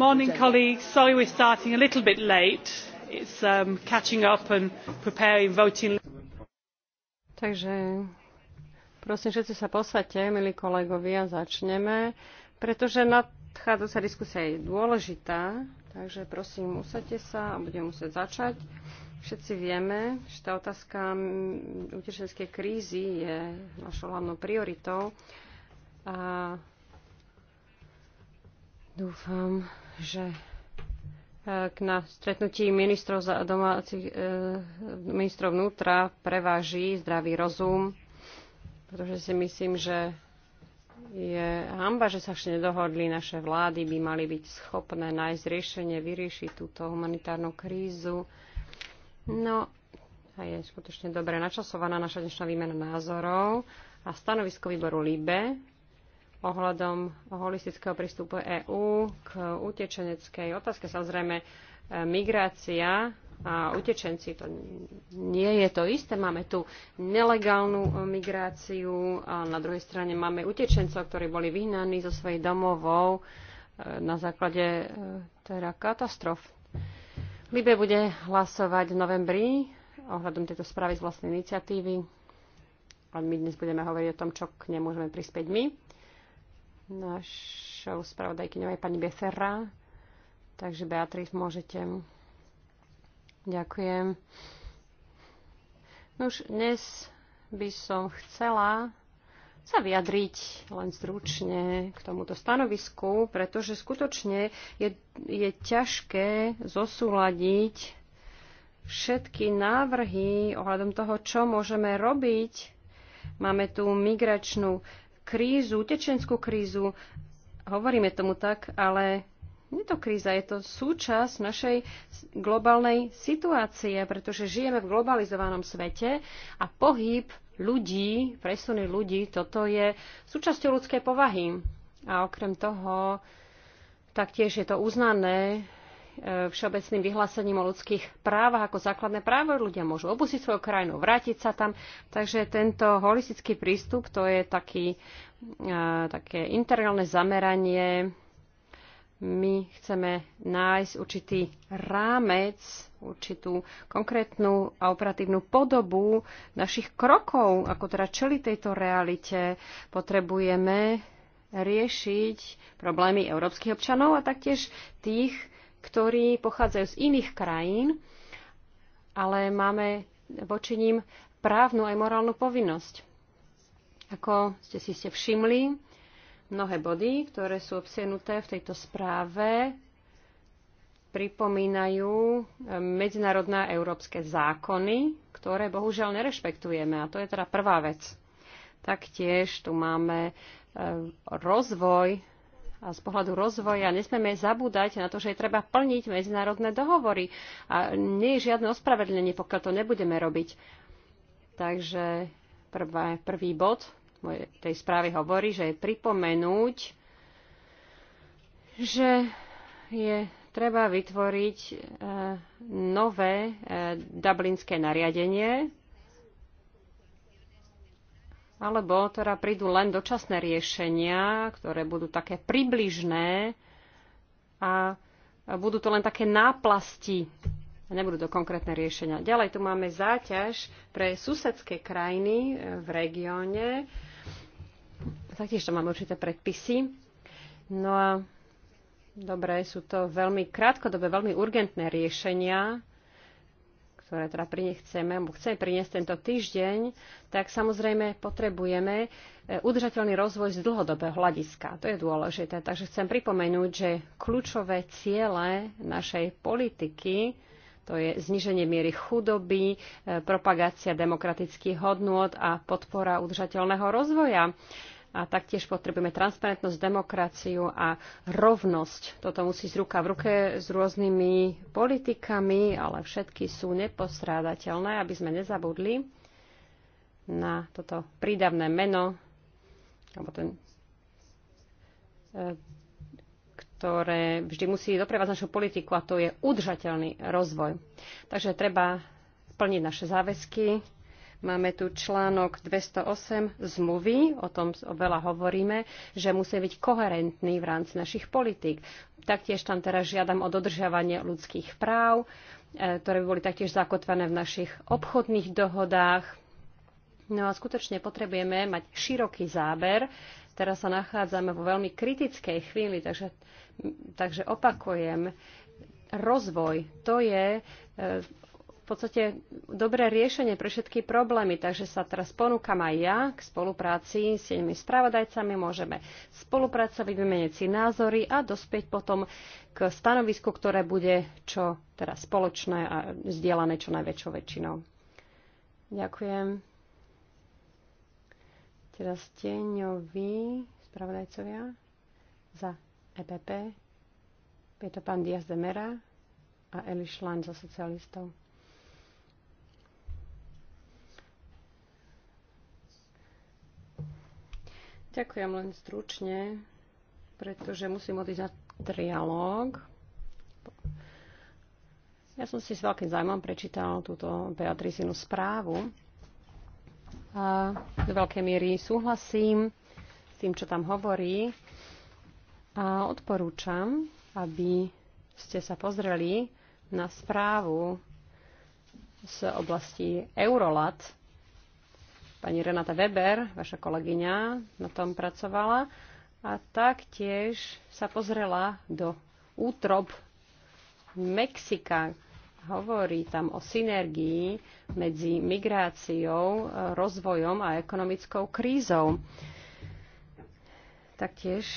Morning, colleagues. Sorry we're starting a little bit late. It's um, catching up and preparing voting. Takže prosím, všetci sa posadte, milí kolegovia, začneme, pretože nadchádzajúca diskusia je dôležitá, takže prosím, usadte sa a budeme musieť začať. Všetci vieme, že tá otázka utečenskej krízy je našou hlavnou prioritou a dúfam, že e, na stretnutí ministrov, domácich, e, ministrov vnútra preváži zdravý rozum, pretože si myslím, že je hamba, že sa ešte nedohodli naše vlády, by mali byť schopné nájsť riešenie, vyriešiť túto humanitárnu krízu. No a je skutočne dobre načasovaná naša dnešná výmena názorov a stanovisko výboru LIBE ohľadom holistického prístupu EÚ k utečeneckej otázke. Samozrejme, e, migrácia a utečenci to nie je to isté. Máme tu nelegálnu migráciu a na druhej strane máme utečencov, ktorí boli vyhnaní zo svojich domovov e, na základe e, teda katastrof. Libe bude hlasovať v novembri ohľadom tejto správy z vlastnej iniciatívy. A my dnes budeme hovoriť o tom, čo k nemôžeme prispieť my našou spravodajkyňou je pani Besera. Takže Beatriz, môžete. Ďakujem. No už dnes by som chcela sa vyjadriť len stručne k tomuto stanovisku, pretože skutočne je, je ťažké zosúľadiť všetky návrhy ohľadom toho, čo môžeme robiť. Máme tu migračnú krízu, utečenskú krízu. Hovoríme tomu tak, ale nie je to kríza, je to súčasť našej globálnej situácie, pretože žijeme v globalizovanom svete a pohyb ľudí, presuny ľudí, toto je súčasťou ľudskej povahy. A okrem toho, taktiež je to uznané všeobecným vyhlásením o ľudských právach ako základné právo. Ľudia môžu opustiť svoju krajinu, vrátiť sa tam. Takže tento holistický prístup to je taký, e, také integrálne zameranie. My chceme nájsť určitý rámec, určitú konkrétnu a operatívnu podobu našich krokov, ako teda čeli tejto realite. Potrebujeme riešiť problémy európskych občanov a taktiež tých ktorí pochádzajú z iných krajín, ale máme voči ním právnu aj morálnu povinnosť. Ako ste si ste všimli, mnohé body, ktoré sú obsiahnuté v tejto správe, pripomínajú e, medzinárodné európske zákony, ktoré bohužiaľ nerešpektujeme. A to je teda prvá vec. Taktiež tu máme e, rozvoj a z pohľadu rozvoja nesmieme zabúdať na to, že je treba plniť medzinárodné dohovory. A nie je žiadne ospravedlenie, pokiaľ to nebudeme robiť. Takže prvá, prvý bod mojej tej správy hovorí, že je pripomenúť, že je treba vytvoriť eh, nové eh, dublinské nariadenie, alebo teda prídu len dočasné riešenia, ktoré budú také približné a budú to len také náplasti a nebudú to konkrétne riešenia. Ďalej tu máme záťaž pre susedské krajiny v regióne. Taktiež tam máme určité predpisy. No a dobre, sú to veľmi krátkodobé, veľmi urgentné riešenia, ktoré teda chceme, alebo chceme priniesť tento týždeň, tak samozrejme potrebujeme e, udržateľný rozvoj z dlhodobého hľadiska. To je dôležité. Takže chcem pripomenúť, že kľúčové ciele našej politiky to je zniženie miery chudoby, e, propagácia demokratických hodnôt a podpora udržateľného rozvoja a taktiež potrebujeme transparentnosť, demokraciu a rovnosť. Toto musí z ruka v ruke s rôznymi politikami, ale všetky sú nepostrádateľné, aby sme nezabudli na toto prídavné meno, alebo ten, e, ktoré vždy musí doprevádzať našu politiku a to je udržateľný rozvoj. Takže treba plniť naše záväzky, Máme tu článok 208 zmluvy, o tom veľa hovoríme, že musí byť koherentný v rámci našich politík. Taktiež tam teraz žiadam o dodržiavanie ľudských práv, e, ktoré by boli taktiež zakotvené v našich obchodných dohodách. No a skutočne potrebujeme mať široký záber. Teraz sa nachádzame vo veľmi kritickej chvíli, takže, takže opakujem, rozvoj to je e, podstate dobré riešenie pre všetky problémy. Takže sa teraz ponúkam aj ja k spolupráci s tými spravodajcami. Môžeme spolupracovať, vymeniť si názory a dospieť potom k stanovisku, ktoré bude čo teraz spoločné a vzdielané čo najväčšou väčšinou. Ďakujem. Teraz tieňoví spravodajcovia za EPP. Je to pán Diaz de Mera a Eliš Lán za socialistov. Ďakujem len stručne, pretože musím odísť na trialóg. Ja som si s veľkým zájmom prečítal túto Beatrizinu správu a do veľkej miery súhlasím s tým, čo tam hovorí a odporúčam, aby ste sa pozreli na správu z oblasti Eurolat, Pani Renata Weber, vaša kolegyňa, na tom pracovala a taktiež sa pozrela do útrob Mexika. Hovorí tam o synergii medzi migráciou, rozvojom a ekonomickou krízou. Taktiež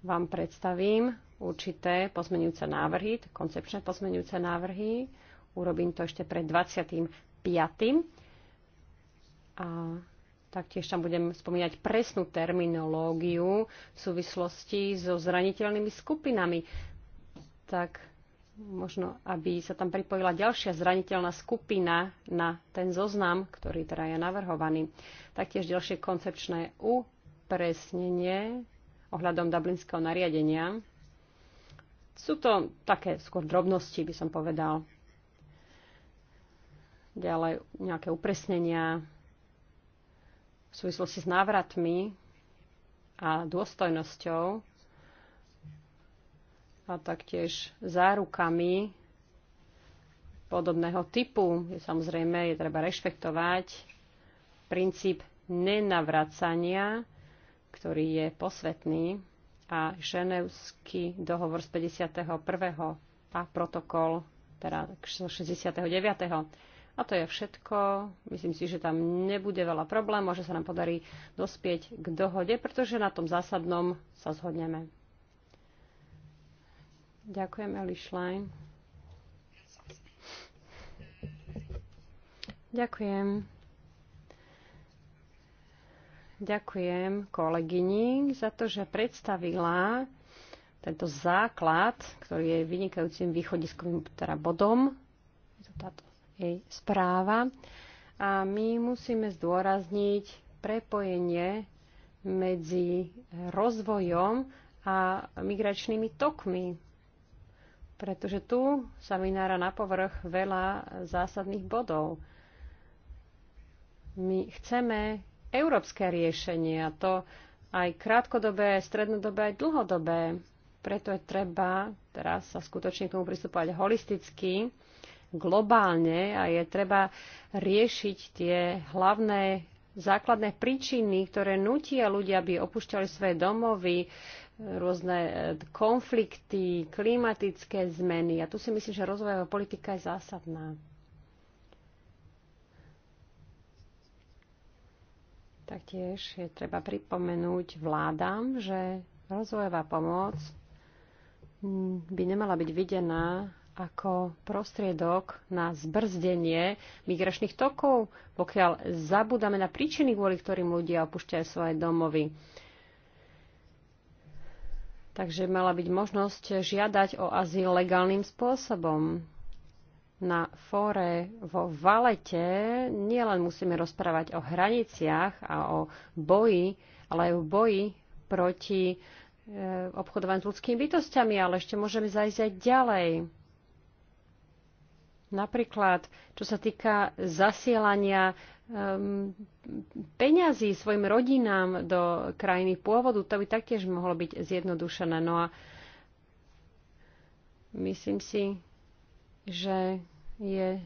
vám predstavím určité pozmenujúce návrhy, koncepčné pozmenujúce návrhy. Urobím to ešte pred 25 a taktiež tam budem spomínať presnú terminológiu v súvislosti so zraniteľnými skupinami. Tak možno, aby sa tam pripojila ďalšia zraniteľná skupina na ten zoznam, ktorý teda je navrhovaný. Taktiež ďalšie koncepčné upresnenie ohľadom dublinského nariadenia. Sú to také skôr drobnosti, by som povedal ďalej nejaké upresnenia v súvislosti s návratmi a dôstojnosťou a taktiež zárukami podobného typu. Samozrejme, je treba rešpektovať princíp nenavracania, ktorý je posvetný a ženevský dohovor z 51. a protokol teda 69. A to je všetko. Myslím si, že tam nebude veľa problémov, že sa nám podarí dospieť k dohode, pretože na tom zásadnom sa zhodneme. Ďakujem, Eli Schlein. Ďakujem. Ďakujem kolegyni za to, že predstavila tento základ, ktorý je vynikajúcim východiskovým teda bodom. Je to táto jej správa. A my musíme zdôrazniť prepojenie medzi rozvojom a migračnými tokmi. Pretože tu sa vynára na povrch veľa zásadných bodov. My chceme európske riešenie a to aj krátkodobé, strednodobé, aj dlhodobé. Preto je treba teraz sa skutočne k tomu pristupovať holisticky globálne a je treba riešiť tie hlavné základné príčiny, ktoré nutia ľudia, aby opúšťali svoje domovy, rôzne e, konflikty, klimatické zmeny. A tu si myslím, že rozvojová politika je zásadná. Taktiež je treba pripomenúť vládám, že rozvojová pomoc by nemala byť videná ako prostriedok na zbrzdenie migračných tokov, pokiaľ zabudáme na príčiny, kvôli ktorým ľudia opúšťajú svoje domovy. Takže mala byť možnosť žiadať o azyl legálnym spôsobom. Na fóre vo Valete nielen musíme rozprávať o hraniciach a o boji, ale aj o boji proti e, obchodovaniu s ľudskými bytostiami, ale ešte môžeme zajsť aj ďalej Napríklad, čo sa týka zasielania um, peňazí svojim rodinám do krajiny pôvodu, to by taktiež mohlo byť zjednodušené. No a myslím si, že je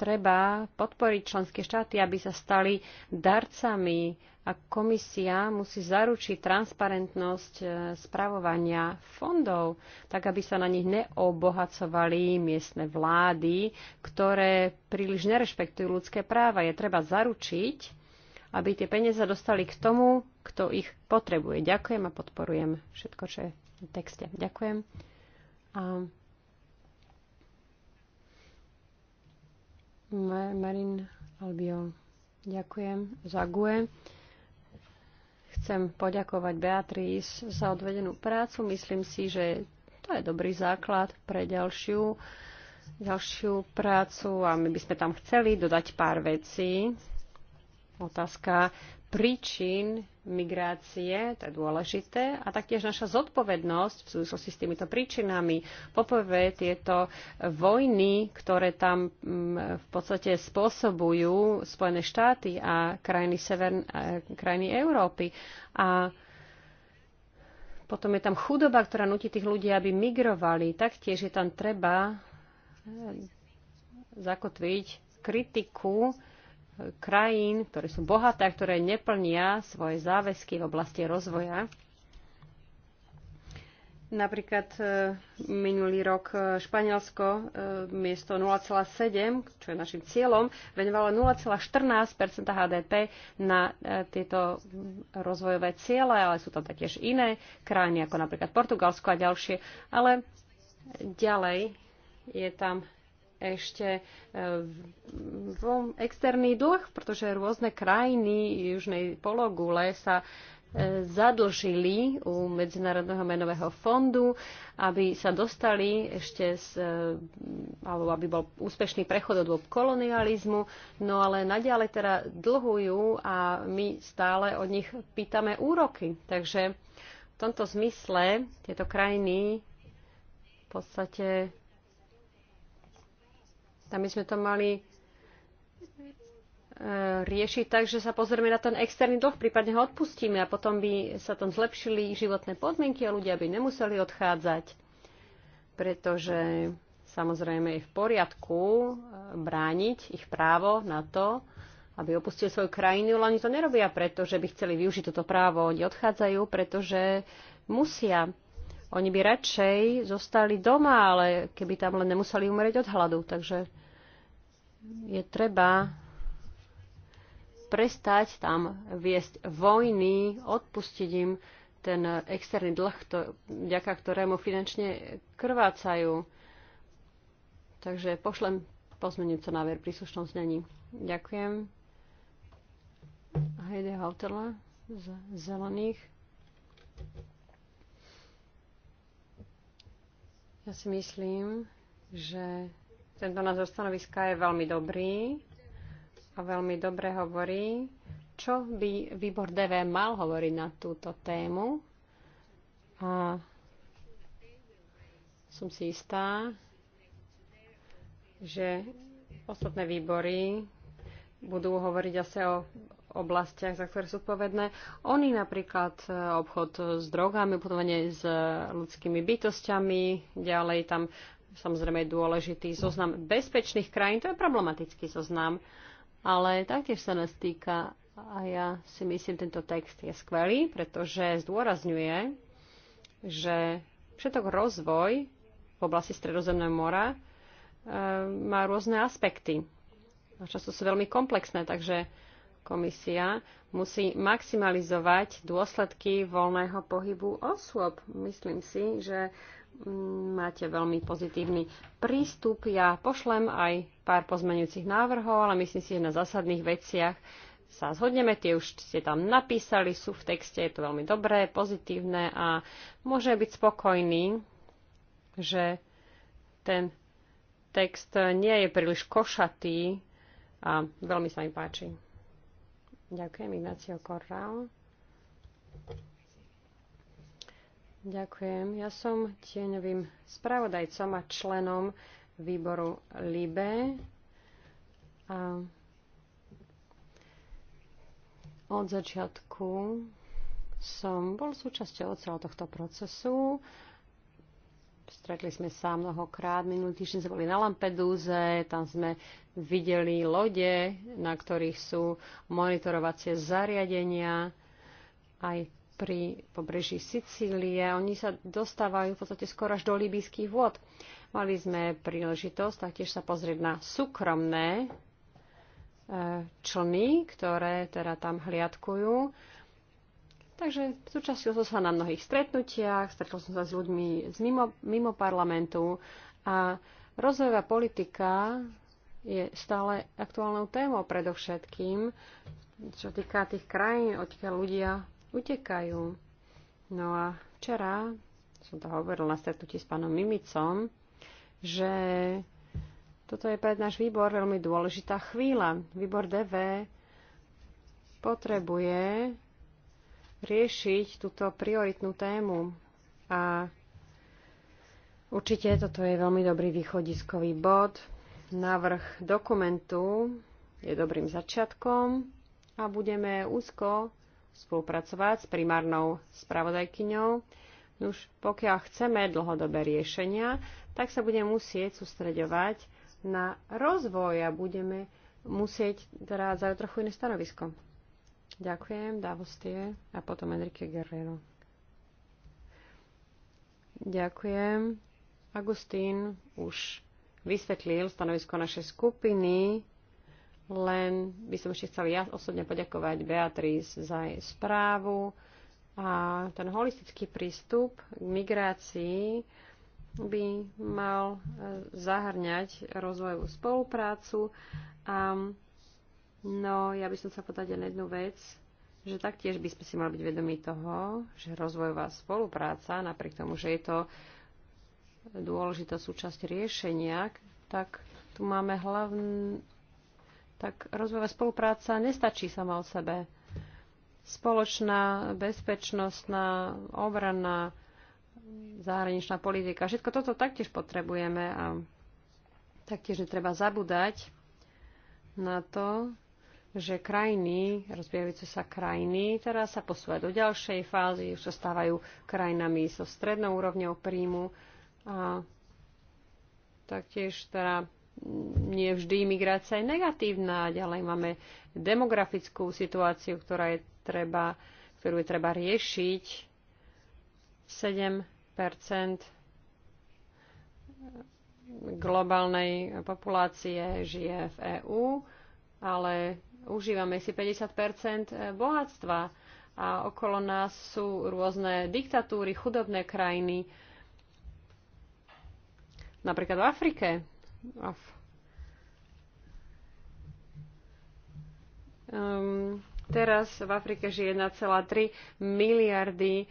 treba podporiť členské štáty, aby sa stali darcami a komisia musí zaručiť transparentnosť e, spravovania fondov, tak aby sa na nich neobohacovali miestne vlády, ktoré príliš nerešpektujú ľudské práva. Je treba zaručiť, aby tie peniaze dostali k tomu, kto ich potrebuje. Ďakujem a podporujem všetko, čo je v texte. Ďakujem. Marin Albiol. Ďakujem za GUE. Chcem poďakovať Beatrice za odvedenú prácu. Myslím si, že to je dobrý základ pre ďalšiu, ďalšiu prácu a my by sme tam chceli dodať pár vecí. Otázka príčin migrácie, to je dôležité, a taktiež naša zodpovednosť v súvislosti s týmito príčinami. Poprvé, tieto vojny, ktoré tam mm, v podstate spôsobujú Spojené štáty a krajiny, Severn, e, krajiny Európy. A potom je tam chudoba, ktorá nutí tých ľudí, aby migrovali. Taktiež je tam treba e, zakotviť kritiku krajín, ktoré sú bohaté a ktoré neplnia svoje záväzky v oblasti rozvoja. Napríklad e, minulý rok e, Španielsko e, miesto 0,7, čo je našim cieľom, venovalo 0,14 HDP na tieto rozvojové ciele, ale sú tam taktiež iné krajiny, ako napríklad Portugalsko a ďalšie. Ale ďalej je tam ešte e, externý dlh, pretože rôzne krajiny južnej pologule sa e, zadlžili u Medzinárodného menového fondu, aby sa dostali ešte z, e, alebo aby bol úspešný prechod od dôb kolonializmu, no ale naďalej teda dlhujú a my stále od nich pýtame úroky. Takže v tomto zmysle tieto krajiny v podstate tam by sme to mali e, riešiť tak, že sa pozrieme na ten externý dlh, prípadne ho odpustíme a potom by sa tam zlepšili životné podmienky a ľudia by nemuseli odchádzať, pretože samozrejme je v poriadku e, brániť ich právo na to, aby opustili svoju krajinu, ale oni to nerobia preto, že by chceli využiť toto právo. Oni odchádzajú, pretože musia. Oni by radšej zostali doma, ale keby tam len nemuseli umrieť od hladu. Takže je treba prestať tam viesť vojny, odpustiť im ten externý dlh, to, vďaka ktorému finančne krvácajú. Takže pošlem pozmenujúco náver pri slušnom znení. Ďakujem. Hejde Hautela z Zelených. Ja si myslím, že tento názor stanoviska je veľmi dobrý a veľmi dobre hovorí, čo by výbor DV mal hovoriť na túto tému. A som si istá, že ostatné výbory budú hovoriť asi o oblastiach, za ktoré sú povedné. Oni napríklad e, obchod s drogami, obchodovanie s ľudskými bytostiami, ďalej tam Samozrejme je dôležitý zoznam bezpečných krajín, to je problematický zoznam, ale taktiež sa nás týka a ja si myslím, tento text je skvelý, pretože zdôrazňuje, že všetok rozvoj v oblasti Stredozemného mora e, má rôzne aspekty. A často sú veľmi komplexné, takže komisia musí maximalizovať dôsledky voľného pohybu osôb. Myslím si, že Mm, máte veľmi pozitívny prístup. Ja pošlem aj pár pozmenujúcich návrhov, ale myslím si, že na zásadných veciach sa zhodneme, tie už ste tam napísali, sú v texte, je to veľmi dobré, pozitívne a môže byť spokojný, že ten text nie je príliš košatý a veľmi sa mi páči. Ďakujem, Ignacio Corral. Ďakujem. Ja som tieňovým spravodajcom a členom výboru LIBE. A od začiatku som bol súčasťou celého tohto procesu. Stretli sme sa mnohokrát. Minulý týždeň sme boli na Lampedúze, tam sme videli lode, na ktorých sú monitorovacie zariadenia. Aj pri pobreží Sicílie. Oni sa dostávajú v podstate skoro až do líbyských vôd. Mali sme príležitosť taktiež sa pozrieť na súkromné e, člny, ktoré teda tam hliadkujú. Takže súčasťou som sa na mnohých stretnutiach, stretol som sa s ľuďmi z mimo, mimo parlamentu a rozvojová politika je stále aktuálnou témou predovšetkým, čo týka tých krajín, odkiaľ ľudia utekajú. No a včera som to hovoril na stretnutí s pánom Mimicom, že toto je pre náš výbor veľmi dôležitá chvíľa. Výbor DV potrebuje riešiť túto prioritnú tému a určite toto je veľmi dobrý východiskový bod. Návrh dokumentu je dobrým začiatkom a budeme úzko spolupracovať s primárnou spravodajkyňou. Už pokiaľ chceme dlhodobé riešenia, tak sa budeme musieť sústreďovať na rozvoj a budeme musieť teda zaujať trochu iné stanovisko. Ďakujem, Davostie a potom Enrique Guerrero. Ďakujem. Agustín už vysvetlil stanovisko našej skupiny len by som ešte chcel ja osobne poďakovať Beatrice za jej správu a ten holistický prístup k migrácii by mal e, zahrňať rozvojovú spoluprácu a no, ja by som sa povedať len jednu vec, že taktiež by sme si mali byť vedomi toho, že rozvojová spolupráca, napriek tomu, že je to dôležitá súčasť riešenia, tak tu máme hlavn, tak rozvojová spolupráca nestačí sama o sebe. Spoločná, bezpečnostná, obranná, zahraničná politika. Všetko toto taktiež potrebujeme a taktiež netreba zabúdať na to, že krajiny, rozbiehajúce sa krajiny, teraz sa posúvajú do ďalšej fázy, už sa stávajú krajinami so strednou úrovňou príjmu a taktiež teda nie vždy imigrácia je negatívna. Ďalej máme demografickú situáciu, ktorá je treba, ktorú je treba riešiť. 7 globálnej populácie žije v EÚ, ale užívame si 50 bohatstva a okolo nás sú rôzne diktatúry, chudobné krajiny, napríklad v Afrike off. Um, teraz v Afrike žije 1,3 miliardy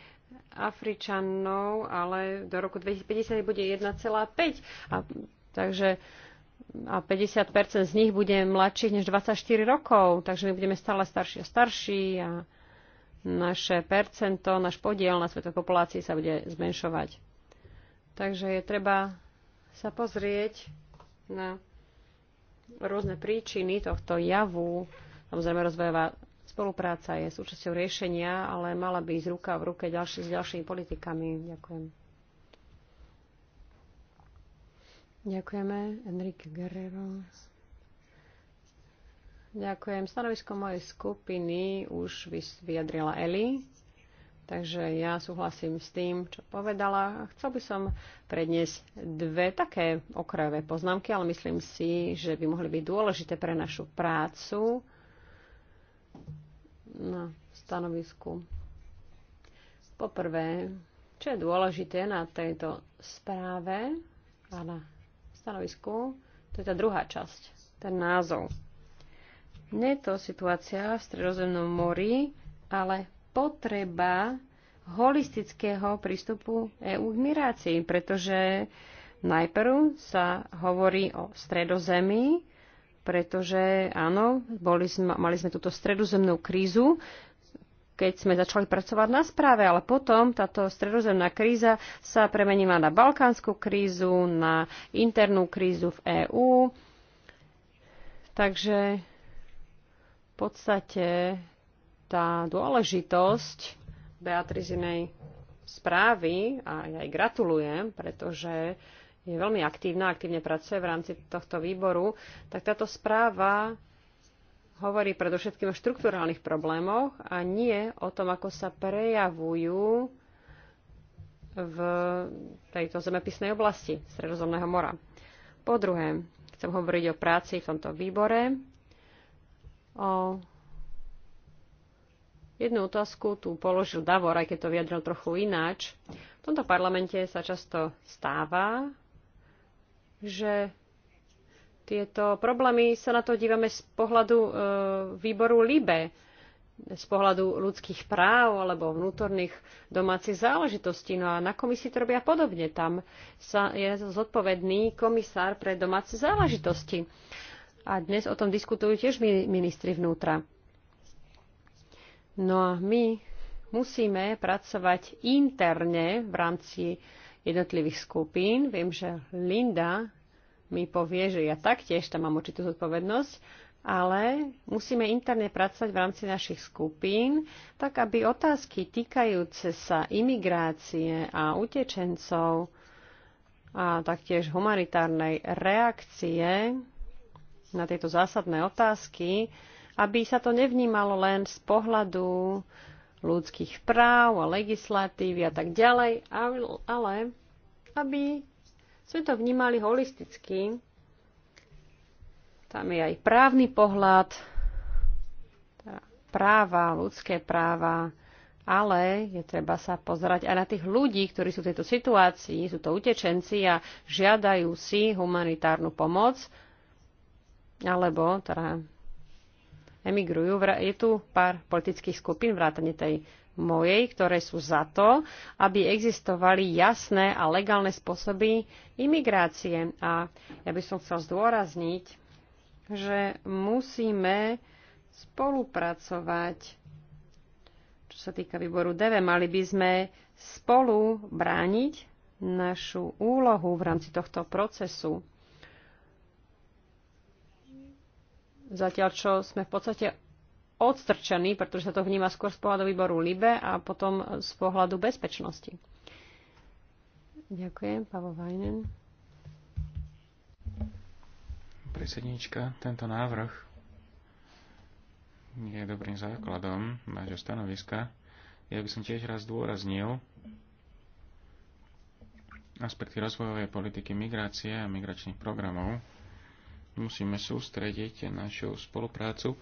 Afričanov, ale do roku 2050 bude 1,5. A, takže a 50 z nich bude mladších než 24 rokov, takže my budeme stále starší a starší a naše percento, náš podiel na svetovej populácii sa bude zmenšovať. Takže je treba sa pozrieť na rôzne príčiny tohto javu. Samozrejme, rozvojová spolupráca je súčasťou riešenia, ale mala by ísť ruka v ruke ďalší, s ďalšími politikami. Ďakujem. Ďakujeme. Enrique Guerrero. Ďakujem. Stanovisko mojej skupiny už vyjadrila Eli. Takže ja súhlasím s tým, čo povedala. Chcel by som predniesť dve také okrajové poznámky, ale myslím si, že by mohli byť dôležité pre našu prácu na stanovisku. Poprvé, čo je dôležité na tejto správe a na stanovisku, to je tá druhá časť, ten názov. Nie je to situácia v Stredozemnom mori, ale potreba holistického prístupu EÚ k migrácii, pretože najprv sa hovorí o stredozemí, pretože áno, boli sme, mali sme túto stredozemnú krízu, keď sme začali pracovať na správe, ale potom táto stredozemná kríza sa premenila na balkánsku krízu, na internú krízu v EÚ. Takže v podstate tá dôležitosť Beatrizinej správy, a ja jej gratulujem, pretože je veľmi aktívna, aktívne pracuje v rámci tohto výboru, tak táto správa hovorí predovšetkým o štruktúrálnych problémoch a nie o tom, ako sa prejavujú v tejto zemepisnej oblasti Stredozemného mora. Po druhé, chcem hovoriť o práci v tomto výbore, o Jednu otázku tu položil Davor, aj keď to vyjadril trochu ináč. V tomto parlamente sa často stáva, že tieto problémy sa na to dívame z pohľadu e, výboru LIBE, z pohľadu ľudských práv alebo vnútorných domácich záležitostí. No a na komisii to robia podobne. Tam sa je zodpovedný komisár pre domáce záležitosti. A dnes o tom diskutujú tiež ministri vnútra. No a my musíme pracovať interne v rámci jednotlivých skupín. Viem, že Linda mi povie, že ja taktiež tam mám určitú zodpovednosť, ale musíme interne pracovať v rámci našich skupín, tak aby otázky týkajúce sa imigrácie a utečencov a taktiež humanitárnej reakcie na tieto zásadné otázky aby sa to nevnímalo len z pohľadu ľudských práv a legislatívy a tak ďalej, ale aby sme to vnímali holisticky. Tam je aj právny pohľad, teda práva, ľudské práva, ale je treba sa pozerať aj na tých ľudí, ktorí sú v tejto situácii, sú to utečenci a žiadajú si humanitárnu pomoc, alebo teda emigrujú. Je tu pár politických skupín, vrátane tej mojej, ktoré sú za to, aby existovali jasné a legálne spôsoby imigrácie. A ja by som chcel zdôrazniť, že musíme spolupracovať. Čo sa týka výboru DV, mali by sme spolu brániť našu úlohu v rámci tohto procesu. Zatiaľ, čo sme v podstate odstrčení, pretože sa to vníma skôr z pohľadu výboru LIBE a potom z pohľadu bezpečnosti. Ďakujem, Pavo Vajnen. Predsednička, tento návrh nie je dobrým základom nášho stanoviska. Ja by som tiež raz dôraznil aspekty rozvojovej politiky migrácie a migračných programov, musíme sústrediť našu spoluprácu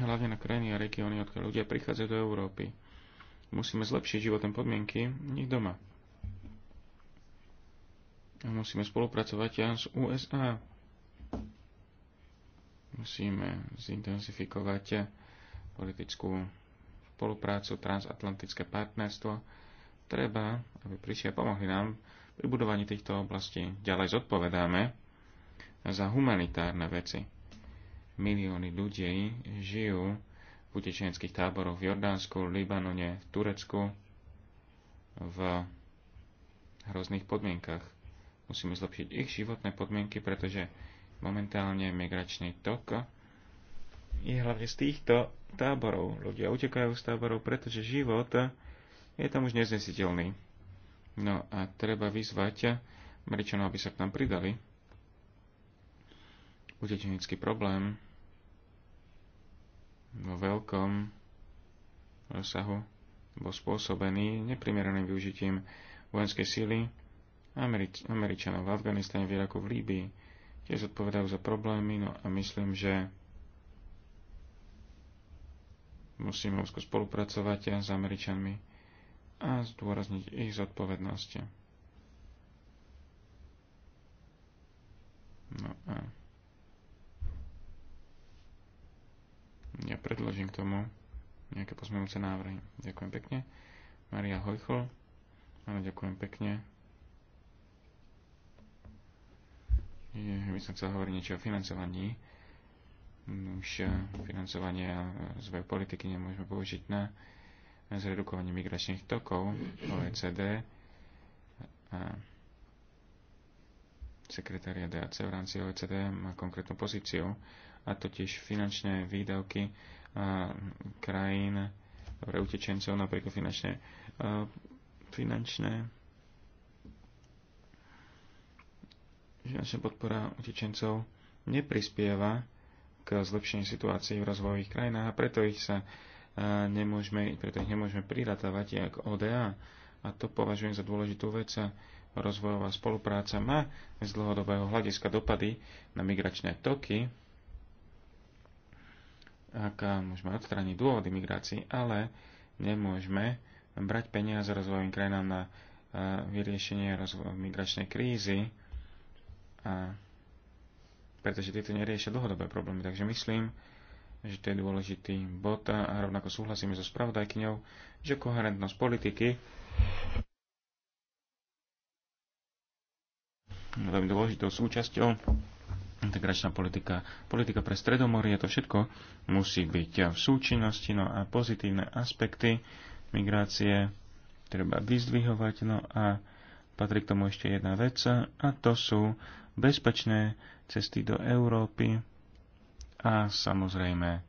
hlavne na krajiny a regióny, odkiaľ ľudia prichádzajú do Európy. Musíme zlepšiť životné podmienky ich doma. Musíme spolupracovať aj s USA. Musíme zintenzifikovať politickú spoluprácu, transatlantické partnerstvo. Treba, aby prišli a pomohli nám vybudovaní týchto oblastí. Ďalej zodpovedáme za humanitárne veci. Milióny ľudí žijú v utečeneckých táboroch v Jordánsku, Libanone, v Turecku, v hrozných podmienkach. Musíme zlepšiť ich životné podmienky, pretože momentálne migračný tok je hlavne z týchto táborov. Ľudia utekajú z táborov, pretože život je tam už neznesiteľný. No a treba vyzvať Američanov, aby sa k nám pridali. Utečenický problém vo veľkom rozsahu bol spôsobený neprimeraným využitím vojenskej síly Američ- Američanov v Afganistane, v Iraku, v Líbii. Tiež odpovedajú za problémy, no a myslím, že musíme úzko spolupracovať s Američanmi a zdôrazniť ich zodpovednosti. No a ja predložím k tomu nejaké pozmenujúce návrhy. Ďakujem pekne. Maria Hojchol. Áno, ďakujem pekne. Je, by som chcel hovoriť niečo o financovaní. Už eh, financovanie eh, z politiky nemôžeme použiť na zredukovanie migračných tokov OECD a sekretária DAC v rámci OECD má konkrétnu pozíciu a totiž finančné výdavky krajín pre utečencov, napríklad finančné, finančné finančná podpora utečencov neprispieva k zlepšeniu situácií v rozvojových krajinách a preto ich sa nemôžeme, preto ich nemôžeme priratávať ako ODA. A to považujem za dôležitú vec. Rozvojová spolupráca má z dlhodobého hľadiska dopady na migračné toky, aká môžeme odstrániť dôvody migrácií, ale nemôžeme brať peniaze rozvojovým krajinám na e, vyriešenie migračnej krízy, a pretože tieto neriešia dlhodobé problémy. Takže myslím, že to je dôležitý bod a rovnako súhlasíme so spravodajkyňou, že koherentnosť politiky veľmi dôležitou súčasťou integračná politika, politika pre stredomorie, to všetko musí byť v súčinnosti, no a pozitívne aspekty migrácie treba vyzdvihovať, no a patrí k tomu ešte jedna vec, a to sú bezpečné cesty do Európy, a samozrejme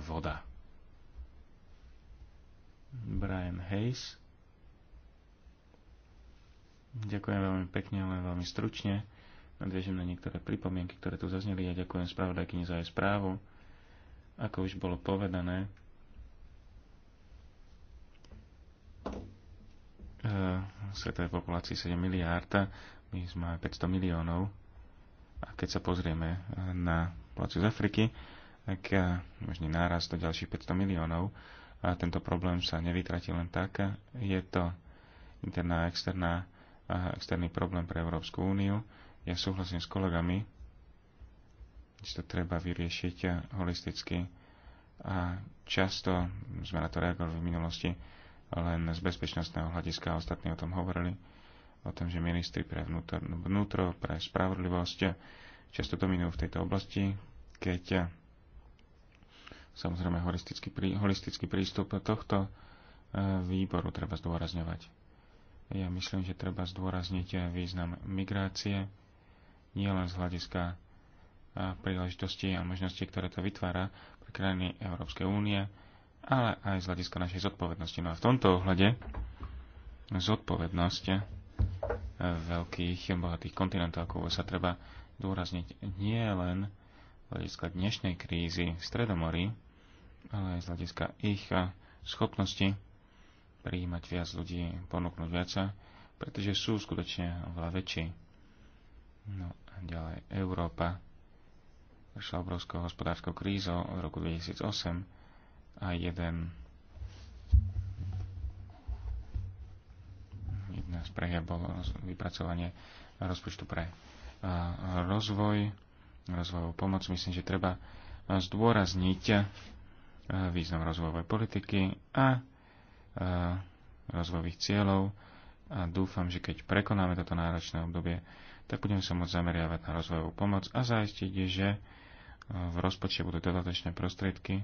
voda. Brian Hayes. Ďakujem veľmi pekne, ale veľmi stručne. Nadviežem na niektoré pripomienky, ktoré tu zazneli. Ja ďakujem spravodajkyni za jej správu. Ako už bolo povedané, eh, svetovej populácii 7 miliárd, my sme 500 miliónov. A keď sa pozrieme na populáciu z Afriky, tak eh, možný náraz do ďalších 500 miliónov. A tento problém sa nevytratí len tak. Je to interná a externá, a eh, externý problém pre Európsku úniu. Ja súhlasím s kolegami, že to treba vyriešiť eh, holisticky. A často sme na to reagovali v minulosti len z bezpečnostného hľadiska. Ostatní o tom hovorili, o tom, že ministri pre vnútro, vnútro pre spravodlivosť často dominujú v tejto oblasti, keď eh, samozrejme holistický, prí, holistický prístup tohto eh, výboru treba zdôrazňovať. Ja myslím, že treba zdôrazniť eh, význam migrácie, nielen z hľadiska príležitosti a možnosti, ktoré to vytvára pre krajiny Európskej únie, ale aj z hľadiska našej zodpovednosti. No a v tomto ohľade zodpovednosť veľkých bohatých kontinentov, ako sa treba dôrazniť nie len hľadiska dnešnej krízy v Stredomorí, ale aj z hľadiska ich eh, schopnosti prijímať viac ľudí, ponúknuť viac, eh, pretože sú skutočne oveľa väčší. No a ďalej Európa prešla obrovskou hospodárskou krízou v roku 2008 a jeden jedna z prehier bolo vypracovanie rozpočtu pre eh, rozvoj rozvojovú pomoc. Myslím, že treba zdôrazniť eh, význam rozvojovej politiky a eh, rozvojových cieľov a dúfam, že keď prekonáme toto náročné obdobie, tak budeme sa môcť zameriavať na rozvojovú pomoc a zaistiť, že eh, v rozpočte budú dodatočné prostriedky,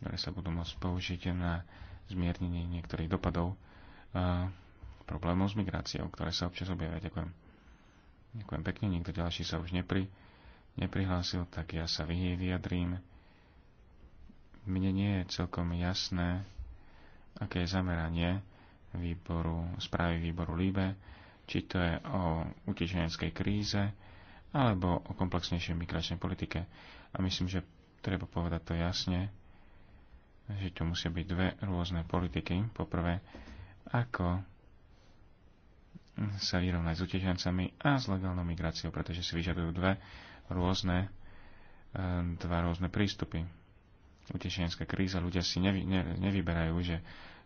ktoré sa budú môcť použiť na zmiernenie niektorých dopadov a problémov s migráciou, ktoré sa občas objavia. Ďakujem. Ďakujem pekne, nikto ďalší sa už nepri neprihlásil, tak ja sa vyjadrím. Mne nie je celkom jasné, aké je zameranie výboru, správy výboru Líbe, či to je o utečeneckej kríze, alebo o komplexnejšej migračnej politike. A myslím, že treba povedať to jasne, že tu musia byť dve rôzne politiky. Poprvé, ako sa vyrovnať s utečencami a s legálnou migráciou, pretože si vyžadujú dve rôzne, e, dva rôzne prístupy. utešenská kríza, ľudia si nevy, ne, nevyberajú, že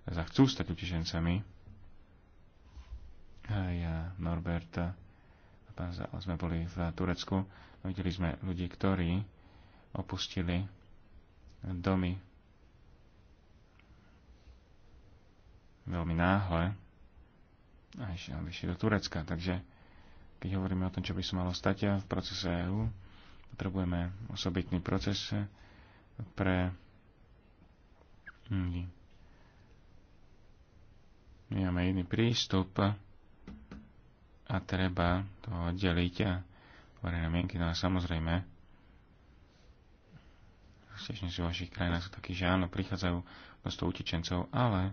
chcú stať utešencami. A ja, Norbert a pán Zal sme boli v Turecku. Videli sme ľudí, ktorí opustili domy veľmi náhle a išli do Turecka. Takže keď hovoríme o tom, čo by sa malo stať v procese EÚ, potrebujeme osobitný proces pre ľudí. My máme iný prístup a treba to oddeliť a verejné mienky. No a samozrejme, stečne sú v vašich krajinách sú takí, že áno, prichádzajú množstvo utečencov, ale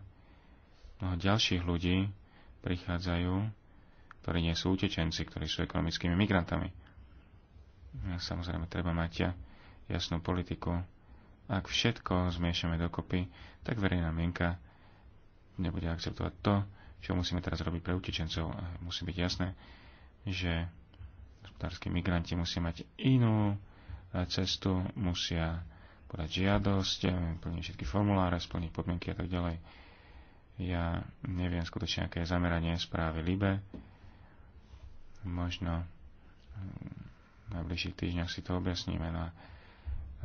mnoho ďalších ľudí prichádzajú ktorí nie sú utečenci, ktorí sú ekonomickými migrantami. Samozrejme, treba mať jasnú politiku. Ak všetko zmiešame dokopy, tak verejná mienka nebude akceptovať to, čo musíme teraz robiť pre utečencov. Musí byť jasné, že hospodárskí migranti musia mať inú e, cestu, musia podať žiadosť, e, plniť všetky formuláre, splniť podmienky a tak ďalej. Ja neviem skutočne, aké je zameranie správy LIBE Možno hm, v najbližších týždňoch si to objasníme. No e,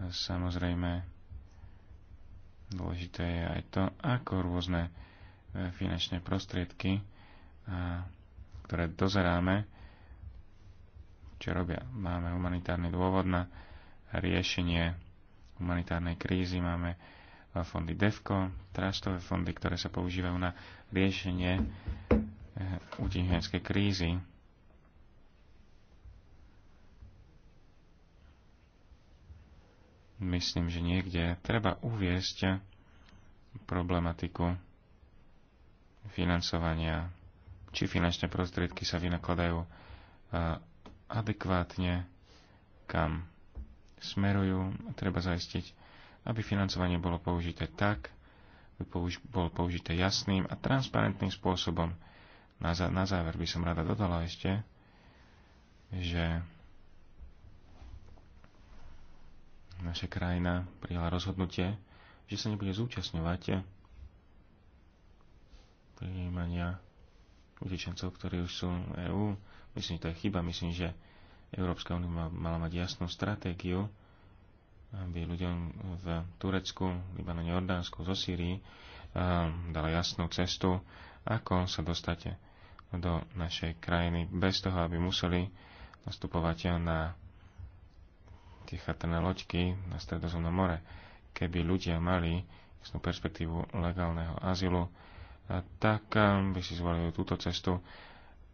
samozrejme, dôležité je aj to, ako rôzne e, finančné prostriedky, ktoré dozeráme, čo robia. Máme humanitárny dôvod na riešenie humanitárnej krízy, máme e, fondy DEFCO, trastové fondy, ktoré sa používajú na riešenie utihňanskej krízy. myslím, že niekde treba uviesť problematiku financovania, či finančné prostriedky sa vynakladajú adekvátne, kam smerujú. Treba zaistiť, aby financovanie bolo použité tak, aby použ- bolo použité jasným a transparentným spôsobom. Na, na záver by som rada dodala ešte, že naša krajina prijala rozhodnutie, že sa nebude zúčastňovať prijímania utečencov, ktorí už sú EÚ. Myslím, že to je chyba. Myslím, že Európska únia mala mať jasnú stratégiu, aby ľuďom v Turecku, Libanone, Jordánsku, zo Sýrii dala jasnú cestu, ako sa dostate do našej krajiny bez toho, aby museli nastupovať na tie chatrné loďky na Stredozemnom more. Keby ľudia mali jasnú perspektívu legálneho azylu, tak eh, by si zvolili túto cestu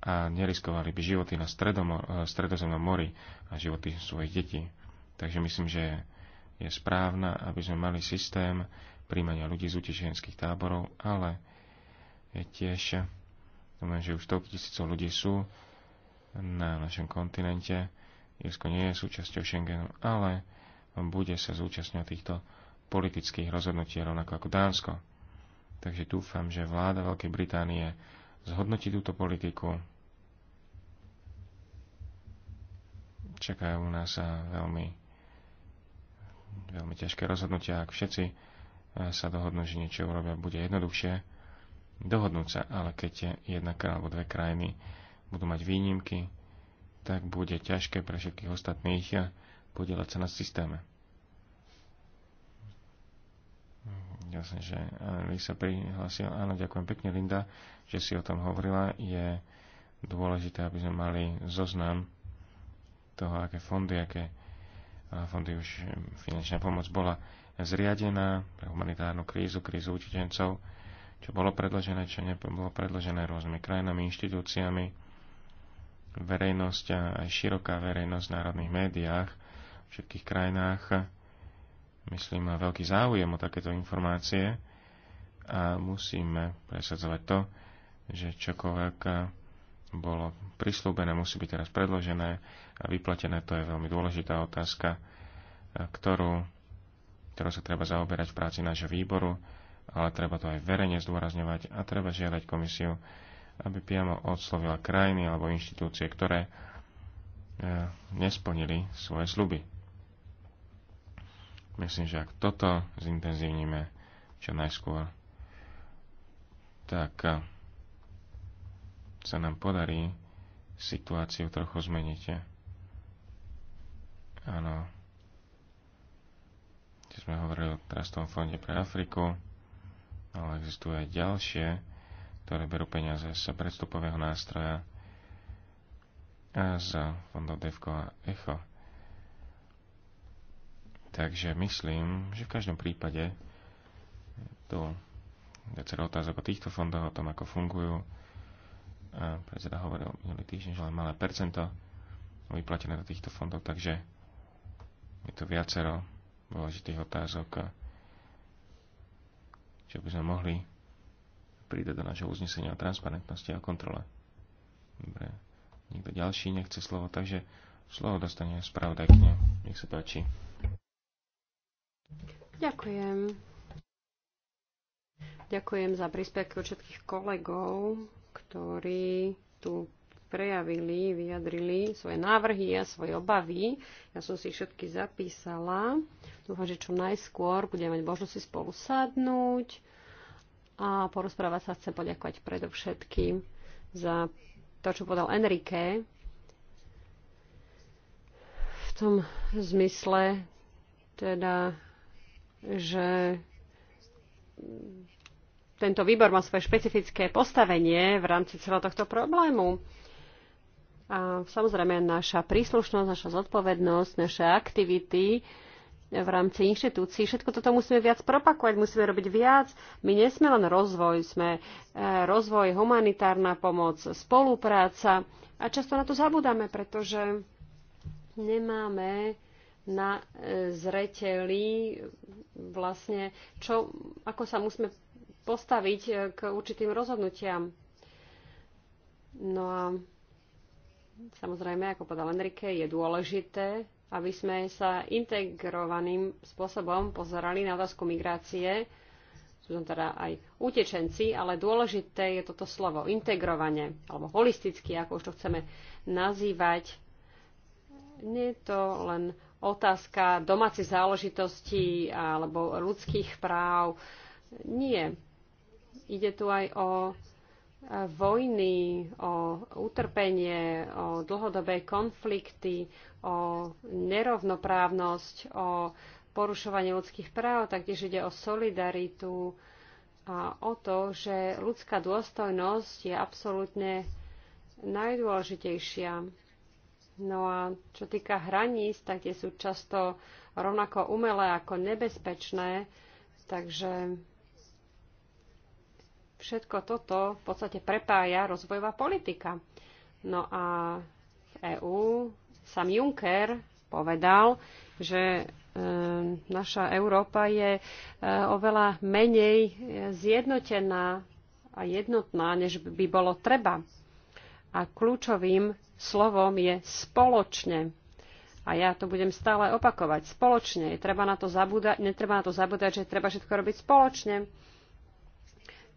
a neriskovali by životy na eh, Stredozemnom mori a životy svojich detí. Takže myslím, že je správna, aby sme mali systém príjmania ľudí z utečenských táborov, ale je tiež, eh, znamená, že už toľko tisícov ľudí sú na našom kontinente, Irsko nie je súčasťou Schengenu, ale bude sa zúčastňovať týchto politických rozhodnutí, rovnako ako Dánsko. Takže dúfam, že vláda Veľkej Británie zhodnotí túto politiku. Čakajú nás veľmi, veľmi ťažké rozhodnutia, ak všetci eh, sa dohodnú, že niečo urobia, bude jednoduchšie dohodnúť sa, ale keď je jedna alebo dve krajiny budú mať výnimky, tak bude ťažké pre všetkých ostatných eh, podielať sa na systéme. Jasne, že eh, Lisa sa prihlásil. Áno, ďakujem pekne, Linda, že si o tom hovorila. Je dôležité, aby sme mali zoznam toho, aké fondy, aké fondy už eh, finančná pomoc bola zriadená pre humanitárnu krízu, krízu utečencov, čo bolo predložené, čo nebolo predložené rôznymi krajinami, inštitúciami verejnosť a aj široká verejnosť v národných médiách v všetkých krajinách, myslím, má veľký záujem o takéto informácie a musíme presadzovať to, že čokoľvek bolo prislúbené, musí byť teraz predložené a vyplatené. To je veľmi dôležitá otázka, ktorú, ktorú sa treba zaoberať v práci nášho výboru, ale treba to aj verejne zdôrazňovať a treba žiadať komisiu, aby priamo odslovila krajiny alebo inštitúcie, ktoré e, nesplnili svoje sluby. Myslím, že ak toto zintenzívnime čo najskôr, tak e, sa nám podarí situáciu trochu zmeniť. Áno. Keď sme hovorili o Trastovom fonde pre Afriku, ale existujú aj ďalšie ktoré berú peniaze z predstupového nástroja a z fondov DEVKO a ECHO. Takže myslím, že v každom prípade tu viacero otázok o týchto fondoch, o tom, ako fungujú. A predseda hovoril minulý týždeň, že len malé percento vyplatené do týchto fondov, takže je tu viacero dôležitých otázok, čo by sme mohli príde teda do nášho uznesenia o transparentnosti a kontrole. Dobre. Nikto ďalší nechce slovo, takže slovo dostane spravodajkne. Nech sa páči. Ďakujem. Ďakujem za príspevky od všetkých kolegov, ktorí tu prejavili, vyjadrili svoje návrhy a svoje obavy. Ja som si všetky zapísala. Dúfam, že čo najskôr budeme mať možnosť si spolu sadnúť a porozprávať sa chcem poďakovať predovšetkým za to, čo podal Enrique v tom zmysle, teda, že tento výbor má svoje špecifické postavenie v rámci celého tohto problému. A samozrejme, naša príslušnosť, naša zodpovednosť, naše aktivity v rámci inštitúcií. Všetko toto musíme viac propakovať, musíme robiť viac. My nesme len rozvoj, sme e, rozvoj, humanitárna pomoc, spolupráca a často na to zabudáme, pretože nemáme na e, zreteli vlastne, čo, ako sa musíme postaviť e, k určitým rozhodnutiam. No a samozrejme, ako povedal Enrique, je dôležité aby sme sa integrovaným spôsobom pozerali na otázku migrácie. Sú tam teda aj utečenci, ale dôležité je toto slovo integrovanie, alebo holisticky, ako už to chceme nazývať. Nie je to len otázka domácej záležitosti alebo ľudských práv. Nie. Ide tu aj o vojny, o utrpenie, o dlhodobé konflikty, o nerovnoprávnosť, o porušovanie ľudských práv, taktiež ide o solidaritu a o to, že ľudská dôstojnosť je absolútne najdôležitejšia. No a čo týka hraníc, tak tie sú často rovnako umelé ako nebezpečné, takže všetko toto v podstate prepája rozvojová politika. No a v EÚ sam Juncker povedal, že e, naša Európa je e, oveľa menej zjednotená a jednotná, než by bolo treba. A kľúčovým slovom je spoločne. A ja to budem stále opakovať. Spoločne. Treba na to zabúdať, netreba na to zabúdať, že treba všetko robiť spoločne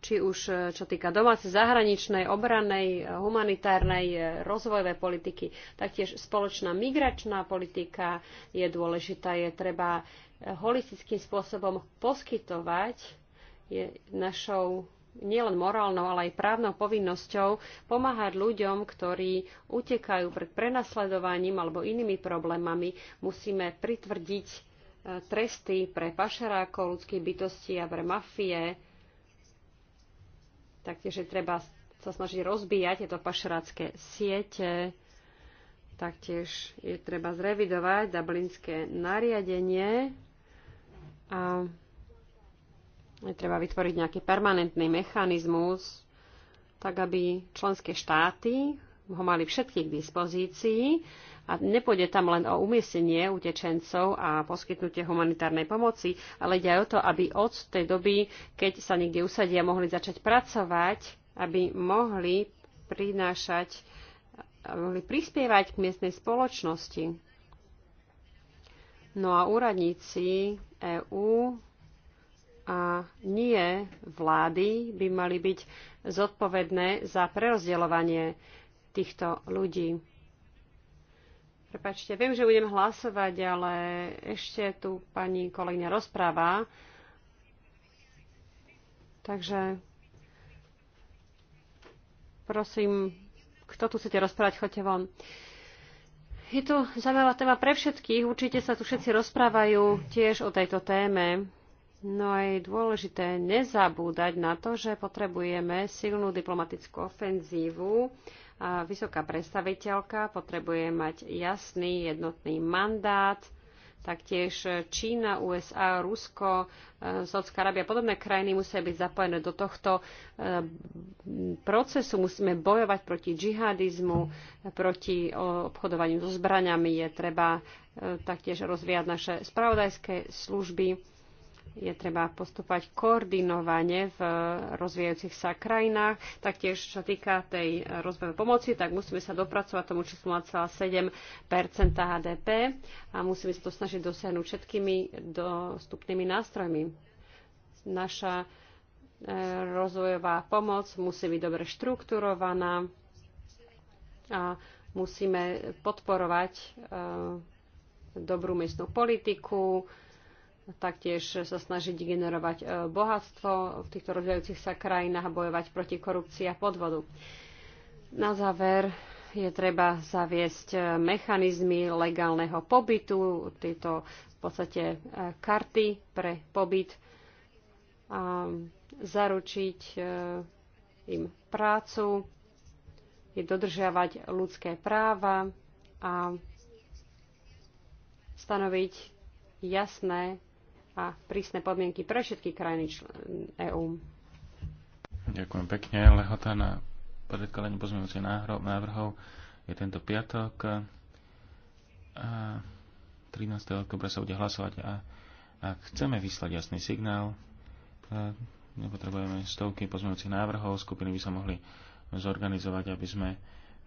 či už e, čo týka domácej, zahraničnej, obranej, e, humanitárnej, e, rozvojovej politiky. Taktiež spoločná migračná politika je dôležitá, je treba holistickým spôsobom poskytovať je našou nielen morálnou, ale aj právnou povinnosťou pomáhať ľuďom, ktorí utekajú pred prenasledovaním alebo inými problémami. Musíme pritvrdiť tresty pre pašerákov, ľudských bytostí a pre mafie. Taktiež je treba sa snažiť rozbíjať tieto pašerácké siete. Taktiež je treba zrevidovať dublinské nariadenie a je treba vytvoriť nejaký permanentný mechanizmus, tak aby členské štáty ho mali všetky k dispozícii a nepôjde tam len o umiestnenie utečencov a poskytnutie humanitárnej pomoci, ale ide aj o to, aby od tej doby, keď sa niekde usadia, mohli začať pracovať, aby mohli prinášať, aby mohli prispievať k miestnej spoločnosti. No a úradníci EÚ a nie vlády by mali byť zodpovedné za prerozdeľovanie týchto ľudí Prepačte, viem, že budem hlasovať, ale ešte tu pani kolegyňa rozpráva. Takže prosím, kto tu chcete rozprávať, choďte von. Je tu zaujímavá téma pre všetkých. Určite sa tu všetci rozprávajú tiež o tejto téme. No a je dôležité nezabúdať na to, že potrebujeme silnú diplomatickú ofenzívu, Vysoká predstaviteľka potrebuje mať jasný, jednotný mandát, taktiež Čína, USA, Rusko, e, Saudská Arábia a podobné krajiny musia byť zapojené do tohto e, procesu. Musíme bojovať proti džihadizmu, proti obchodovaniu so zbraňami. Je treba e, taktiež rozvíjať naše spravodajské služby je treba postupovať koordinovane v eh, rozvíjajúcich sa krajinách. Taktiež, čo týka tej eh, rozvojovej pomoci, tak musíme sa dopracovať tomu číslu 0,7 HDP a musíme sa to snažiť dosiahnuť všetkými dostupnými nástrojmi. Naša eh, rozvojová pomoc musí byť dobre štrukturovaná a musíme podporovať dobrú miestnú politiku, taktiež sa snažiť generovať e, bohatstvo v týchto rozvíjajúcich sa krajinách a bojovať proti korupcii a podvodu. Na záver je treba zaviesť e, mechanizmy legálneho pobytu, tieto v podstate e, karty pre pobyt a zaručiť im prácu, je dodržiavať ľudské práva a stanoviť jasné a prísne podmienky pre všetky krajiny EÚ. Ďakujem pekne. Lehota na predkladanie pozmeňujúcich návrhov je tento piatok. A 13. oktobra sa bude hlasovať a ak chceme vyslať jasný signál, e, nepotrebujeme stovky pozmeňujúcich návrhov, skupiny by sa mohli zorganizovať, aby sme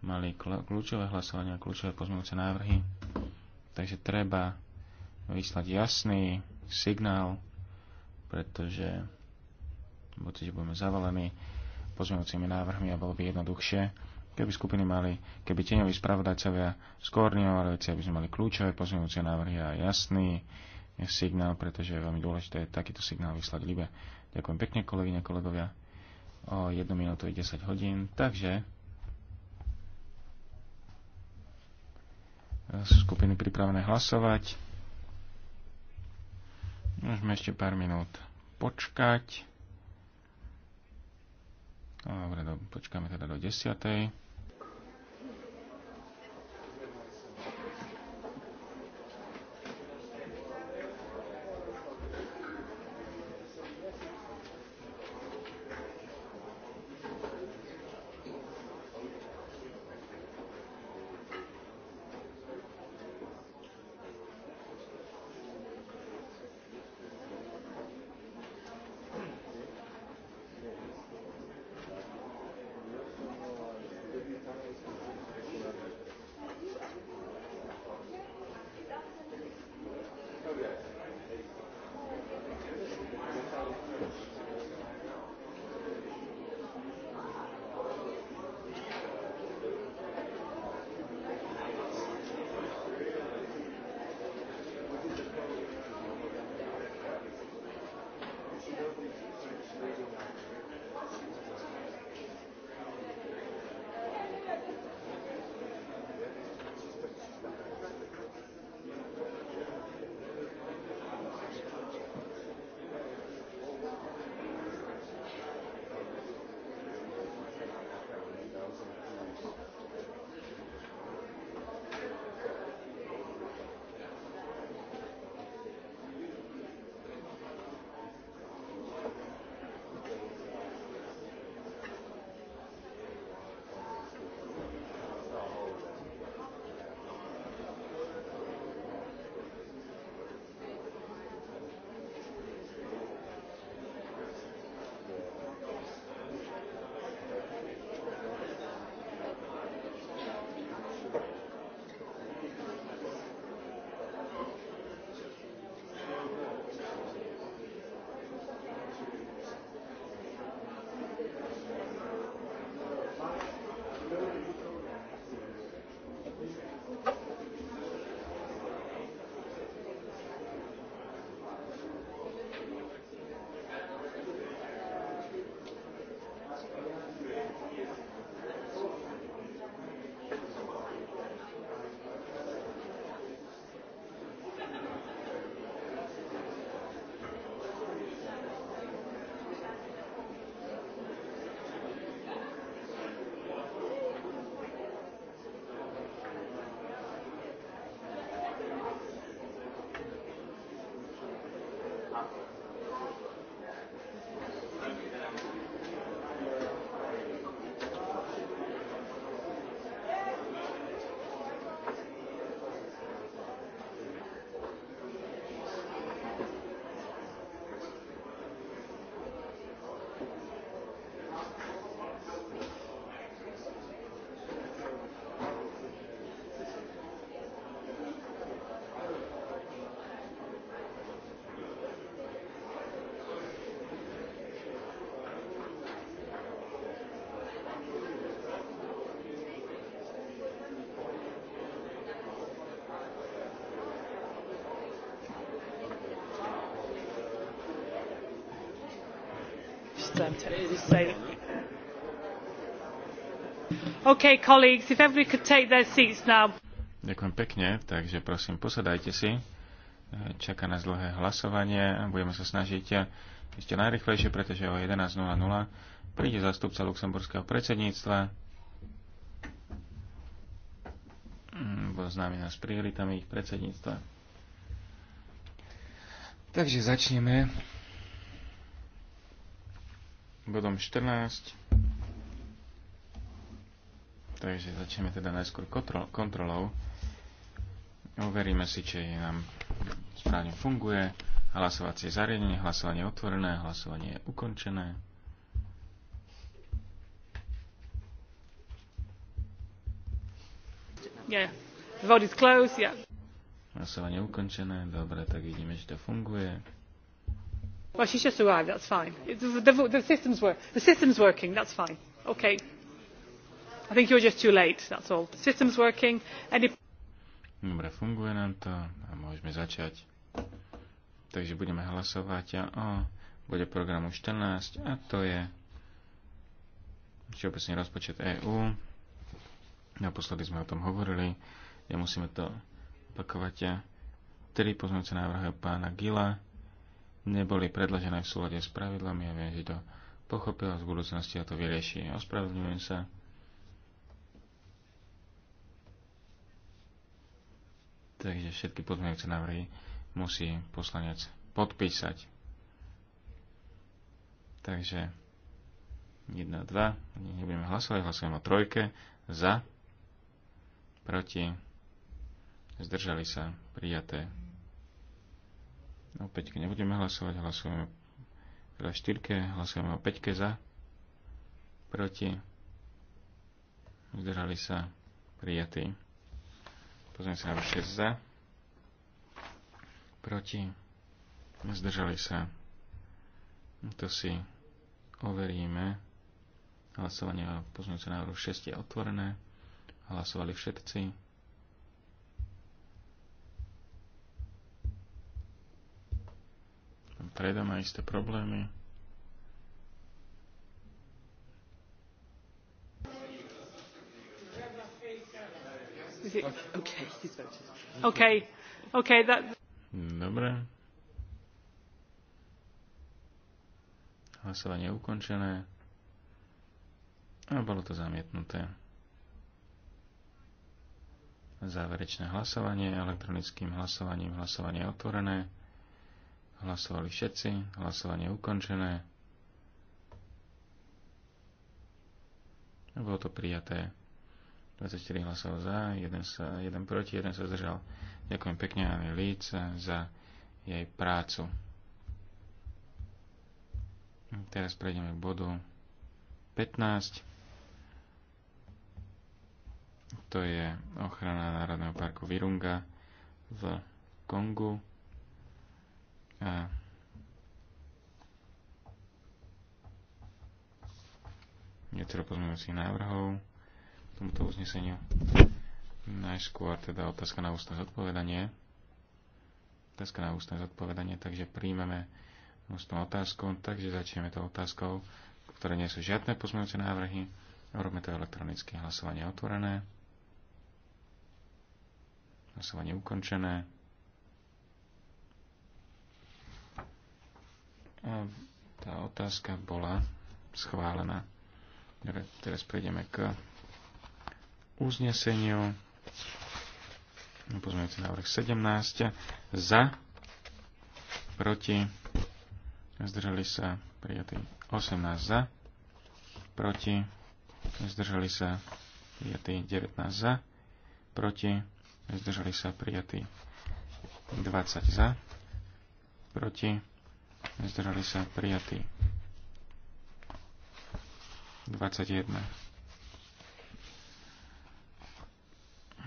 mali kľúčové hlasovania, kľúčové pozmeňujúce návrhy. Takže treba vyslať jasný signál, pretože budete, že budeme zavalení pozmeňujúcimi návrhmi a bolo by jednoduchšie, keby skupiny mali, keby tieňoví spravodajcovia skoordinovali veci, aby sme mali kľúčové pozmeňujúce návrhy a jasný signál, pretože je veľmi dôležité takýto signál vyslať Libe. Ďakujem pekne, kolegyne, kolegovia. O 1 minútu je 10 hodín, takže skupiny pripravené hlasovať. Môžeme ešte pár minút počkať. No, dobre, do, počkáme teda do desiatej. Ďakujem pekne, takže prosím, posadajte si. Čaká nás dlhé hlasovanie. Budeme sa snažiť ešte najrychlejšie, pretože o 11.00 príde zastupca luxemburského predsedníctva. Mm, bol nás prioritami ich predsedníctva. Takže začneme bodom 14. Takže začneme teda najskôr kontrolou. Overíme si, či nám správne funguje. Hlasovacie zariadenie, hlasovanie je otvorené, hlasovanie je ukončené. Yeah. vote is closed, yeah. Hlasovanie ukončené, dobre, tak vidíme, že to funguje well she's just arrived that's fine it, the, the, the, system's work, the system's working that's fine okay I think you're just too late that's all the system's working and Any... Dobre, funguje nám to a môžeme začať. Takže budeme hlasovať a o bude programu 14 a to je všeobecný rozpočet EÚ. Naposledy sme o tom hovorili. ja musíme to opakovať. Tri poznúce návrhy pána Gila neboli predložené v súlade s pravidlami. Ja viem, že to pochopila a z budúcnosti a to vyrieši. Ospravedlňujem sa. Takže všetky pozmeňujúce návrhy musí poslanec podpísať. Takže 1, 2, nebudeme hlasovať, hlasujeme o trojke, za, proti, zdržali sa, prijaté O 5 nebudeme hlasovať, hlasujeme teda 4, hlasujeme o 5 za, proti, zdržali sa, prijatí, Pozrieme sa na 6 za, proti, zdržali sa. To si overíme. Hlasovanie o pozmeňujúce návrhu 6 je otvorené. Hlasovali všetci. Preda má isté problémy. Dobre. Hlasovanie ukončené. A bolo to zamietnuté. Záverečné hlasovanie elektronickým hlasovaním. Hlasovanie otvorené. Hlasovali všetci. Hlasovanie ukončené. Bolo to prijaté. 24 hlasov za, 1, sa, 1 proti, 1 sa zdržal. Ďakujem pekne Anne Líc za jej prácu. Teraz prejdeme k bodu 15. To je ochrana Národného parku Virunga v Kongu. A viacero teda pozmeňujúcich návrhov k tomuto uzneseniu. Najskôr teda otázka na ústne zodpovedanie. Otázka na ústne zodpovedanie, takže príjmeme ústnu otázku, takže začneme to otázkou, ktoré nie sú žiadne pozmeňujúce návrhy. Robíme to elektronické hlasovanie otvorené. Hlasovanie ukončené. A tá otázka bola schválená. Teraz prejdeme k uzneseniu. Pozmeňujúci návrh 17. Za, proti, zdržali sa prijatí 18 za, proti, zdržali sa prijatí 19 za, proti, zdržali sa prijatí 20 za, proti, Zdržali sa prijatí. 21.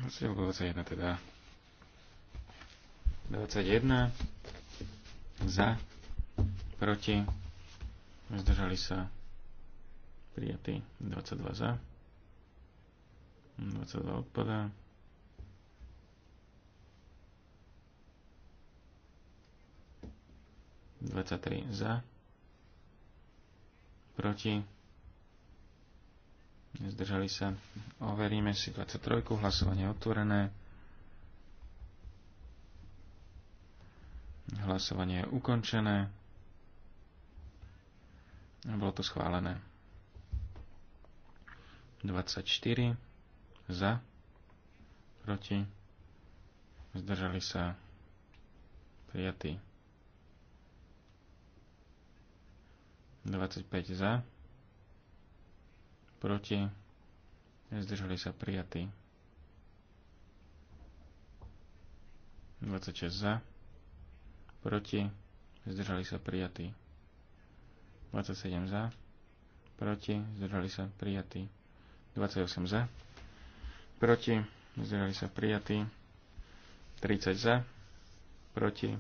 21 teda. 21 za, proti, zdržali sa prijatí 22 za, 22 odpadá, 23 za, proti, zdržali sa, overíme si 23, hlasovanie otvorené, hlasovanie je ukončené a bolo to schválené. 24 za, proti, zdržali sa, prijatí. 25 za, proti, zdržali sa prijatí. 26 za, proti, zdržali sa prijatí. 27 za, proti, zdržali sa prijatí. 28 za, proti, zdržali sa prijatí. 30 za, proti,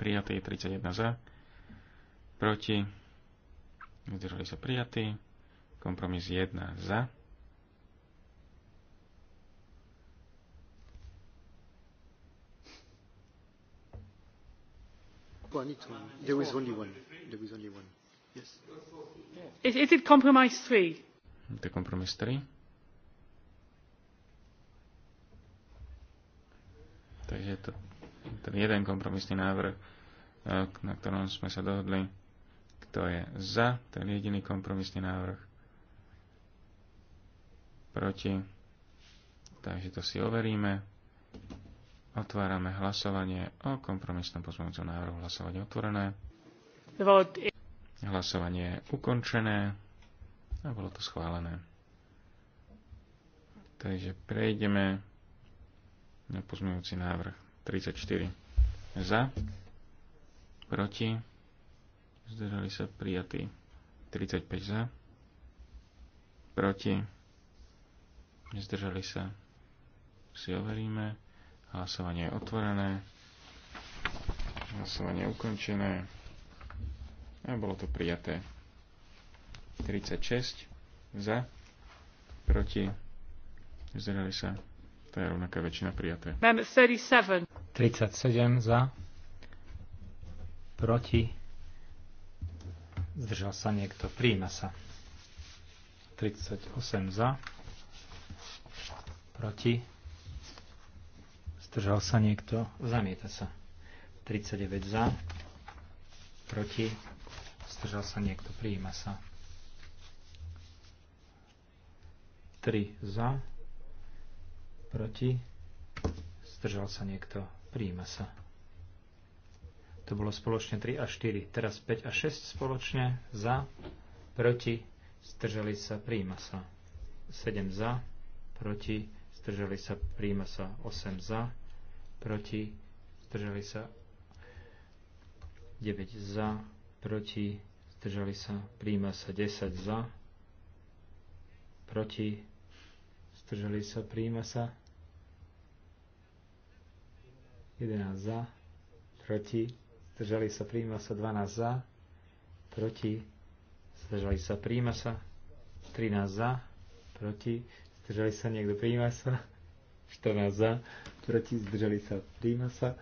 prijatí 31 za, proti, zdržali sa prijatí, kompromis 1 za, is is it compromise three? To je kompromis 3. Takže je to ten jeden kompromisný návrh, eh, na ktorom sme sa dohodli. Kto je za ten jediný kompromisný návrh? Proti? Takže to si overíme. Otvárame hlasovanie o kompromisnom pozmeňujúcom návrhu. Hlasovanie otvorené. Hlasovanie je ukončené a bolo to schválené. Takže prejdeme na pozmeňujúci návrh 34. Za, proti, zdržali sa prijatí 35 za, proti, zdržali sa, si overíme, hlasovanie je otvorené, hlasovanie je ukončené a bolo to prijaté 36 za, proti, zdržali sa, to je rovnaká väčšina prijaté. 37. 37 za, proti, Zdržal sa niekto. príjma sa. 38 za. Proti. Zdržal sa niekto. Zamieta sa. 39 za. Proti. Zdržal sa niekto. príjma sa. 3 za. Proti. Zdržal sa niekto. príjma sa. To bolo spoločne 3 a 4. Teraz 5 a 6 spoločne. Za, proti, zdržali sa, príjma sa. 7 za, proti, zdržali sa, príjma sa. 8 za, proti, zdržali sa. 9 za, proti, zdržali sa, príjma sa. 10 za, proti, zdržali sa, príjma sa. 11 za, proti, zdržali sa, príjma sa 12 za, proti, zdržali sa, príjma sa 13 za, proti, zdržali sa, niekto príjma sa 14 za, proti, zdržali sa, príjma sa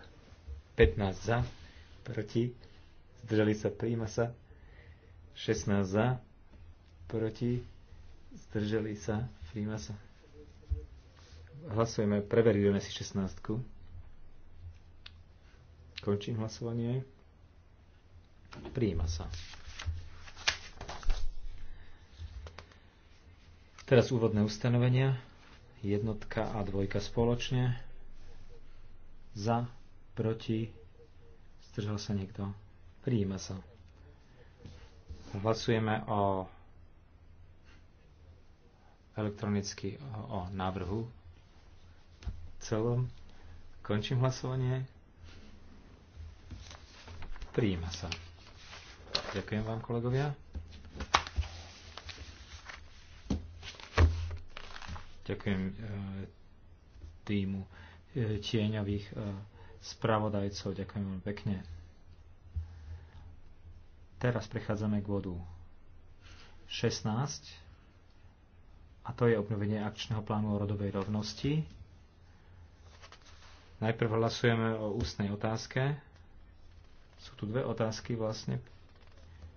15 za, proti, zdržali sa, príjma sa 16 za, proti, zdržali sa, príjma sa. Hlasujeme, preverujeme si 16. Končím hlasovanie. Prijíma sa. Teraz úvodné ustanovenia. Jednotka a dvojka spoločne. Za, proti, zdržal sa niekto. Prijíma sa. Hlasujeme o elektronicky o, o návrhu celom. Končím hlasovanie. Príjima sa. Ďakujem vám, kolegovia. Ďakujem e, týmu e, tieňových e, spravodajcov. Ďakujem veľmi pekne. Teraz prechádzame k vodu 16 a to je obnovenie akčného plánu o rodovej rovnosti. Najprv hlasujeme o ústnej otázke. Sú tu dve otázky vlastne.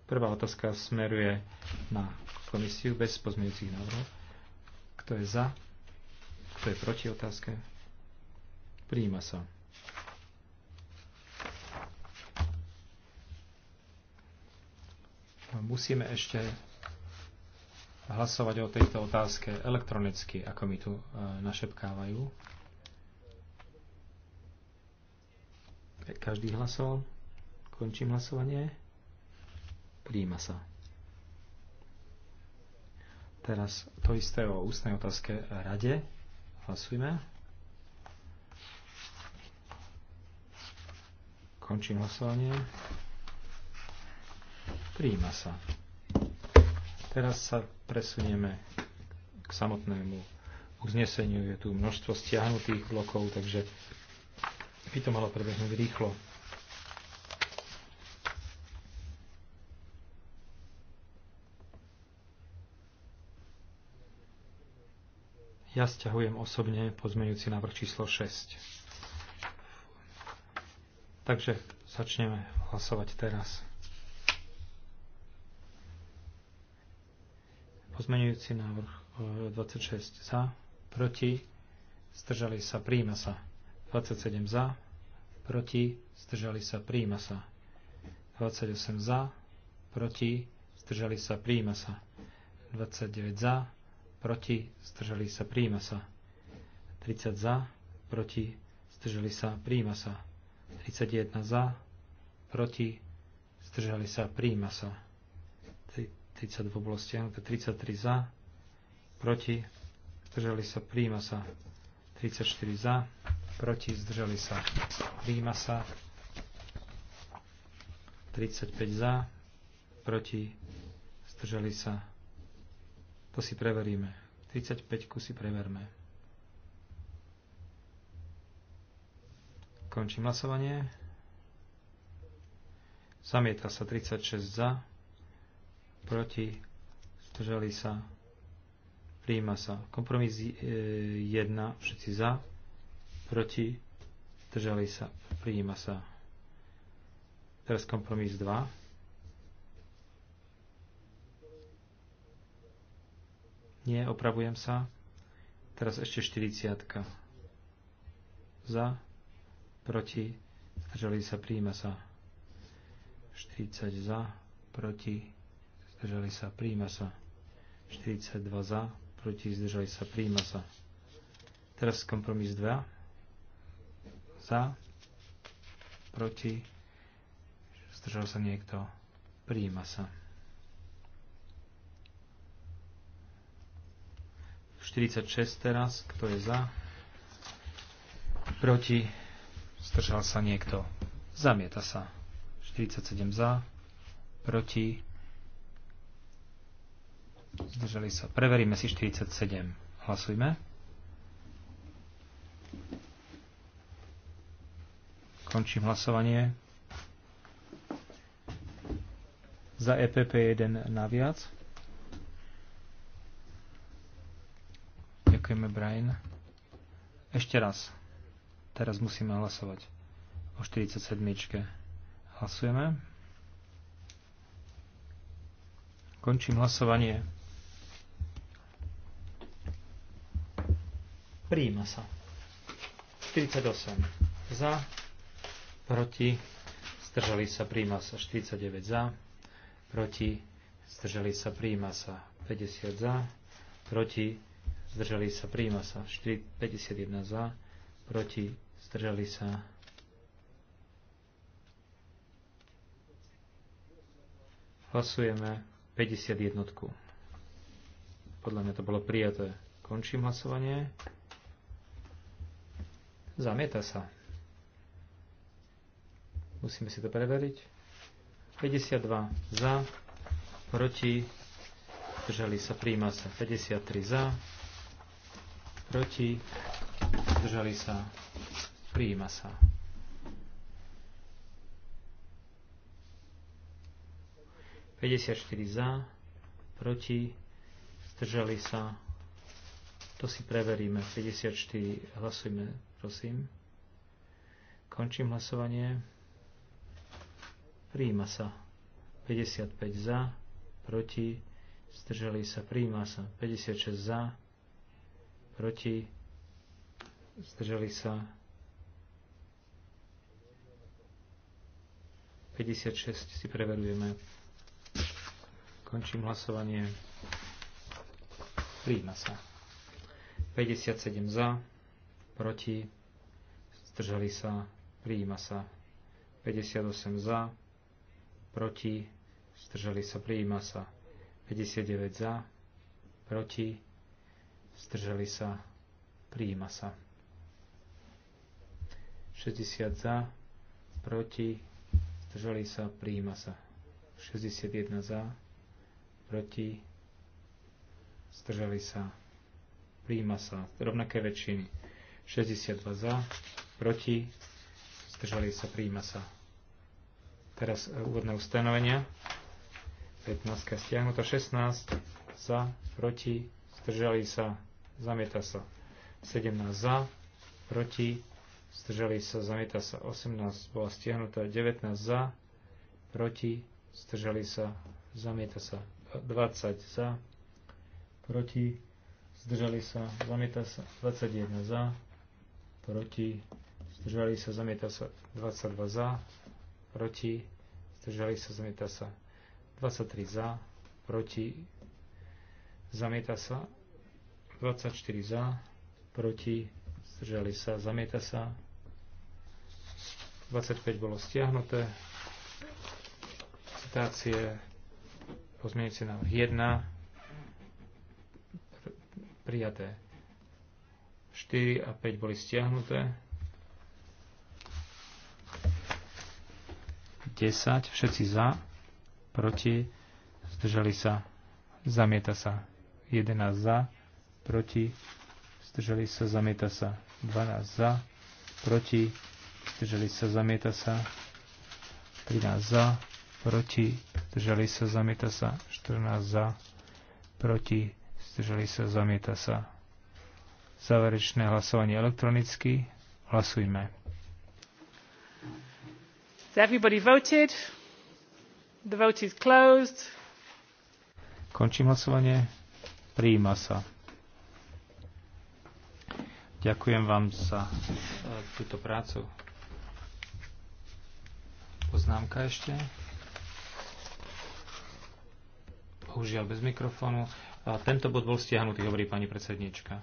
Prvá otázka smeruje na komisiu bez pozmeňujúcich návrhov. Kto je za? Kto je proti otázke? Prijíma sa. Musíme ešte hlasovať o tejto otázke elektronicky, ako mi tu e, našepkávajú. Každý hlasoval? Končím hlasovanie. Príjima sa. Teraz to isté o ústnej otázke rade. Hlasujme. Končím hlasovanie. Príjima sa. Teraz sa presunieme k samotnému uzneseniu. Je tu množstvo stiahnutých blokov, takže by to malo prebehnúť rýchlo. Ja stiahujem osobne pozmeňujúci návrh číslo 6. Takže začneme hlasovať teraz. Pozmeňujúci návrh 26 e, za, proti, zdržali sa, príjma sa. 27 za, proti, zdržali sa, príjma sa. 28 za, proti, zdržali sa, príjma sa. 29 za, proti, zdržali sa, príjma sa. 30 za, proti, zdržali sa, príjma sa. 31 za, proti, zdržali sa, príjma sa. 32 bolo stiahnuté, 33 za, proti, zdržali sa, príjma sa. 34 za, proti, zdržali sa, príjma sa. 35 za, proti, zdržali sa, to si preveríme. 35 si preverme. Končím hlasovanie. Zamieta sa 36 za, proti, zdržali sa, príjima sa. Kompromis 1, e, všetci za, proti, zdržali sa, príjima sa. Teraz kompromis 2. Nie, opravujem sa. Teraz ešte 40. Za, proti, zdržali sa, príjme sa. 40 za, proti, zdržali sa, príjme sa. 42 za, proti, zdržali sa, príjme sa. Teraz kompromis 2. Za, proti, zdržal sa niekto, príjme sa. 46 teraz, kto je za? Proti? Stržal sa niekto. Zamieta sa. 47 za. Proti? Zdržali sa. Preveríme si 47. Hlasujme. Končím hlasovanie. Za EPP 1 naviac. Ďakujeme, Brian. Ešte raz. Teraz musíme hlasovať o 47. Hlasujeme. Končím hlasovanie. Príjima sa. 48 za, proti, zdržali sa, príjima sa 49 za, proti, zdržali sa, príjima sa 50 za, proti, zdržali sa, príjma sa. 4, 51 za, proti, zdržali sa. Hlasujeme 51. Podľa mňa to bolo prijaté. Končím hlasovanie. Zamieta sa. Musíme si to preveriť. 52 za, proti, zdržali sa, príjma sa. 53 za, proti, zdržali sa, prijíma sa. 54 za, proti, zdržali sa. To si preveríme. 54 hlasujme, prosím. Končím hlasovanie. príjma sa. 55 za, proti, zdržali sa, príjma sa. 56 za, proti, zdržali sa 56 si preverujeme. Končím hlasovanie. Príjma sa. 57 za, proti, zdržali sa, príjma sa. 58 za, proti, zdržali sa, príjma sa. 59 za, proti, zdržali sa, prijíma sa. 60 za, proti, zdržali sa, prijíma sa. 61 za, proti, zdržali sa, prijíma sa. Rovnaké väčšiny. 62 za, proti, zdržali sa, prijíma sa. Teraz e, úvodné ustanovenia. 15 stiahnuto 16 za, proti, zdržali sa, zamieta sa. 17 za, proti, zdržali sa, zamieta sa. 18 bola stiahnutá, 19 za, proti, zdržali sa, zamieta sa. 20 za, proti, zdržali sa, zamieta sa. 21 za, proti, zdržali sa, zamieta sa. 22 za, proti, zdržali sa, zamieta sa. 23 za, proti, zamieta sa. 24 za, proti, zdržali sa, zamieta sa. 25 bolo stiahnuté. Citácie, pozmienujúci návrh 1, prijaté. 4 a 5 boli stiahnuté. 10, všetci za, proti, zdržali sa, zamieta sa, 11 za, proti, zdržali sa, zamieta sa. 12 za, proti, zdržali sa, zamieta sa. 13 za, proti, zdržali sa, zamieta sa. 14 za, proti, zdržali sa, zamieta sa. Záverečné hlasovanie elektronicky. Hlasujme. everybody voted? The vote is closed. Končím hlasovanie. Prijíma sa. Ďakujem vám za e, túto prácu. Poznámka ešte. Bohužiaľ bez mikrofónu. E, tento bod bol stiahnutý, hovorí pani predsednička.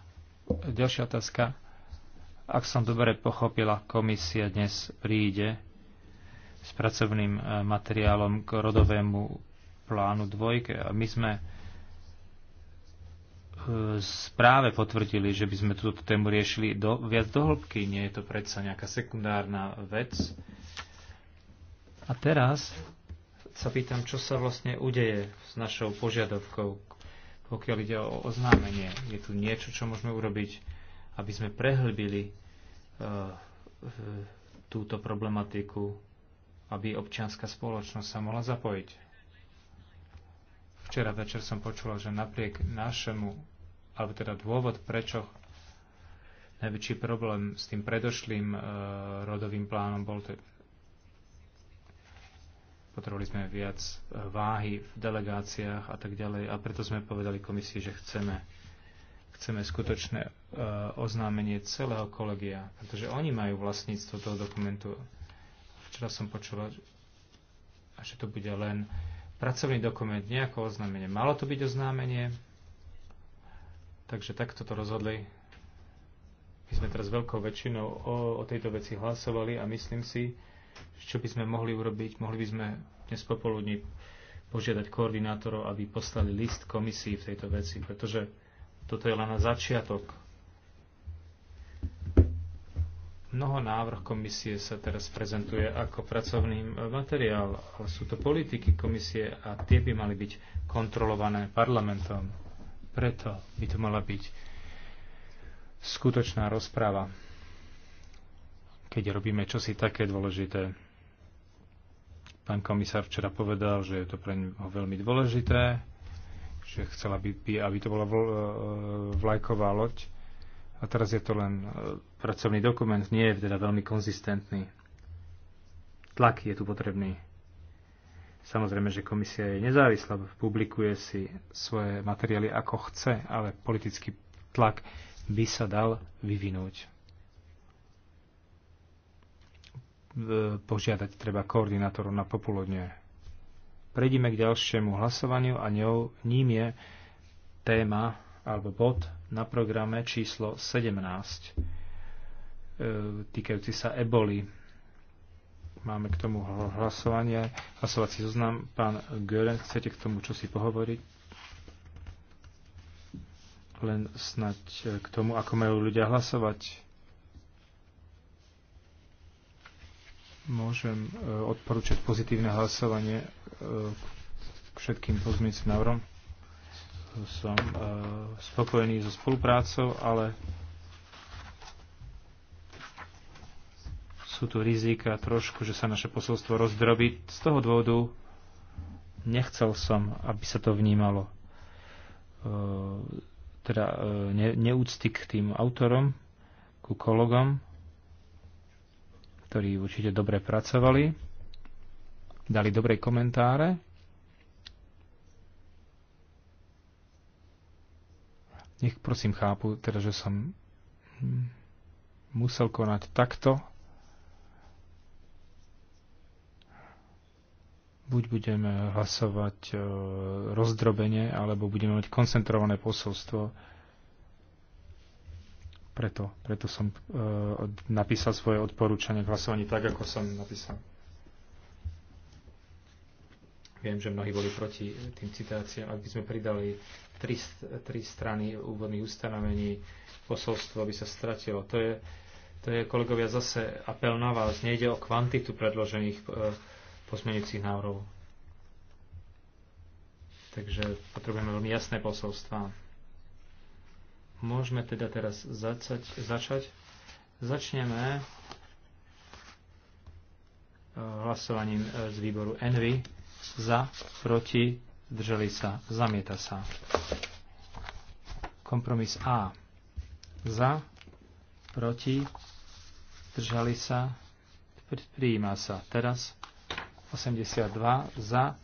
Ďalšia otázka. Ak som dobre pochopila, komisia dnes príde s pracovným e, materiálom k rodovému plánu dvojke. My sme správe potvrdili, že by sme túto tému riešili do, viac do hĺbky. Nie je to predsa nejaká sekundárna vec. A teraz sa pýtam, čo sa vlastne udeje s našou požiadavkou, pokiaľ ide o oznámenie. Je tu niečo, čo môžeme urobiť, aby sme prehlbili uh, túto problematiku, aby občianská spoločnosť sa mohla zapojiť. Včera večer som počula, že napriek našemu alebo teda dôvod, prečo najväčší problém s tým predošlým e, rodovým plánom bol, to, potrebovali sme viac e, váhy v delegáciách a tak ďalej a preto sme povedali komisii, že chceme, chceme skutočné e, oznámenie celého kolegia, pretože oni majú vlastníctvo toho dokumentu. Včera som počul, že to bude len pracovný dokument, nejako oznámenie. Malo to byť oznámenie, Takže takto to rozhodli. My sme teraz veľkou väčšinou o, o tejto veci hlasovali a myslím si, čo by sme mohli urobiť, mohli by sme dnes popoludní požiadať koordinátorov, aby poslali list komisii v tejto veci, pretože toto je len na začiatok. Mnoho návrh komisie sa teraz prezentuje ako pracovný materiál, ale sú to politiky komisie a tie by mali byť kontrolované parlamentom preto by to mala byť skutočná rozpráva, keď robíme čosi také dôležité. Pán komisár včera povedal, že je to pre neho veľmi dôležité, že chcela by, aby to bola e, vlajková loď. A teraz je to len e, pracovný dokument, nie je teda veľmi konzistentný. Tlak je tu potrebný. Samozrejme, že komisia je nezávislá, publikuje si svoje materiály ako chce, ale politický tlak by sa dal vyvinúť. Požiadať treba koordinátorov na popoludne. Prejdime k ďalšiemu hlasovaniu a ňou, ním je téma alebo bod na programe číslo 17 e, týkajúci sa eboli. Máme k tomu hlasovanie, hlasovací zoznam. Pán Gören, chcete k tomu čosi pohovoriť? Len snať eh, k tomu, ako majú ľudia hlasovať. Môžem eh, odporúčať pozitívne hlasovanie eh, k všetkým pozmýcim návrom. Som spokojný so spoluprácou, ale sú tu rizika trošku, že sa naše posolstvo rozdrobí. Z toho dôvodu nechcel som, aby sa to vnímalo e, teda e, ne, neúcty k tým autorom, ku kolegom, ktorí určite dobre pracovali, dali dobré komentáre. Nech prosím chápu, teda, že som musel konať takto, Buď budeme hlasovať e, rozdrobene, alebo budeme mať koncentrované posolstvo. Preto, preto som e, napísal svoje odporúčanie k hlasovaní tak, ako som napísal. Viem, že mnohí boli proti tým citáciám. Ak by sme pridali tri, tri strany úvodných ustanovení, posolstvo by sa stratilo. To je, to je, kolegovia, zase apel na vás. Nejde o kvantitu predložených e, pozmeňujúcich návrhov. Takže potrebujeme veľmi jasné posolstvá. Môžeme teda teraz začať. začať. Začneme eh, hlasovaním eh, z výboru Envy. Za, proti, drželi sa, zamieta sa. Kompromis A. Za, proti, držali sa, prijíma sa. Teraz 82 za,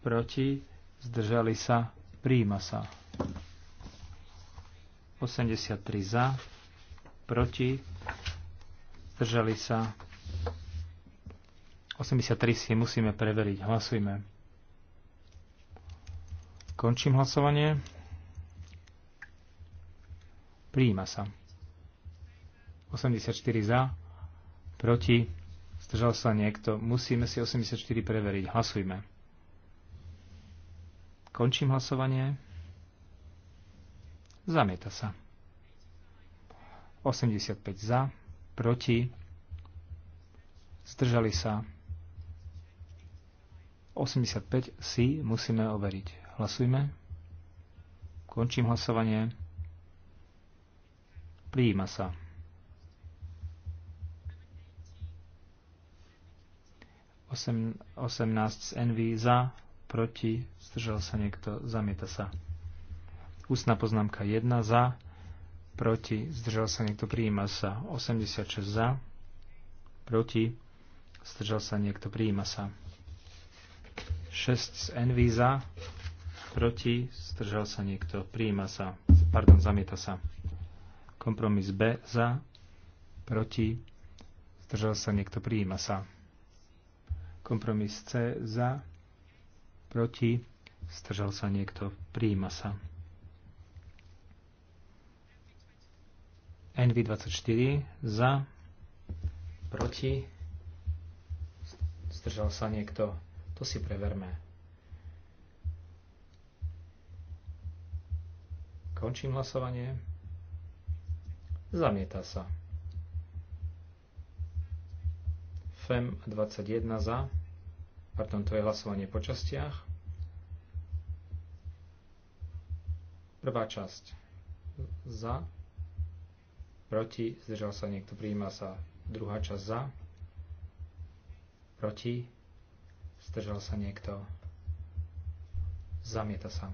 proti, zdržali sa, príjma sa. 83 za, proti, zdržali sa. 83 si musíme preveriť. Hlasujme. Končím hlasovanie. Prijíma sa. 84 za, proti Zdržal sa niekto? Musíme si 84 preveriť. Hlasujme. Končím hlasovanie. Zamieta sa. 85 za, proti, zdržali sa. 85 si musíme overiť. Hlasujme. Končím hlasovanie. Prijíma sa. 18 z NV za, proti, zdržal sa niekto, zamieta sa. Ústna poznámka 1 za, proti, zdržal sa niekto, prijíma sa. 86 za, proti, zdržal sa niekto, prijíma sa. 6 z NV za, proti, zdržal sa niekto, prijíma sa. Pardon, zamieta sa. Kompromis B za, proti, zdržal sa niekto, prijíma sa. Kompromis C za, proti, stržal sa niekto, príjima sa. NV24 za, proti, stržal sa niekto, to si preverme. Končím hlasovanie. Zamieta sa. FEM 21 za. Pardon, to je hlasovanie po častiach. Prvá časť za. Proti. Zdržal sa niekto. Prijíma sa. Druhá časť za. Proti. Zdržal sa niekto. Zamieta sa.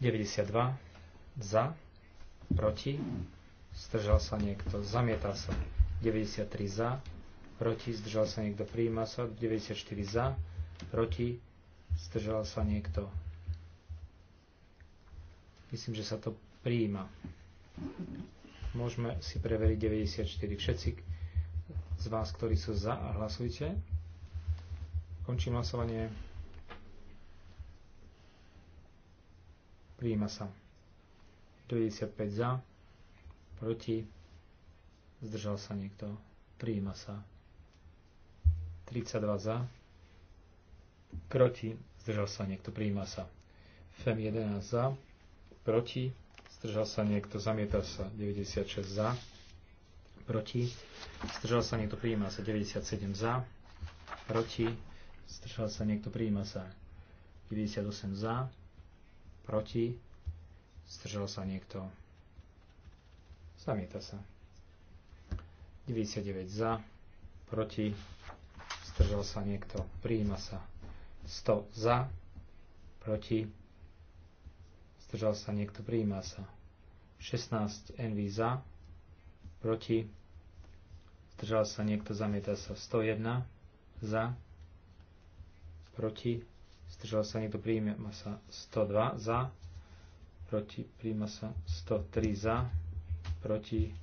92 za, proti, zdržal sa niekto, zamieta sa. 93 za, proti, zdržal sa niekto, prijíma sa. 94 za, proti, zdržal sa niekto. Myslím, že sa to prijíma. Môžeme si preveriť 94. Všetci z vás, ktorí sú za, a hlasujte. Končím hlasovanie. Príjima sa. 95 za. Proti. Zdržal sa niekto. Príjima sa. 32 za. Proti. Zdržal sa niekto. Príjima sa. FEM 11 za. Proti. Zdržal sa niekto. Zamieta sa. 96 za. Proti. Zdržal sa niekto. Príjima sa. 97 za. Proti. Zdržal sa niekto. Príjima sa. 98 za proti, zdržal sa niekto, zamieta sa. 99 za, proti, zdržal sa niekto, prijíma sa. 100 za, proti, zdržal sa niekto, prijíma sa. 16 NV za, proti, zdržal sa niekto, zamieta sa. 101 za, proti, zdržal sa niekto, príjma sa 102 za, proti, príjma sa 103 za, proti,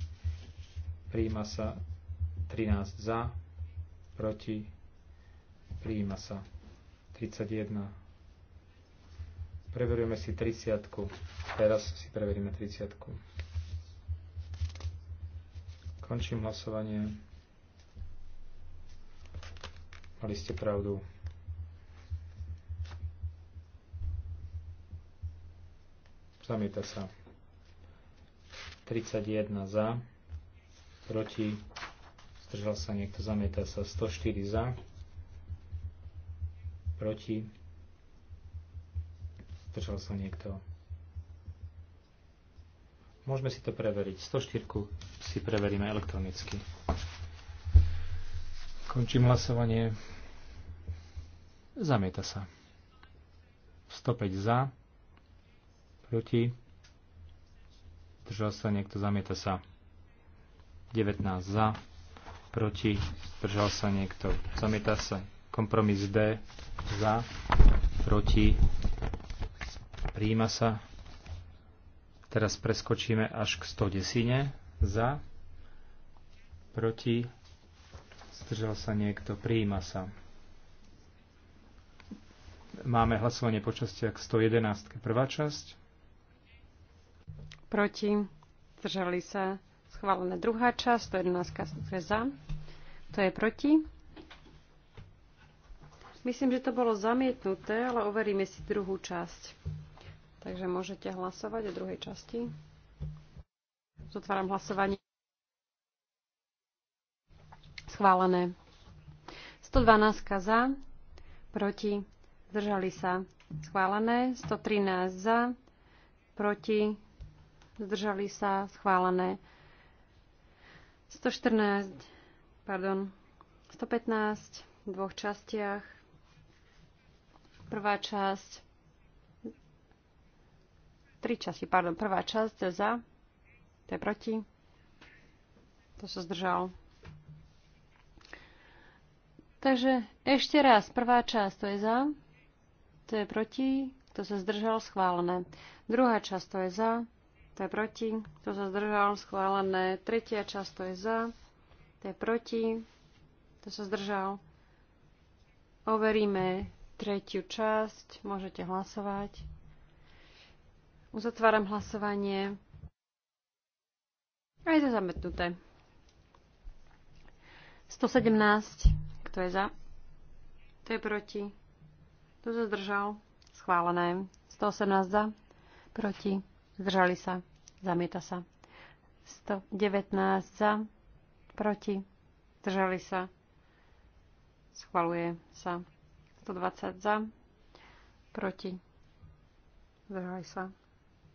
príjma sa 13 za, proti, príjma sa 31. Preverujeme si 30. Teraz si preveríme 30. Končím hlasovanie. Mali ste pravdu. Zamieta sa. 31 za. Proti. Zdržal sa niekto. Zamieta sa. 104 za. Proti. Zdržal sa niekto. Môžeme si to preveriť. 104 si preveríme elektronicky. Končím hlasovanie. Zamieta sa. 105 za proti, zdržal sa niekto, zamieta sa 19 za, proti, zdržal sa niekto, zamieta sa kompromis D za, proti, príjima sa. Teraz preskočíme až k 110 za, proti, zdržal sa niekto, príjima sa. Máme hlasovanie počastia k 111. Prvá časť proti, zdržali sa, schválené druhá časť, 111 je za, to je proti. Myslím, že to bolo zamietnuté, ale overíme si druhú časť. Takže môžete hlasovať o druhej časti. Zotváram hlasovanie. Schválené. 112 za, proti, zdržali sa. Schválené. 113 za, proti, zdržali sa, schválené. 114, pardon, 115 v dvoch častiach. Prvá časť, tri časti, pardon, prvá časť, je za, to je proti, to sa zdržal. Takže ešte raz, prvá časť, to je za, to je proti, to sa zdržal, schválené. Druhá časť, to je za, to je proti, to sa zdržal, schválené. Tretia časť, to je za, to je proti, to sa zdržal. Overíme tretiu časť, môžete hlasovať. Uzatváram hlasovanie. A je to zametnuté. 117, kto je za? To je proti. Kto sa zdržal? Schválené. 118 za, proti. Zdržali sa. Zamieta sa. 119 za. Proti. Zdržali sa. Schvaluje sa. 120 za. Proti. Zdržali sa.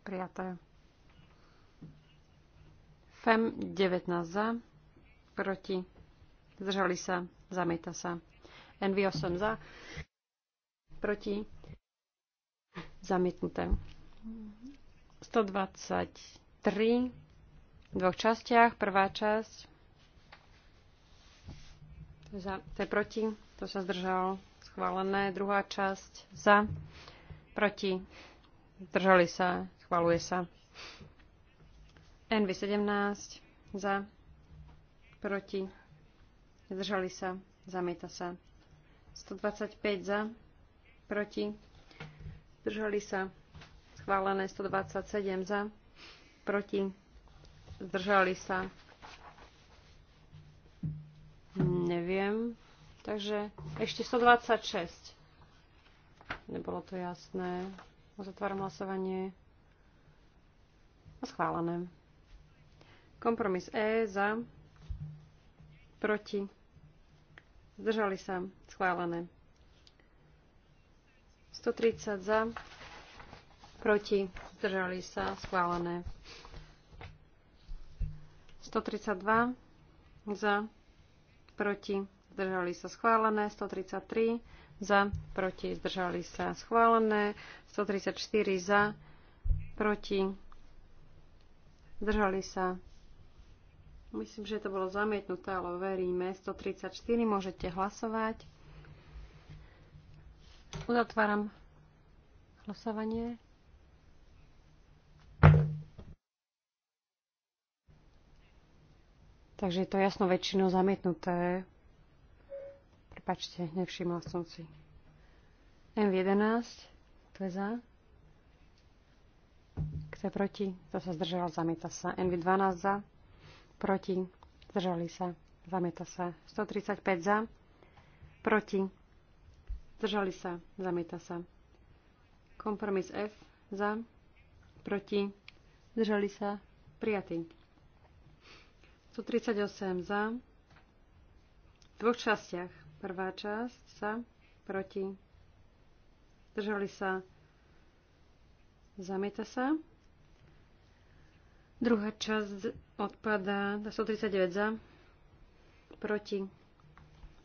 Prijaté. FEM 19 za. Proti. Zdržali sa. Zamieta sa. NV8 za. Proti. Zamietnuté. 123 v dvoch častiach. Prvá časť. je, za, to je proti. To sa zdržalo, Schválené. Druhá časť. Za. Proti. Zdržali sa. Schváluje sa. NV17. Za. Proti. Zdržali sa. Zamieta sa. 125 za. Proti. Zdržali sa schválené 127 za, proti, zdržali sa. Neviem. Takže ešte 126. Nebolo to jasné. Zatváram hlasovanie. A schválené. Kompromis E za, proti, zdržali sa, schválené. 130 za, proti, zdržali sa, schválené. 132 za, proti, zdržali sa, schválené. 133 za, proti, zdržali sa, schválené. 134 za, proti, zdržali sa. Myslím, že to bolo zamietnuté, ale veríme. 134 môžete hlasovať. Uzatváram hlasovanie. Takže je to jasno väčšinou zamietnuté. Prepačte, nevšimla som si. M11, to je za. Kto je proti? Kto sa zdržal? Zamieta sa. m 12 za. Proti. Zdržali sa. Zamieta sa. 135 za. Proti. Zdržali sa. Zamieta sa. Kompromis F za. Proti. Zdržali sa. Prijatý. 138 za. V dvoch častiach. Prvá časť sa proti. Držali sa. Zamieta sa. Druhá časť odpadá, 139 za. Proti.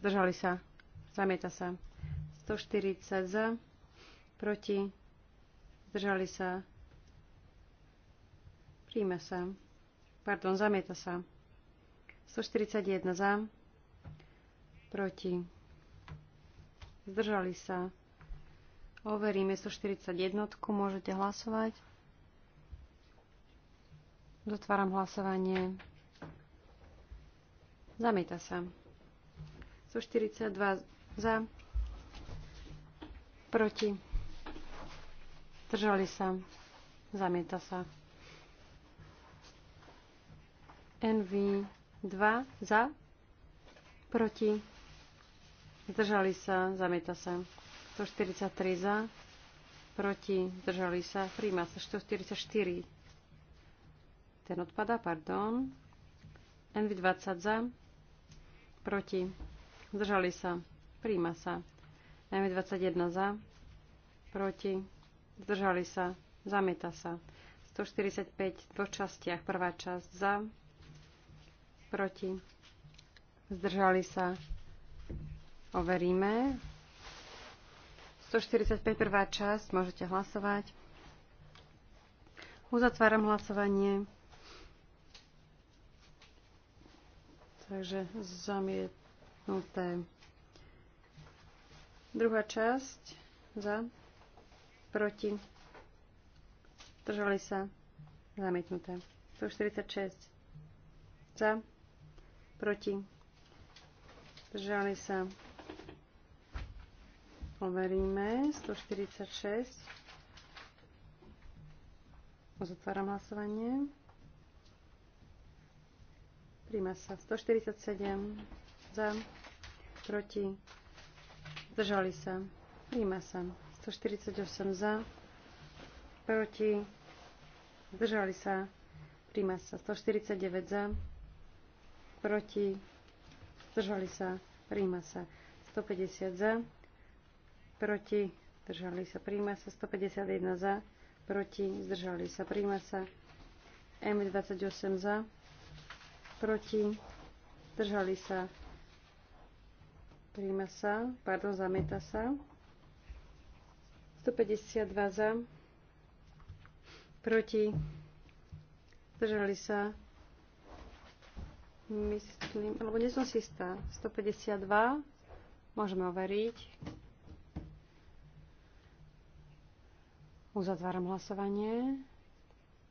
Držali sa. Zamieta sa. 140 za. Proti. Zdržali sa. Príjme sa. Pardon, zamieta sa. 141 za, proti, zdržali sa. Overíme 141, môžete hlasovať. Dotváram hlasovanie. Zamieta sa. 142 za, proti, zdržali sa. Zamieta sa. Envy. 2 za, proti, zdržali sa, zamieta sa. 143 za, proti, zdržali sa, príjma sa. 144, ten odpada, pardon. NV20 za, proti, zdržali sa, príjma sa. NV21 za, proti, zdržali sa, zamieta sa. 145 v dvoch častiach, prvá časť za, proti, zdržali sa, overíme. 145. prvá časť, môžete hlasovať. Uzatváram hlasovanie. Takže zamietnuté. Druhá časť za, proti, zdržali sa, zamietnuté. 146 za, Proti. Zdržali sa. Overíme. 146. Zatváram hlasovanie. Príjma sa 147 za, proti, zdržali sa. Príjma sa 148 za, proti, zdržali sa. Príjma sa 149 za, proti, zdržali sa, príjma sa 150 za, proti, zdržali sa, príjma sa 151 za, proti, zdržali sa, príjma sa M28 za, proti, zdržali sa, príjma sa, pardon, zamieta sa 152 za, proti, zdržali sa, Myslím, alebo nie som si istá. 152. Môžeme overiť. Uzatváram hlasovanie.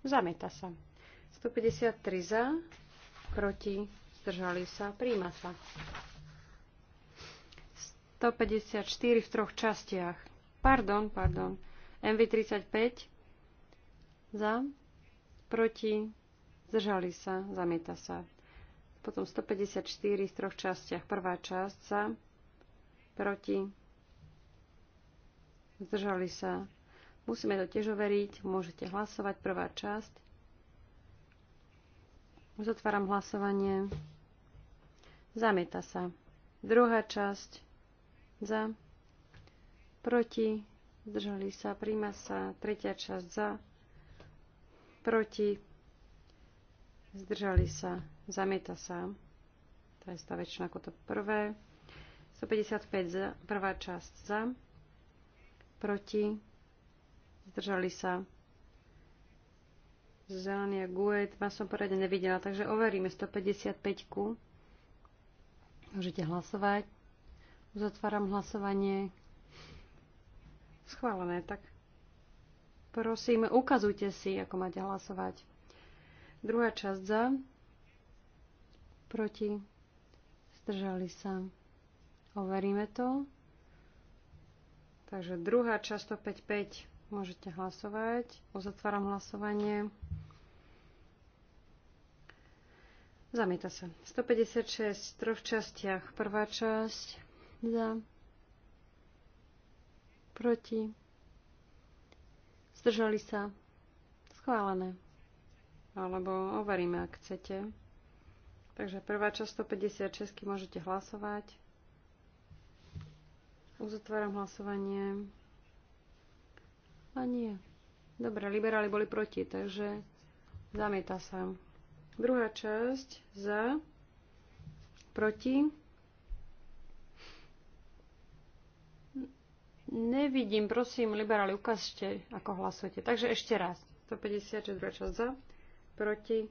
Zamieta sa. 153 za, proti, zdržali sa, príjma sa. 154 v troch častiach. Pardon, pardon. MV35 za, proti, zdržali sa, zamieta sa. Potom 154 v troch častiach. Prvá časť za, proti, zdržali sa. Musíme to tiež overiť. Môžete hlasovať. Prvá časť. Zotváram hlasovanie. Zamieta sa. Druhá časť. Za. Proti. Zdržali sa. Príjma sa. Tretia časť. Za. Proti. Zdržali sa. Zamieta sa. To je tá väčšina ako to prvé. 155 za, prvá časť za, proti, zdržali sa. Zelený a guet, vás som poriadne nevidela, takže overíme 155. -ku. Môžete hlasovať. Uzatváram hlasovanie. Schválené, tak prosím, ukazujte si, ako máte hlasovať. Druhá časť za, proti, zdržali sa. Overíme to. Takže druhá časť 5 môžete hlasovať. Uzatváram hlasovanie. Zamieta sa. 156 v troch častiach. Prvá časť za, proti, zdržali sa, schválené. Alebo overíme, ak chcete. Takže prvá časť 156 môžete hlasovať. Uzatváram hlasovanie. A nie. Dobre, liberáli boli proti, takže zamieta sa. Druhá časť za, proti. Nevidím, prosím, liberáli, ukážte, ako hlasujete. Takže ešte raz. 156, druhá časť za, proti,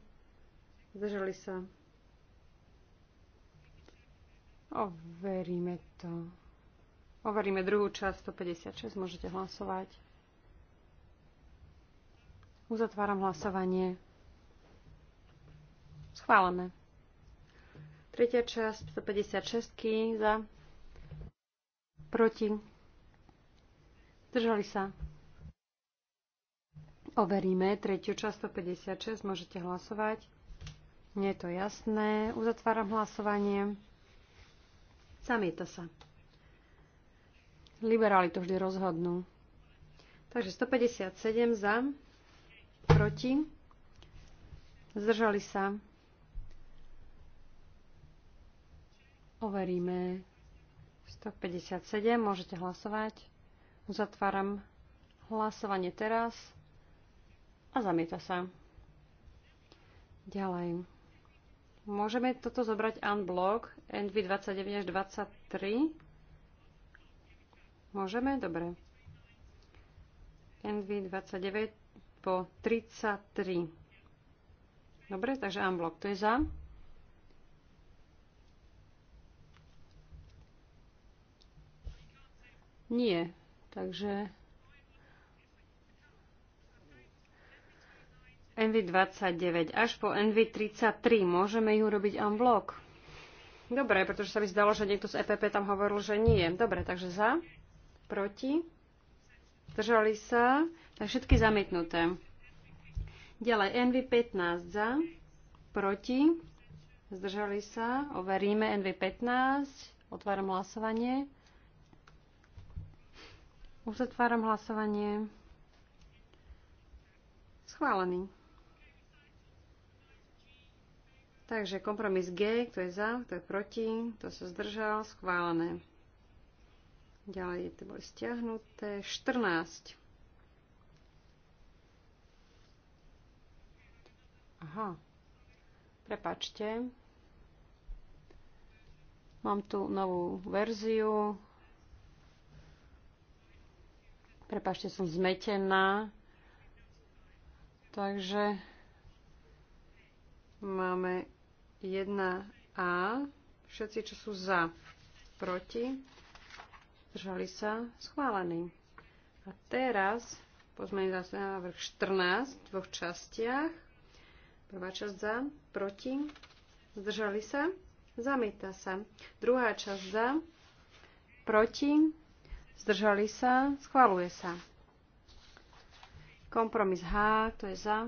zdržali sa Overíme to. Overíme druhú časť 156. Môžete hlasovať. Uzatváram hlasovanie. Schválené. Tretia časť 156. Za. Proti. Zdržali sa. Overíme tretiu časť 156. Môžete hlasovať. Nie je to jasné. Uzatváram hlasovanie. Zamieta sa. Liberáli to vždy rozhodnú. Takže 157 za, proti, zdržali sa. Overíme 157, môžete hlasovať. Uzatváram hlasovanie teraz a zamieta sa. Ďalej. Môžeme toto zobrať unblock NV 29 až 23. Môžeme? Dobre. NV 29 po 33. Dobre, takže unblock. To je za. Nie. Takže NV29 až po NV33. Môžeme ju robiť en bloc? Dobre, pretože sa mi zdalo, že niekto z EPP tam hovoril, že nie. Dobre, takže za, proti, zdržali sa, tak všetky zamietnuté. Ďalej, NV15 za, proti, zdržali sa, overíme NV15, otváram hlasovanie. otváram hlasovanie. Schválený. Takže kompromis G, kto je za, kto je proti, kto sa zdržal, schválené. Ďalej to boli stiahnuté. 14. Aha. Prepačte. Mám tu novú verziu. Prepačte, som zmetená. Takže máme 1A. Všetci, čo sú za, proti, držali sa, schválený. A teraz pozmeňujúci návrh 14 v dvoch častiach. Prvá časť za, proti, zdržali sa, zamieta sa. Druhá časť za, proti, zdržali sa, schváluje sa. Kompromis H, to je za,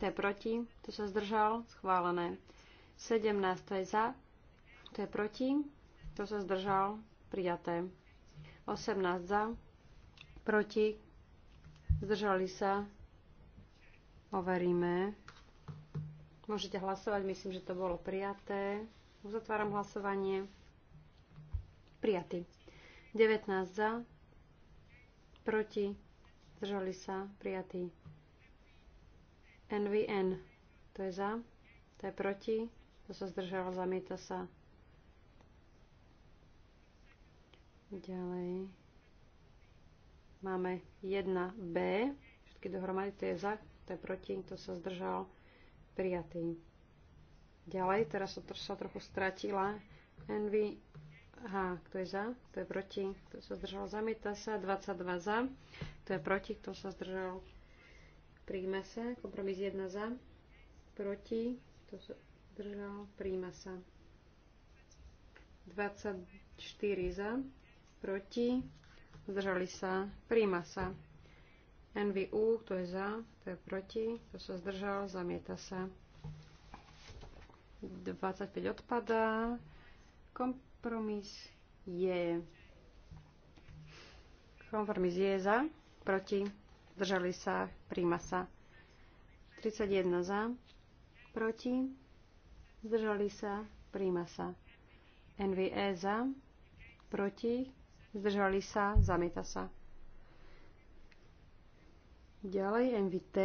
to je proti, to sa zdržal, schválené. 17, to je za, to je proti, to sa zdržal, prijaté. 18 za, proti, zdržali sa, overíme. Môžete hlasovať, myslím, že to bolo prijaté. Uzatváram hlasovanie. Prijatý. 19 za, proti, zdržali sa, prijatý. NVN, to je za, to je proti, kto sa zdržal, zamieta sa. Ďalej. Máme 1B. Všetky dohromady, to je za, to je proti, kto sa zdržal, prijatý. Ďalej, teraz sa trochu stratila. Envy H, kto je za, kto je proti, kto sa zdržal, zamieta sa, 22 za, kto je proti, kto sa zdržal, príjme sa, kompromis 1 za, proti, kto sa, zdržal, príjma sa. 24 za, proti, zdržali sa, príjma sa. NVU, kto je za, kto je proti, kto sa zdržal, zamieta sa. 25 odpadá, kompromis je. Kompromis je za, proti, zdržali sa, príjma sa. 31 za, proti, zdržali sa, príjma sa. NVE za, proti, zdržali sa, zamieta sa. Ďalej NVT,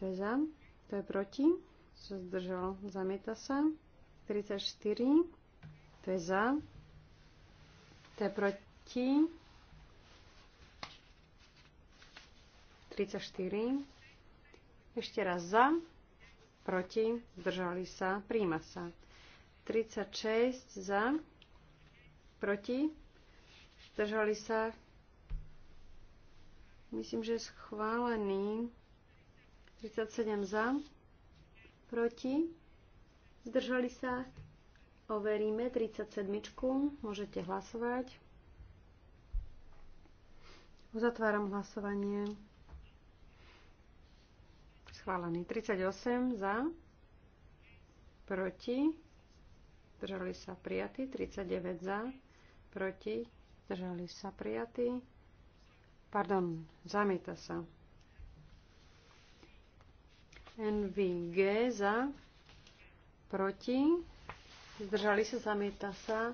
to je za, to je proti, sa zdržal, zamieta sa. 34, to je za, to je proti. 34, ešte raz za, proti, zdržali sa, príjma sa. 36 za, proti, zdržali sa, myslím, že schválený. 37 za, proti, zdržali sa, overíme 37, môžete hlasovať. Uzatváram hlasovanie. Schválený. 38 za. Proti. Držali sa prijatí. 39 za. Proti. Držali sa prijatí. Pardon, zamieta sa. NVG za. Proti. Zdržali sa, zamieta sa.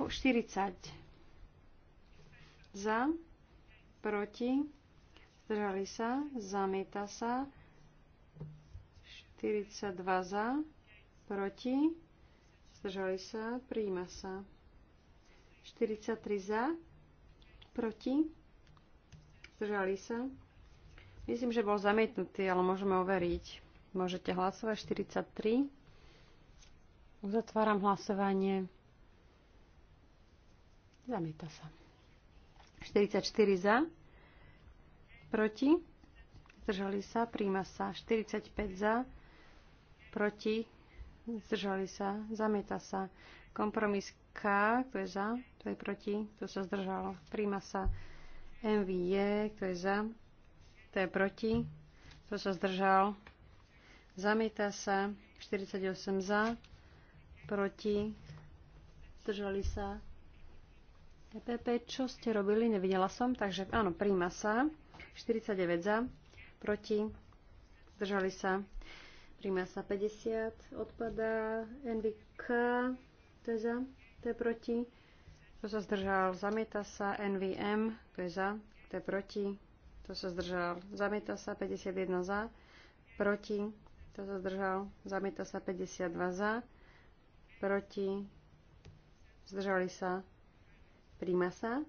40 za, proti zdržali sa, zamieta sa, 42 za, proti, zdržali sa, príjma sa, 43 za, proti, zdržali sa. Myslím, že bol zamietnutý, ale môžeme overiť. Môžete hlasovať 43. Uzatváram hlasovanie. Zamieta sa. 44 za proti, zdržali sa, príjma sa 45 za, proti, zdržali sa, zamieta sa. Kompromis K, kto je za, kto je proti, kto sa zdržal, príjma sa. MVJ, kto je za, kto je proti, kto sa zdržal, zamieta sa 48 za, proti, zdržali sa. EPP, čo ste robili, nevidela som, takže áno, príjma sa. 49 za, proti, zdržali sa, príjma sa 50, odpadá NVK, to je za, to je proti, to sa zdržal, zamieta sa NVM, to je za, to je proti, to sa zdržal, zamieta sa 51 za, proti, to sa zdržal, zamieta sa 52 za, proti, zdržali sa, príjma sa,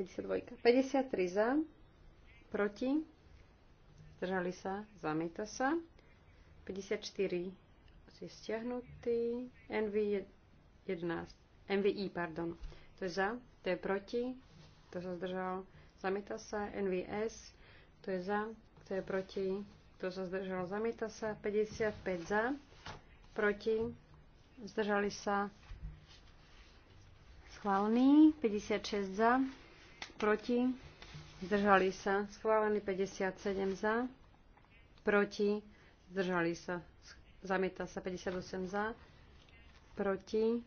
52, 53 za, proti, zdržali sa, zamieta sa. 54 je stiahnutý, NV 11, NVI, pardon, to je za, to je proti, to sa zdržal, zamieta sa, NVS, to je za, to je proti, to sa zdržal, zamieta sa, 55 za, proti, zdržali sa, schválený, 56 za, proti, zdržali sa, schválený 57 za, proti, zdržali sa, zamieta sa 58 za, proti,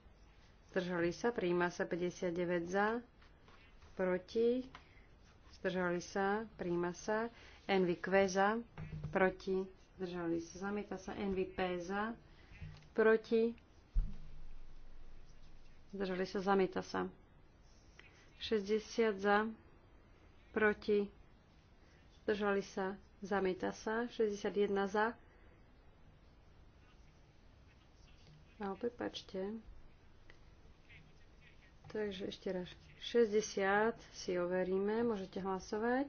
zdržali sa, príjma sa 59 za, proti, zdržali sa, príjma sa, NVQ za, proti, zdržali sa, zamieta sa, NVP za, proti, zdržali sa, zamieta sa, 60 za, proti, zdržali sa, zamieta sa, 61 za. A opäť Takže ešte raz. 60 si overíme, môžete hlasovať.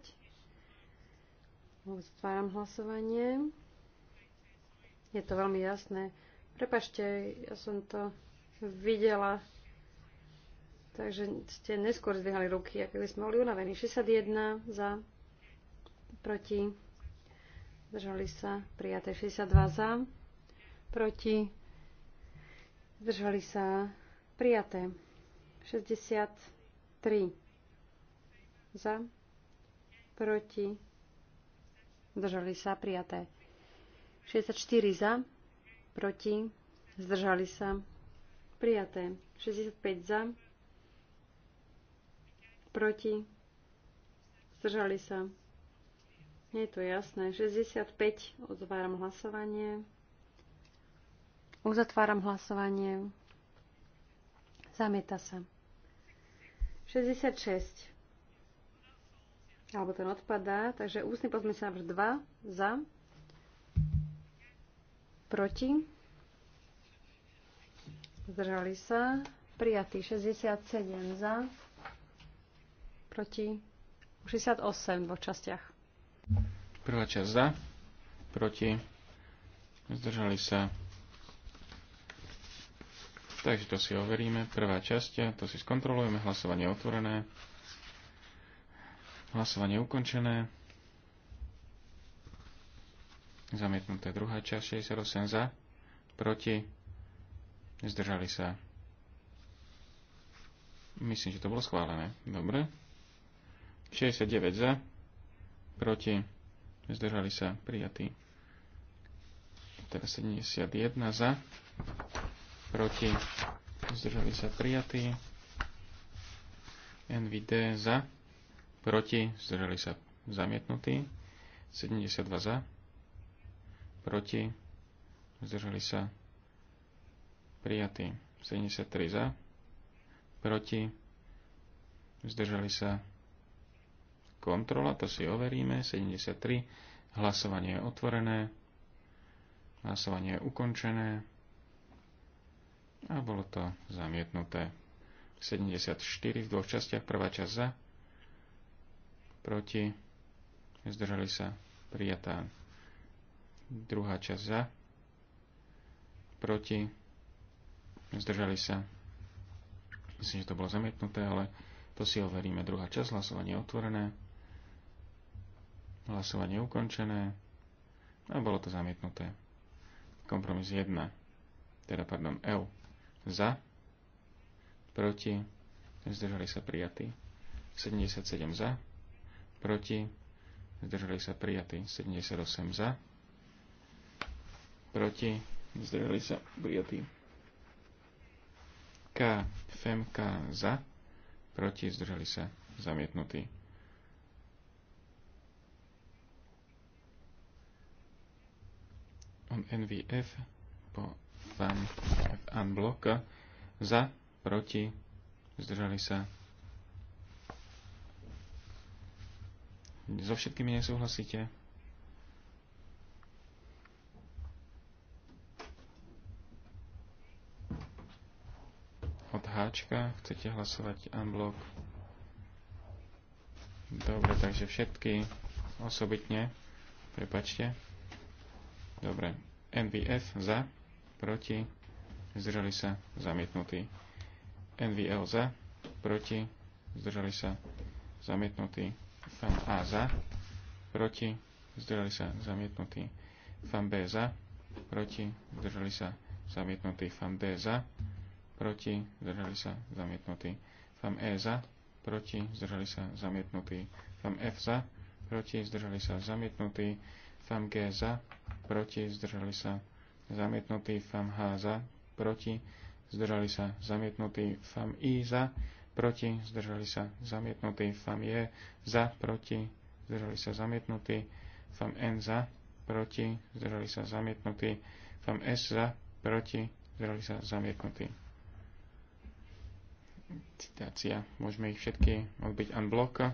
Otváram hlasovanie. Je to veľmi jasné. Prepačte, ja som to videla Takže ste neskôr zdvihali ruky, ako by sme boli unavení. 61 za, proti, zdržali sa, prijaté 62 za, proti, zdržali sa, prijaté 63 za, proti, zdržali sa, prijaté 64 za, proti, zdržali sa, prijaté 65 za, proti, zdržali sa. Nie je to jasné. 65, otváram hlasovanie. Uzatváram hlasovanie. Zamieta sa. 66. Alebo ten odpadá. Takže ústny sa návrh 2 za. Proti. Zdržali sa. Prijatý 67 za proti 68 vo častiach. Prvá časť za, proti, zdržali sa. Takže to si overíme. Prvá časť, to si skontrolujeme. Hlasovanie otvorené. Hlasovanie ukončené. Zamietnuté druhá časť, 68 za, proti, zdržali sa. Myslím, že to bolo schválené. Dobre. 69 za, proti, zdržali sa prijatí. Teraz 71 za, proti, zdržali sa prijatí. NVD za, proti, zdržali sa zamietnutí. 72 za, proti, zdržali sa prijatí. 73 za, proti, zdržali sa kontrola, to si overíme, 73, hlasovanie je otvorené, hlasovanie je ukončené a bolo to zamietnuté. 74 v dvoch častiach, prvá časť za, proti, zdržali sa, prijatá druhá časť za, proti, zdržali sa, myslím, že to bolo zamietnuté, ale to si overíme. Druhá časť, hlasovanie je otvorené. Hlasovanie ukončené. A bolo to zamietnuté. Kompromis 1. Teda, pardon, L. Za. Proti. Zdržali sa prijatí. 77 za. Proti. Zdržali sa prijatí. 78 za. Proti. Zdržali sa prijatí. K. FMK za. Proti. Zdržali sa zamietnutí. on NVF po fan unblock za, proti, zdržali sa. So všetkými nesúhlasíte? Od háčka chcete hlasovať unblock. Dobre, takže všetky osobitne. Prepačte. Dobre. NVF za, proti, zdržali sa, zamietnutý. NVL za, proti, zdržali sa, zamietnutý. FAM A za, proti, zdržali sa, zamietnutý. FAM B za, proti, zdržali sa, zamietnutý. FAM D za, proti, zdržali sa, zamietnutý. FAM E za, proti, zdržali sa, zamietnutý. FAM F za, proti, zdržali sa, zamietnutý. FAM G za, proti, zdržali sa zamietnutý, FAM H za, proti, zdržali sa zamietnutý, FAM I za, proti, zdržali sa zamietnutý, FAM je za, proti, zdržali sa zamietnutý, FAM N za, proti, zdržali sa zamietnutý, FAM S za, proti, zdržali sa zamietnutý. Citácia. Môžeme ich všetky odbiť unblock.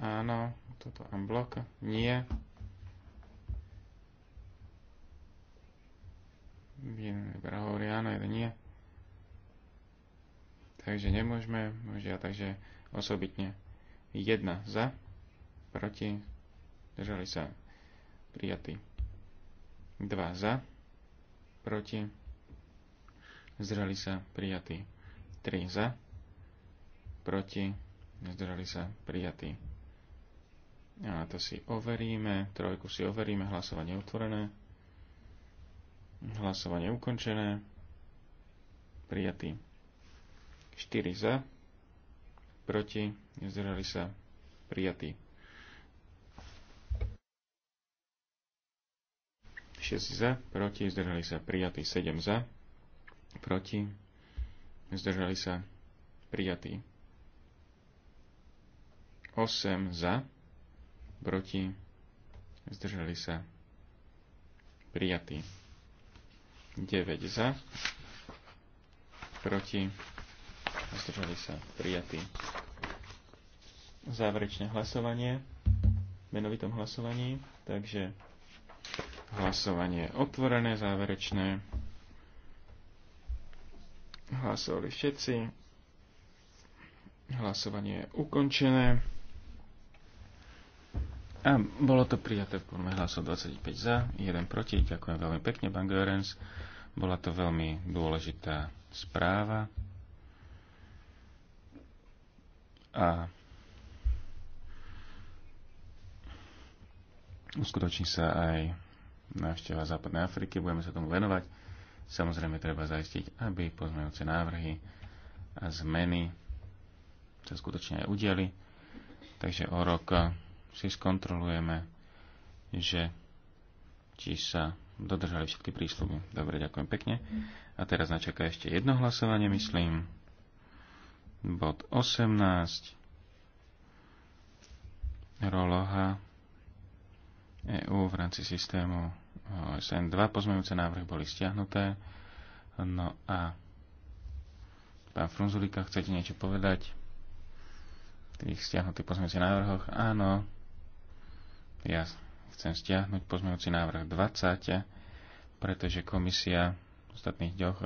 Áno, toto unblock. Nie. jeden hovorí áno, jeden nie. Takže nemôžeme, ja, takže osobitne jedna za, proti, držali sa prijatí. 2 za, proti, zdržali sa prijatí. 3 za, proti, zdržali sa prijatí. A to si overíme, trojku si overíme, hlasovanie otvorené. Hlasovanie ukončené. Prijatý. 4 za. Proti. Zdržali sa. Prijatý. 6 za. Proti. Zdržali sa. Prijatý. 7 za. Proti. Zdržali sa. Prijatý. 8 za. Proti. Zdržali sa. Prijatý. 9 za, proti, zdržali sa prijatí. Záverečné hlasovanie, menovitom hlasovaní, takže hlasovanie je otvorené, záverečné. Hlasovali všetci. Hlasovanie je ukončené. A bolo to prijaté v forme hlasov 25 za, 1 proti. Ďakujem veľmi pekne, pán Görens. Bola to veľmi dôležitá správa. A uskutoční sa aj návšteva Západnej Afriky. Budeme sa tomu venovať. Samozrejme, treba zaistiť, aby pozmejúce návrhy a zmeny sa skutočne aj udiali. Takže o rok si skontrolujeme, že či sa dodržali všetky prísluby. Dobre, ďakujem pekne. A teraz načaká ešte jedno hlasovanie, myslím. Bod 18. Roloha EU v rámci systému OSN. Dva pozmejúce návrhy boli stiahnuté. No a pán Frunzulika, chcete niečo povedať? tých stiahnutých pozmejúcich návrhoch? Áno. Ja chcem stiahnuť pozmejúci návrh 20, pretože komisia v ostatných dňoch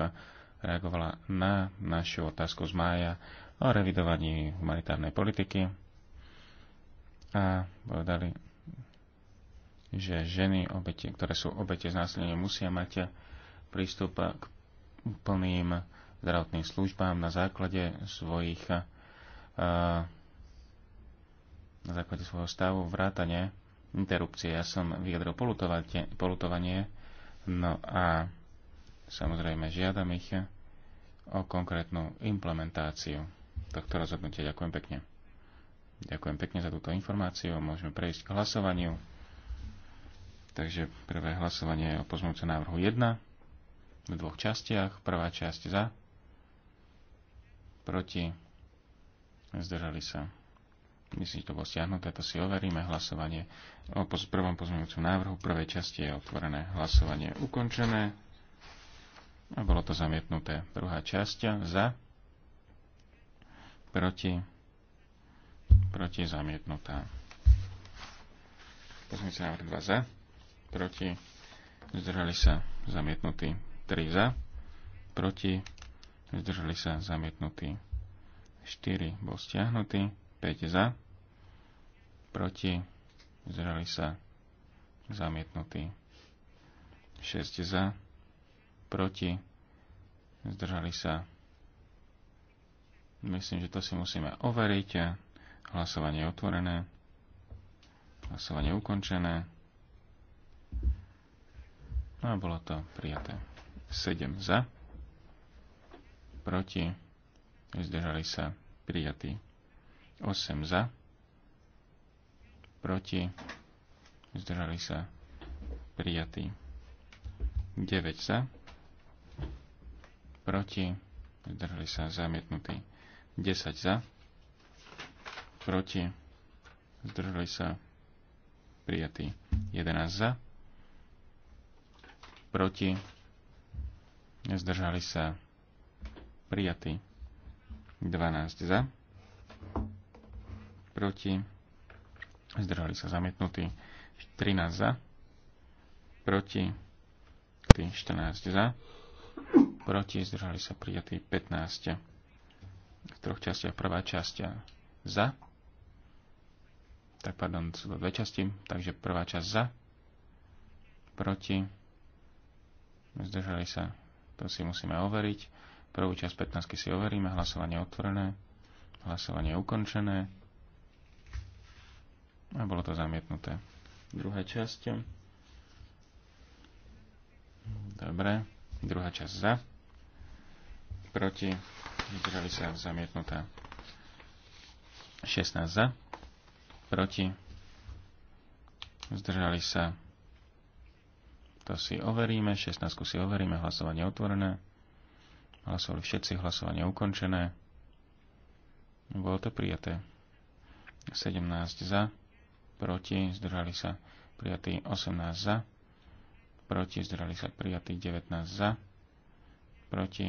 reagovala na našu otázku z mája o revidovaní humanitárnej politiky a povedali, že ženy, obete, ktoré sú obete znásilnenia, musia mať prístup k úplným zdravotným službám na základe svojich eh, na základe svojho stavu vrátane interrupcie. Ja som vyjadril polutovanie, no a samozrejme žiadam ich o konkrétnu implementáciu tohto rozhodnutia. Ďakujem pekne. Ďakujem pekne za túto informáciu. Môžeme prejsť k hlasovaniu. Takže prvé hlasovanie je o pozmúce návrhu 1 v dvoch častiach. Prvá časť za, proti, zdržali sa Myslím, že to bolo stiahnuté, to si overíme. Hlasovanie o poz- prvom pozmeňujúcom návrhu prvej časti je otvorené hlasovanie ukončené. A bolo to zamietnuté. Druhá časť za, proti, proti zamietnutá. Pozmeňujúci návrh 2 za, proti, zdržali sa zamietnutí 3 za, proti, zdržali sa zamietnutí 4 bol stiahnutý. 5 za, proti, zdržali sa, zamietnutí. 6 za, proti, zdržali sa. Myslím, že to si musíme overiť. Hlasovanie je otvorené. Hlasovanie je ukončené. No a bolo to prijaté. 7 za, proti, zdržali sa prijatí. 8 za, proti, zdržali sa prijatí. 9 za, proti, zdržali sa zamietnutí. 10 za, proti, zdržali sa prijatí. 11 za, proti, zdržali sa prijatí. 12 za, proti, zdržali sa zamietnutí 13 za, proti, 14 za, proti, zdržali sa prijatí 15 v troch častiach. Prvá časť za, tak pardon, sú to dve časti, takže prvá časť za, proti, zdržali sa, to si musíme overiť. Prvú časť 15 si overíme, hlasovanie otvorené, hlasovanie ukončené a bolo to zamietnuté. Druhá časť. Dobre, druhá časť za. Proti, vydržali sa zamietnutá. 16 za, proti, zdržali sa. To si overíme, 16 si overíme, hlasovanie otvorené. Hlasovali všetci, hlasovanie ukončené. Bolo to prijaté. 17 za, proti, zdržali sa prijatí 18 za, proti, zdržali sa prijatí 19 za, proti,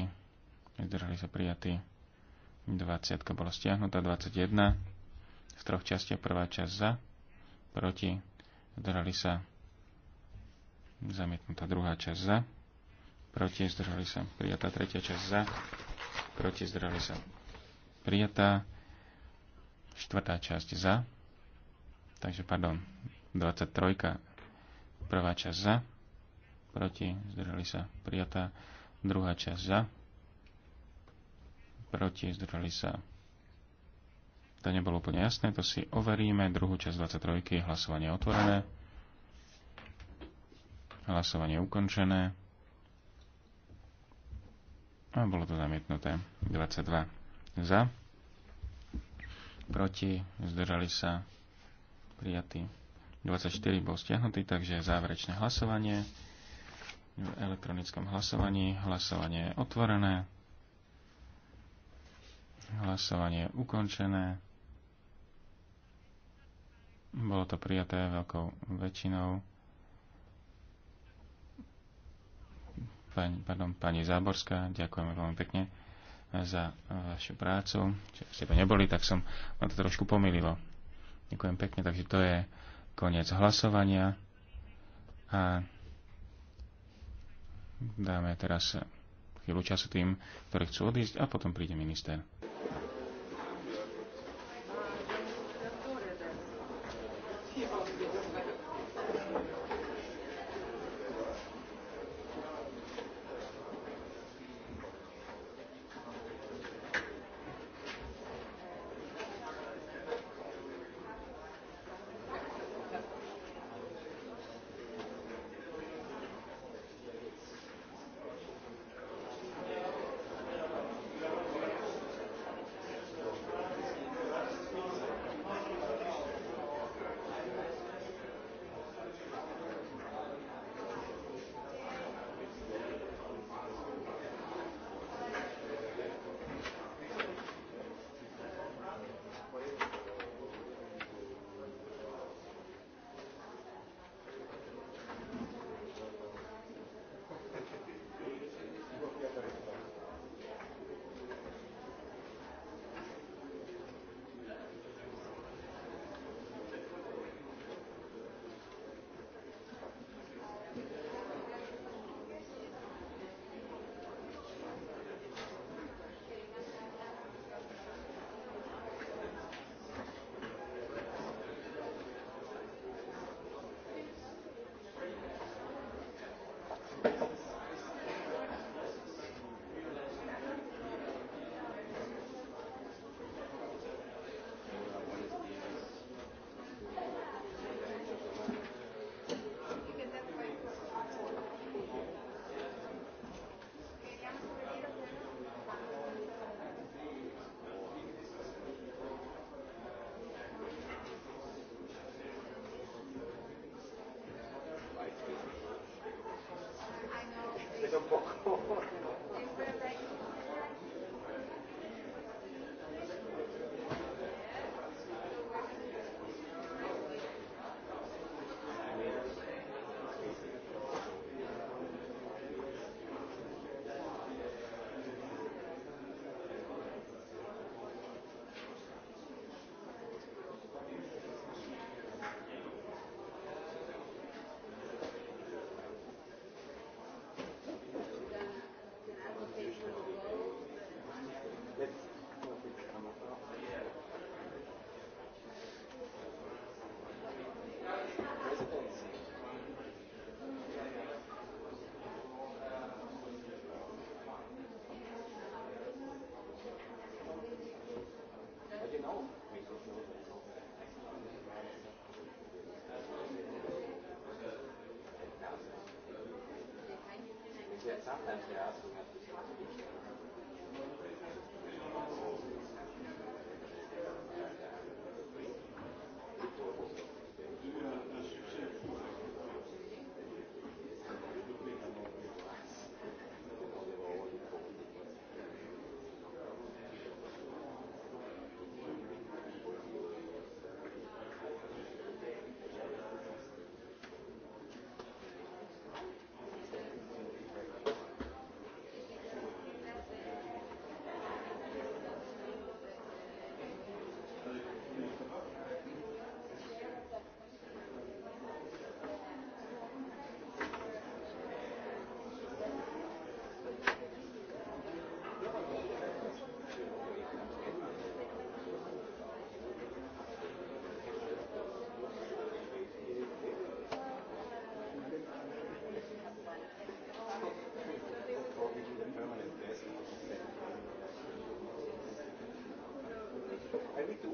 zdržali sa prijatí 20 bola stiahnutá, 21 z troch časti, prvá časť za, proti, zdržali sa zamietnutá druhá časť za, proti, zdržali sa prijatá tretia časť za, proti, zdržali sa prijatá štvrtá časť za, Takže, pardon, 23. Prvá časť za, proti, zdržali sa, prijatá. Druhá časť za, proti, zdržali sa. To nebolo úplne jasné, to si overíme. Druhú časť 23. Hlasovanie otvorené. Hlasovanie ukončené. A bolo to zamietnuté. 22 za. Proti. Zdržali sa prijatý. 24 bol stiahnutý, takže záverečné hlasovanie. V elektronickom hlasovaní hlasovanie je otvorené. Hlasovanie je ukončené. Bolo to prijaté veľkou väčšinou. Pani, pardon, pani Záborská, ďakujeme veľmi pekne za vašu prácu. Čiže ste to neboli, tak som ma to trošku pomýlilo. Ďakujem pekne, takže to je koniec hlasovania. A dáme teraz chvíľu času tým, ktorí chcú odísť a potom príde minister. said sometimes they ask me at the Thank you. Maybe two.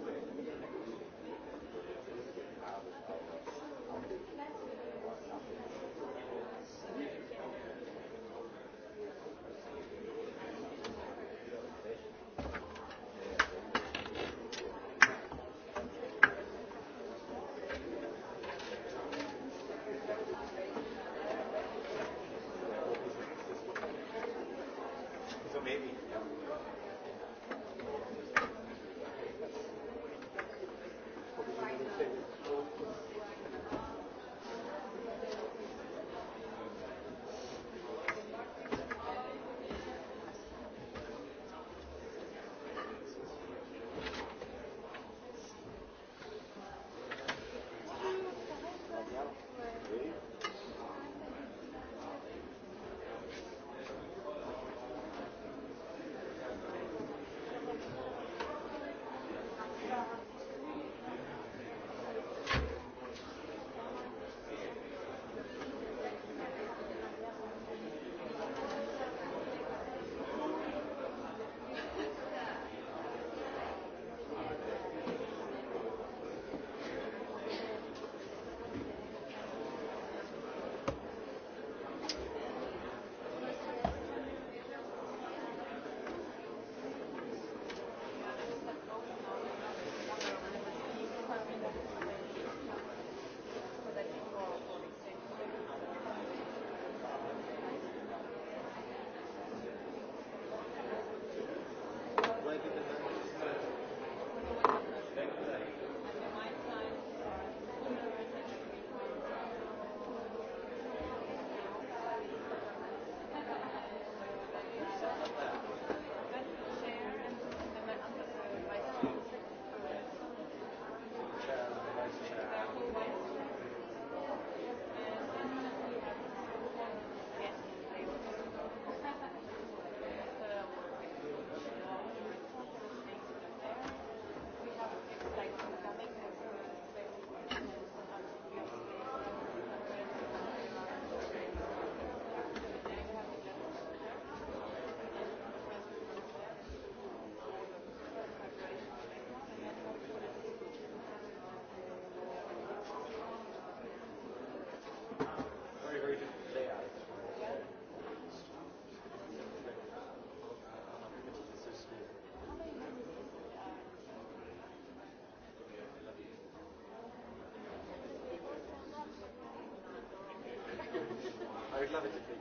avec la VTT.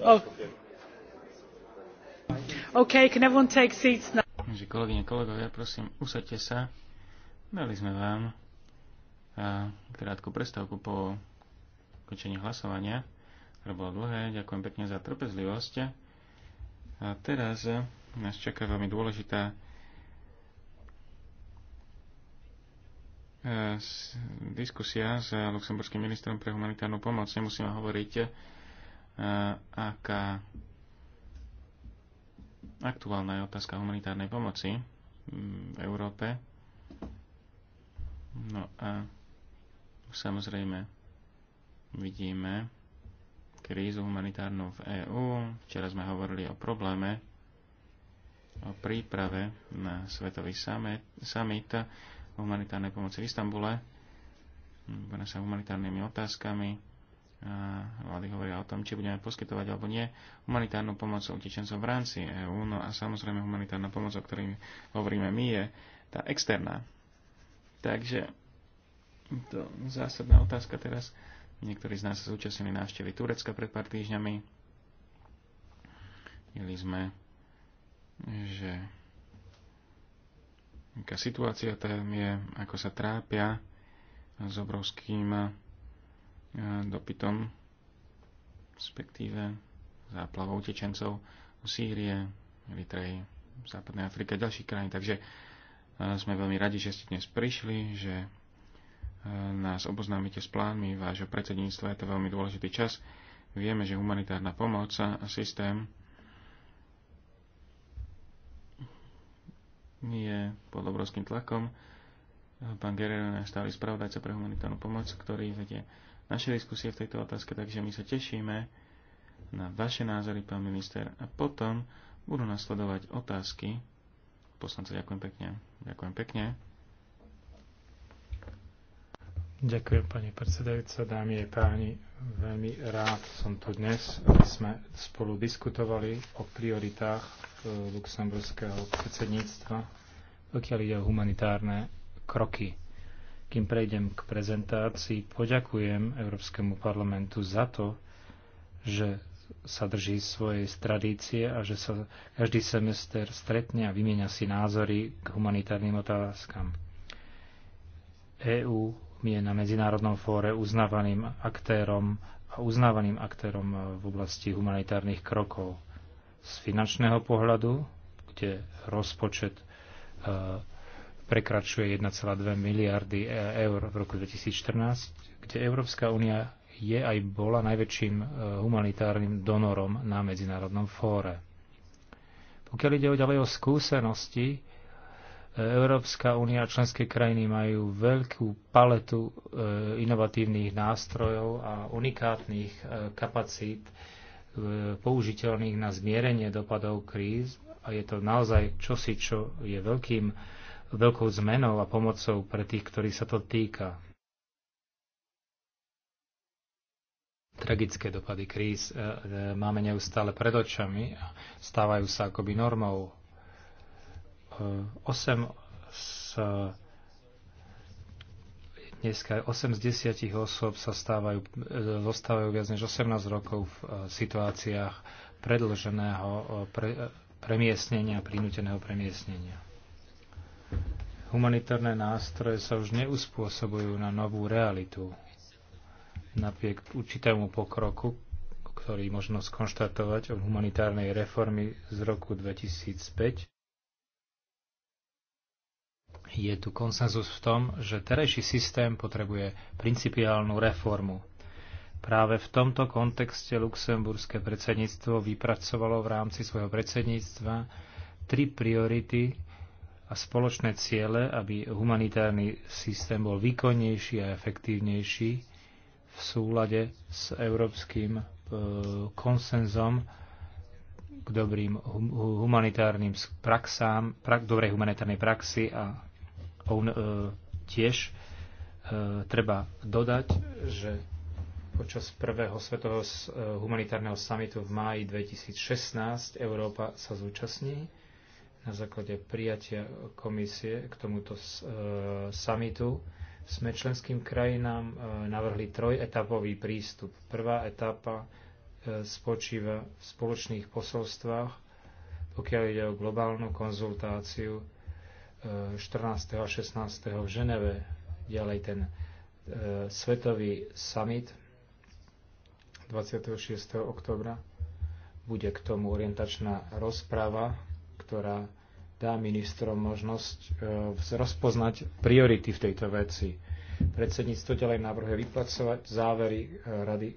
Oh. Okay, can everyone take seats now? Takže kolegyne, kolegovia, prosím, usadte sa. Dali sme vám krátku prestávku po ukončení hlasovania, ktoré bolo dlhé. Ďakujem pekne za trpezlivosť. A teraz e, nás čaká veľmi dôležitá e, diskusia s luxemburským ministrom pre humanitárnu pomoc. Nemusíme hovoriť e, aká aktuálna je otázka humanitárnej pomoci mm, v Európe. No a samozrejme vidíme krízu humanitárnu v EÚ. Včera sme hovorili o probléme, o príprave na Svetový summit, summit humanitárnej pomoci v Istambule. Bude sa humanitárnymi otázkami vlády hovoria o tom, či budeme poskytovať alebo nie humanitárnu pomoc utečencom v rámci EÚ. No a samozrejme humanitárna pomoc, o ktorej hovoríme my, je tá externá. Takže to zásadná otázka teraz. Niektorí z nás sa zúčastnili návštevy Turecka pred pár týždňami. Videli sme, že aká situácia tam je, ako sa trápia s obrovským E, dopytom, respektíve záplavou utečencov z Sýrie, Eritreji, Západnej Afrike a ďalších krajín. Takže e, sme veľmi radi, že ste dnes prišli, že e, nás oboznámite s plánmi vášho predsedníctva. Je to veľmi dôležitý čas. Vieme, že humanitárna pomoc a systém je pod obrovským tlakom. Pán Guerrero je stály spravodajca pre humanitárnu pomoc, ktorý vedie naše diskusie v tejto otázke, takže my sa tešíme na vaše názory, pán minister, a potom budú nasledovať otázky. Poslanca, ďakujem pekne. Ďakujem pekne. Ďakujem, pani predsedajúca, dámy a páni. Veľmi rád som tu dnes, aby sme spolu diskutovali o prioritách e, luxemburského predsedníctva, pokiaľ ide o humanitárne kroky kým prejdem k prezentácii, poďakujem Európskemu parlamentu za to, že sa drží svojej tradície a že sa každý semester stretne a vymieňa si názory k humanitárnym otázkam. EÚ je na medzinárodnom fóre uznávaným aktérom a uznávaným aktérom v oblasti humanitárnych krokov. Z finančného pohľadu, kde rozpočet e, prekračuje 1,2 miliardy e, eur v roku 2014, kde Európska únia je aj bola najväčším e, humanitárnym donorom na medzinárodnom fóre. Pokiaľ ide o ďalej o skúsenosti, e, Európska únia a členské krajiny majú veľkú paletu inovatívnych nástrojov a unikátnych kapacít použiteľných na zmierenie dopadov kríz a je to naozaj čosi, čo je veľkým veľkou zmenou a pomocou pre tých, ktorí sa to týka. Tragické dopady kríz e, e, máme neustále pred očami a stávajú sa akoby normou. E, osem z dneska 8 z 10 osôb sa stávajú, zostávajú viac než 18 rokov v situáciách predloženého pre, premiesnenia, prinúteného premiestnenia. Humanitárne nástroje sa už neuspôsobujú na novú realitu. Napriek určitému pokroku, ktorý možno skonštatovať od humanitárnej reformy z roku 2005, je tu konsenzus v tom, že terajší systém potrebuje principiálnu reformu. Práve v tomto kontexte luxemburské predsedníctvo vypracovalo v rámci svojho predsedníctva tri priority a spoločné ciele, aby humanitárny systém bol výkonnejší a efektívnejší v súlade s európskym e, konsenzom k dobrým humanitárnym praxám, prak, dobrej humanitárnej praxi a on, e, tiež e, treba dodať, že počas prvého svetového e, humanitárneho samitu v máji 2016 Európa sa zúčastní na základe prijatia komisie k tomuto e, samitu sme členským krajinám e, navrhli trojetapový prístup. Prvá etapa e, spočíva v spoločných posolstvách, pokiaľ ide o globálnu konzultáciu 14. a 16. v Ženeve, ďalej ten svetový summit 26. oktobra. Bude k tomu orientačná rozpráva ktorá dá ministrom možnosť e, rozpoznať priority v tejto veci. Predsedníctvo ďalej navrhuje vypracovať závery e, rady, e,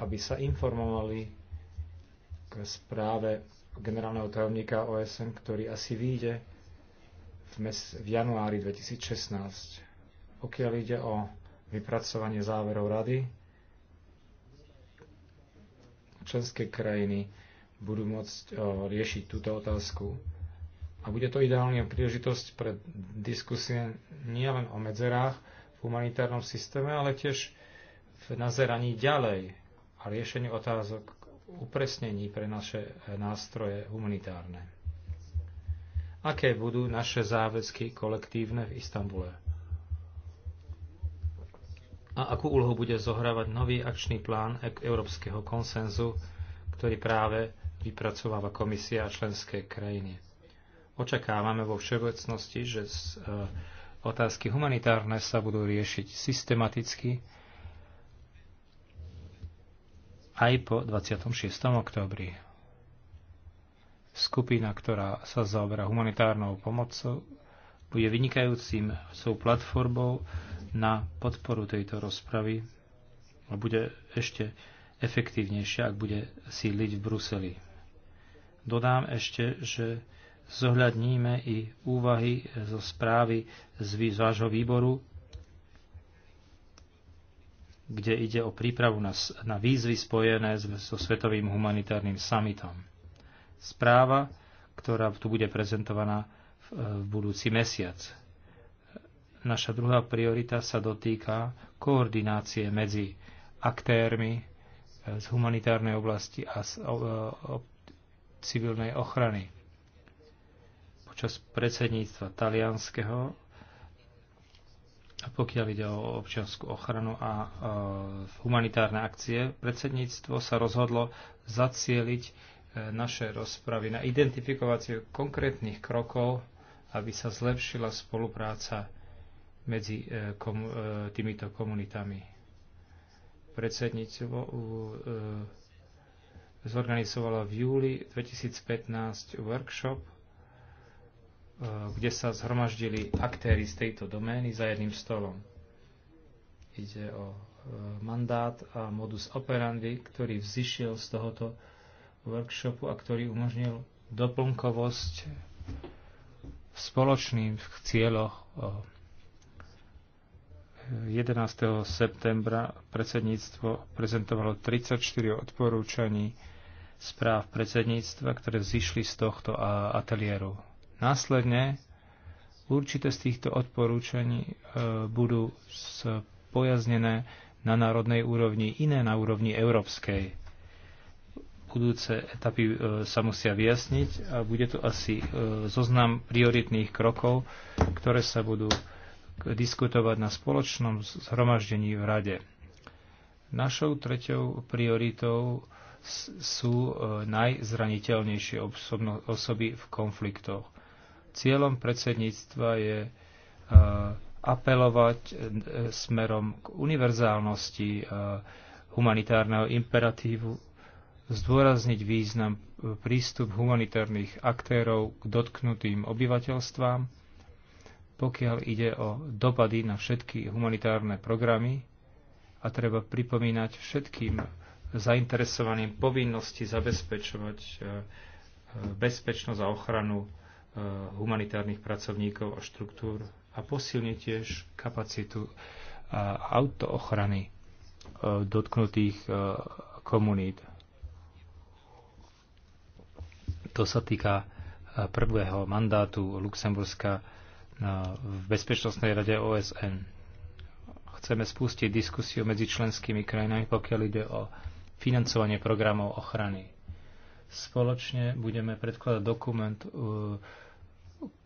aby sa informovali k správe generálneho tajomníka OSN, ktorý asi vyjde v, mes- v januári 2016. Pokiaľ ide o vypracovanie záverov rady, členské krajiny budú môcť e, riešiť túto otázku. A bude to ideálne príležitosť pre diskusie nielen o medzerách v humanitárnom systéme, ale tiež v nazeraní ďalej a riešení otázok upresnení pre naše e, nástroje humanitárne. Aké budú naše záväzky kolektívne v Istambule? A akú úlohu bude zohrávať nový akčný plán e- Európskeho konsenzu ktorý práve vypracováva komisia a členské krajiny. Očakávame vo všeobecnosti, že e, otázky humanitárne sa budú riešiť systematicky aj po 26. októbri. Skupina, ktorá sa zaoberá humanitárnou pomocou, bude vynikajúcim svou platformou na podporu tejto rozpravy a bude ešte efektívnejšia, ak bude sídliť v Bruseli. Dodám ešte, že zohľadníme i úvahy zo správy z vášho výboru, kde ide o prípravu na, na výzvy spojené so Svetovým humanitárnym summitom. Správa, ktorá tu bude prezentovaná v, e, v budúci mesiac. Naša druhá priorita sa dotýka koordinácie medzi aktérmi e, z humanitárnej oblasti a e, civilnej ochrany. Počas predsedníctva talianského a pokiaľ ide o občianskú ochranu a e, humanitárne akcie, predsedníctvo sa rozhodlo zacieliť e, naše rozpravy na identifikáciu konkrétnych krokov, aby sa zlepšila spolupráca medzi e, týmito komunitami. Predsedníctvo zorganizovala v júli 2015 workshop, eh, kde sa zhromaždili aktéry z tejto domény za jedným stolom. Ide o eh, mandát a modus operandi, ktorý vzýšiel z tohoto workshopu a ktorý umožnil doplnkovosť v spoločných cieľoch 11. Eh, septembra predsedníctvo prezentovalo 34 odporúčaní správ predsedníctva, ktoré vzýšli z tohto ateliéru. Následne určité z týchto odporúčaní e, budú spojaznené na národnej úrovni, iné na úrovni európskej. Budúce etapy e, sa musia vyjasniť a bude tu asi e, zoznam prioritných krokov, ktoré sa budú diskutovať na spoločnom zhromaždení v Rade. Našou treťou prioritou sú e, najzraniteľnejšie osoby v konfliktoch. Cieľom predsedníctva je e, apelovať e, smerom k univerzálnosti humanitárneho imperatívu, zdôrazniť význam prístup humanitárnych aktérov k dotknutým obyvateľstvám, pokiaľ ide o dopady na všetky humanitárne programy a treba pripomínať všetkým zainteresovaným povinnosti zabezpečovať e, e, bezpečnosť a ochranu e, humanitárnych pracovníkov a štruktúr a posilniť tiež kapacitu autoochrany dotknutých komunít. To sa týka prvého mandátu Luxemburska v Bezpečnostnej rade OSN. Chceme spustiť diskusiu medzi členskými krajinami, pokiaľ ide o financovanie programov ochrany. Spoločne budeme predkladať dokument, e,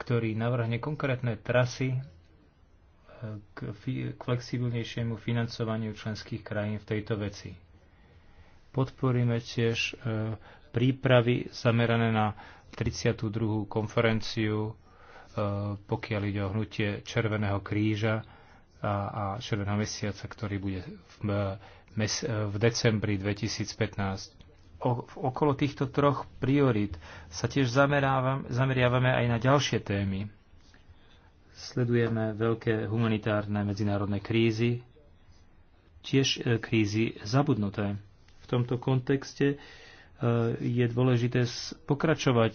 ktorý navrhne konkrétne trasy e, k, flexibilnejšiemu financovaniu členských krajín v tejto veci. Podporíme tiež e, prípravy zamerané na 32. konferenciu, pokiaľ ide o hnutie Červeného kríža a, Červeného mesiaca, ktorý bude v Eh, v decembri 2015. O, okolo týchto troch priorit sa tiež zameriavame aj na ďalšie témy. Sledujeme veľké humanitárne medzinárodné krízy, tiež eh, krízy zabudnuté. V tomto kontexte eh, je dôležité pokračovať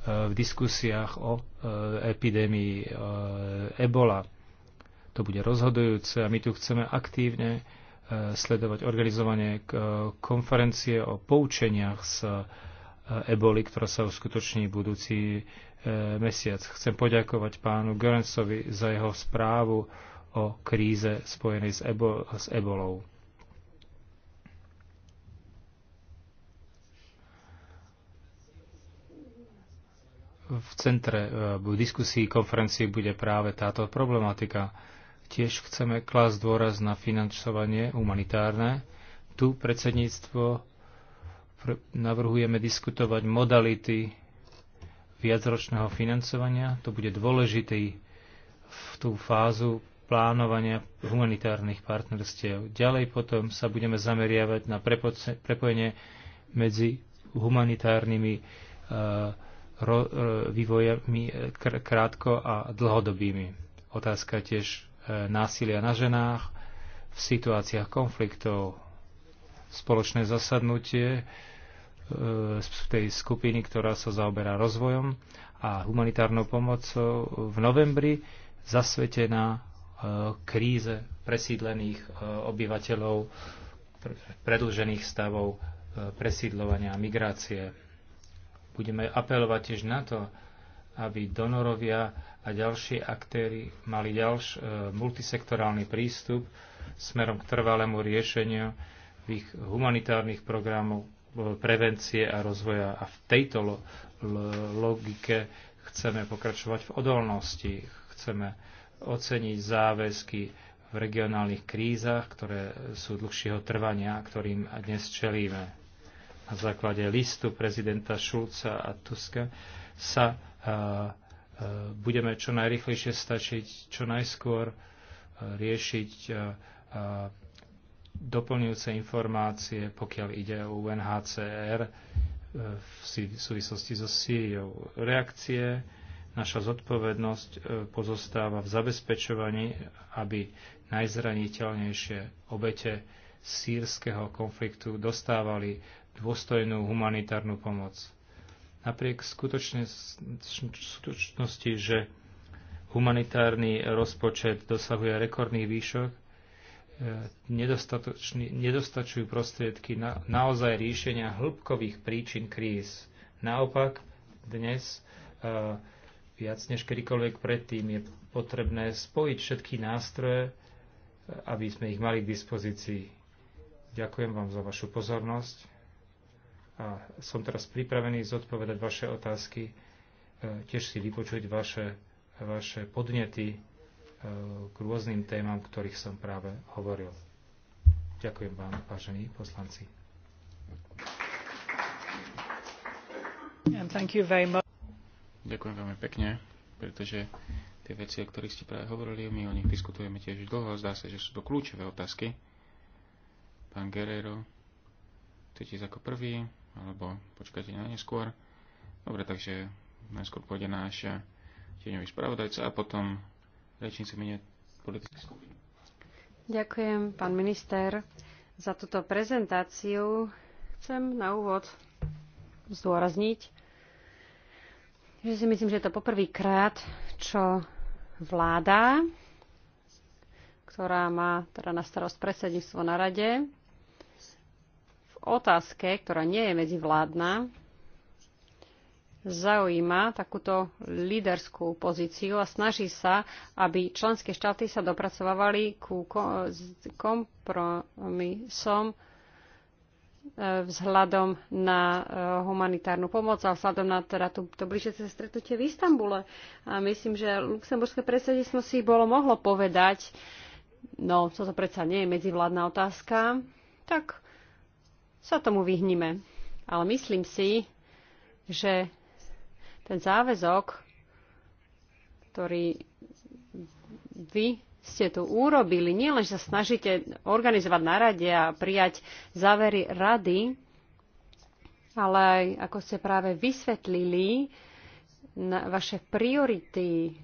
v diskusiách o epidémii ebola. To bude rozhodujúce a my tu chceme aktívne E, sledovať organizovanie e, konferencie o poučeniach z e, eboli, ktorá sa uskutoční budúci mesiac. Chcem poďakovať pánu Görensovi za jeho správu o kríze spojenej s, ebolou. V centre diskusí konferencie bude práve táto problematika Tiež chceme klásť dôraz na financovanie humanitárne. Tu predsedníctvo navrhujeme diskutovať modality viacročného financovania. To bude dôležitý v tú fázu plánovania humanitárnych partnerstiev. Ďalej potom sa budeme zameriavať na prepojenie medzi humanitárnymi eh, eh, vývojami eh, krátko a dlhodobými. Otázka tiež násilia na ženách, v situáciách konfliktov. Spoločné zasadnutie z e, tej skupiny, ktorá sa zaoberá rozvojom a humanitárnou pomocou v novembri zasvetená e, kríze presídlených e, obyvateľov, predlžených stavov presídlovania a migrácie. Budeme apelovať tiež na to, aby donorovia a ďalší aktéry mali ďalší e, multisektorálny prístup smerom k trvalému riešeniu ich humanitárnych programov e, prevencie a rozvoja. A v tejto logike chceme pokračovať v odolnosti, chceme oceniť záväzky v regionálnych krízach, ktoré sú dlhšieho trvania, ktorým dnes čelíme. Na základe listu prezidenta Šulca a Tuska sa e, e, budeme čo najrychlejšie stačiť, čo najskôr e, riešiť doplňujúce informácie, pokiaľ ide o UNHCR v súvislosti so Sýriou. Reakcie, naša zodpovednosť pozostáva v zabezpečovaní, aby najzraniteľnejšie obete sírskeho konfliktu dostávali dôstojnú humanitárnu pomoc Napriek skutočnosti, že humanitárny rozpočet dosahuje rekordných výšok, eh, nedostačujú prostriedky na naozaj riešenia hĺbkových príčin kríz. Naopak, dnes eh, viac než kedykoľvek predtým je potrebné spojiť všetky nástroje, eh, aby sme ich mali k dispozícii. Ďakujem vám za vašu pozornosť a som teraz pripravený zodpovedať vaše otázky, e, tiež si vypočuť vaše, vaše podnety e, k rôznym témam, ktorých som práve hovoril. Ďakujem vám, vážení poslanci. Ďakujem veľmi pekne, pretože tie veci, o ktorých ste práve hovorili, my o nich diskutujeme tiež dlho. Zdá sa, že sú to kľúčové otázky. Pán Guerrero, chcete ako prvý alebo počkajte na neskôr. Dobre, takže najskôr pôjde náš tieňový spravodajca a potom rečníci mene politických skupín. Ďakujem, pán minister, za túto prezentáciu. Chcem na úvod zdôrazniť, že si myslím, že je to poprvýkrát, čo vláda, ktorá má teda na starost predsedníctvo na rade, otázke, ktorá nie je medzivládna, zaujíma takúto líderskú pozíciu a snaží sa, aby členské štáty sa dopracovávali ku kompromisom e, vzhľadom na e, humanitárnu pomoc a vzhľadom na teda to, to sa stretnutie v Istambule. A myslím, že luxemburské predsedníctvo si bolo mohlo povedať, no toto predsa nie je medzivládna otázka, tak sa tomu vyhnime. Ale myslím si, že ten záväzok, ktorý vy ste tu urobili, nielen, že sa snažíte organizovať na rade a prijať závery rady, ale aj, ako ste práve vysvetlili, na vaše priority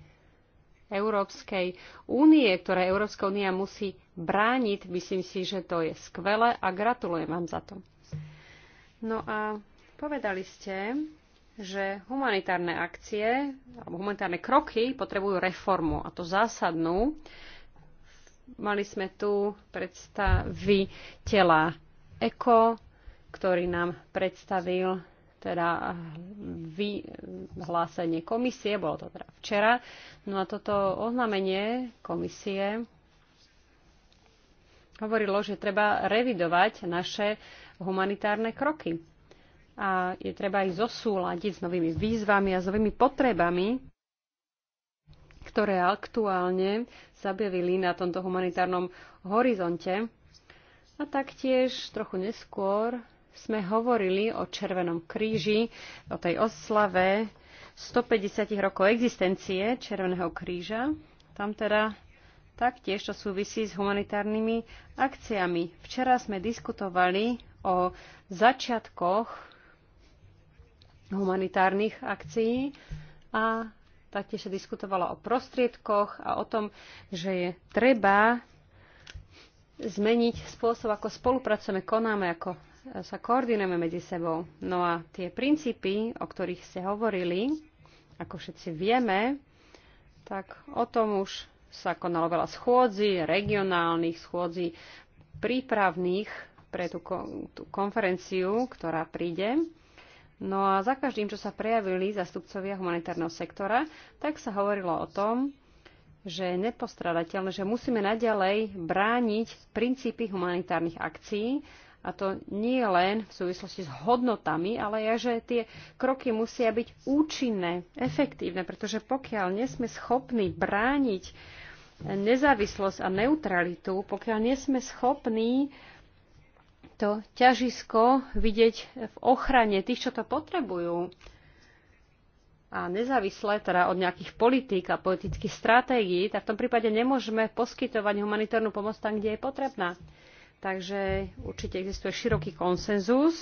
Európskej únie, ktoré Európska únia musí brániť. Myslím si, že to je skvelé a gratulujem vám za to. No a povedali ste, že humanitárne akcie alebo humanitárne kroky potrebujú reformu a to zásadnú. Mali sme tu predstaviteľa ECO, ktorý nám predstavil teda vyhlásenie komisie, bolo to teda včera. No a toto oznámenie komisie hovorilo, že treba revidovať naše humanitárne kroky. A je treba ich zosúľadiť s novými výzvami a s novými potrebami, ktoré aktuálne sa objavili na tomto humanitárnom horizonte. A taktiež trochu neskôr sme hovorili o Červenom kríži, o tej oslave 150 rokov existencie Červeného kríža. Tam teda taktiež to súvisí s humanitárnymi akciami. Včera sme diskutovali o začiatkoch humanitárnych akcií a taktiež sa diskutovalo o prostriedkoch a o tom, že je treba zmeniť spôsob, ako spolupracujeme, konáme, ako sa koordinujeme medzi sebou. No a tie princípy, o ktorých ste hovorili, ako všetci vieme, tak o tom už sa konalo veľa schôdzi, regionálnych schôdzi, prípravných pre tú, tú konferenciu, ktorá príde. No a za každým, čo sa prejavili zastupcovia humanitárneho sektora, tak sa hovorilo o tom, že je nepostradateľné, že musíme naďalej brániť princípy humanitárnych akcií, a to nie len v súvislosti s hodnotami, ale aj, že tie kroky musia byť účinné, efektívne, pretože pokiaľ nie sme schopní brániť nezávislosť a neutralitu, pokiaľ nie sme schopní to ťažisko vidieť v ochrane tých, čo to potrebujú, a nezávisle teda od nejakých politík a politických stratégií, tak v tom prípade nemôžeme poskytovať humanitárnu pomoc tam, kde je potrebná. Takže určite existuje široký konsenzus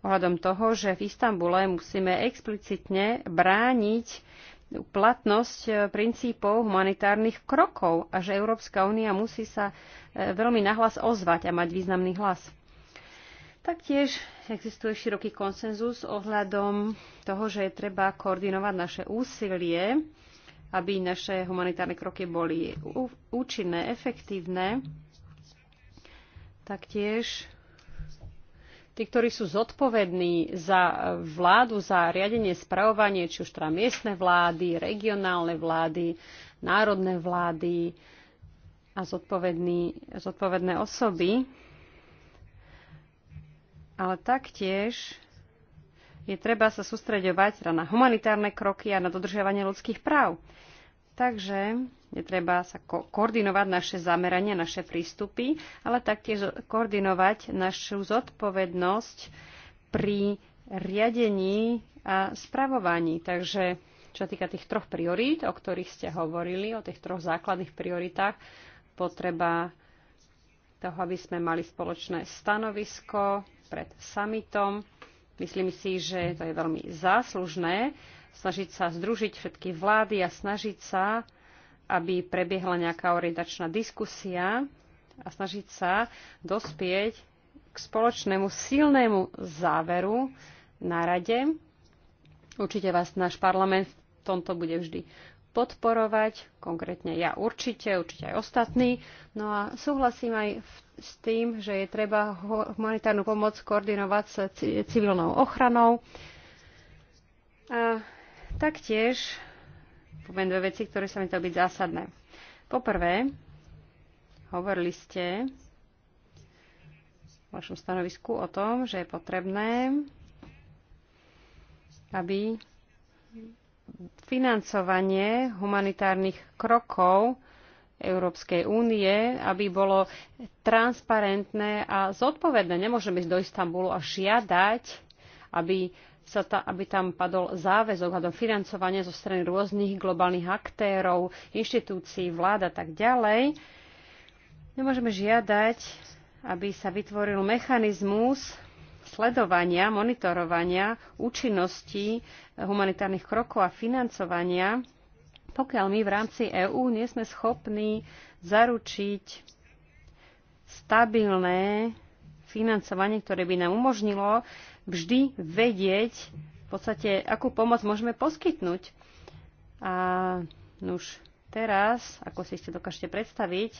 ohľadom toho, že v Istambule musíme explicitne brániť platnosť e, princípov humanitárnych krokov a že Európska únia musí sa e, veľmi nahlas ozvať a mať významný hlas. Taktiež existuje široký konsenzus ohľadom toho, že je treba koordinovať naše úsilie, aby naše humanitárne kroky boli účinné, efektívne Taktiež tí, ktorí sú zodpovední za vládu, za riadenie, spravovanie, či už teda miestne vlády, regionálne vlády, národné vlády a zodpovedné osoby. Ale taktiež je treba sa sústreďovať na humanitárne kroky a na dodržiavanie ľudských práv. Takže netreba treba sa ko- koordinovať naše zamerania, naše prístupy, ale taktiež koordinovať našu zodpovednosť pri riadení a spravovaní. Takže čo sa týka tých troch priorít, o ktorých ste hovorili, o tých troch základných prioritách, potreba toho, aby sme mali spoločné stanovisko pred summitom. Myslím si, že to je veľmi záslužné snažiť sa združiť všetky vlády a snažiť sa aby prebiehla nejaká orientačná diskusia a snažiť sa dospieť k spoločnému silnému záveru na rade. Určite vás náš parlament v tomto bude vždy podporovať, konkrétne ja určite, určite aj ostatní. No a súhlasím aj v, s tým, že je treba humanitárnu pomoc koordinovať s civilnou ochranou. A taktiež poviem dve veci, ktoré sa mi to byť zásadné. Poprvé, hovorili ste v vašom stanovisku o tom, že je potrebné, aby financovanie humanitárnych krokov Európskej únie, aby bolo transparentné a zodpovedné. Nemôžeme ísť do Istanbulu a žiadať, aby sa ta, aby tam padol záväzok hľadom financovania zo strany rôznych globálnych aktérov, inštitúcií, vlád a tak ďalej. Nemôžeme žiadať, aby sa vytvoril mechanizmus sledovania, monitorovania účinnosti humanitárnych krokov a financovania, pokiaľ my v rámci EÚ nie sme schopní zaručiť stabilné financovanie, ktoré by nám umožnilo vždy vedieť v podstate, akú pomoc môžeme poskytnúť. A už teraz, ako si ste dokážete predstaviť,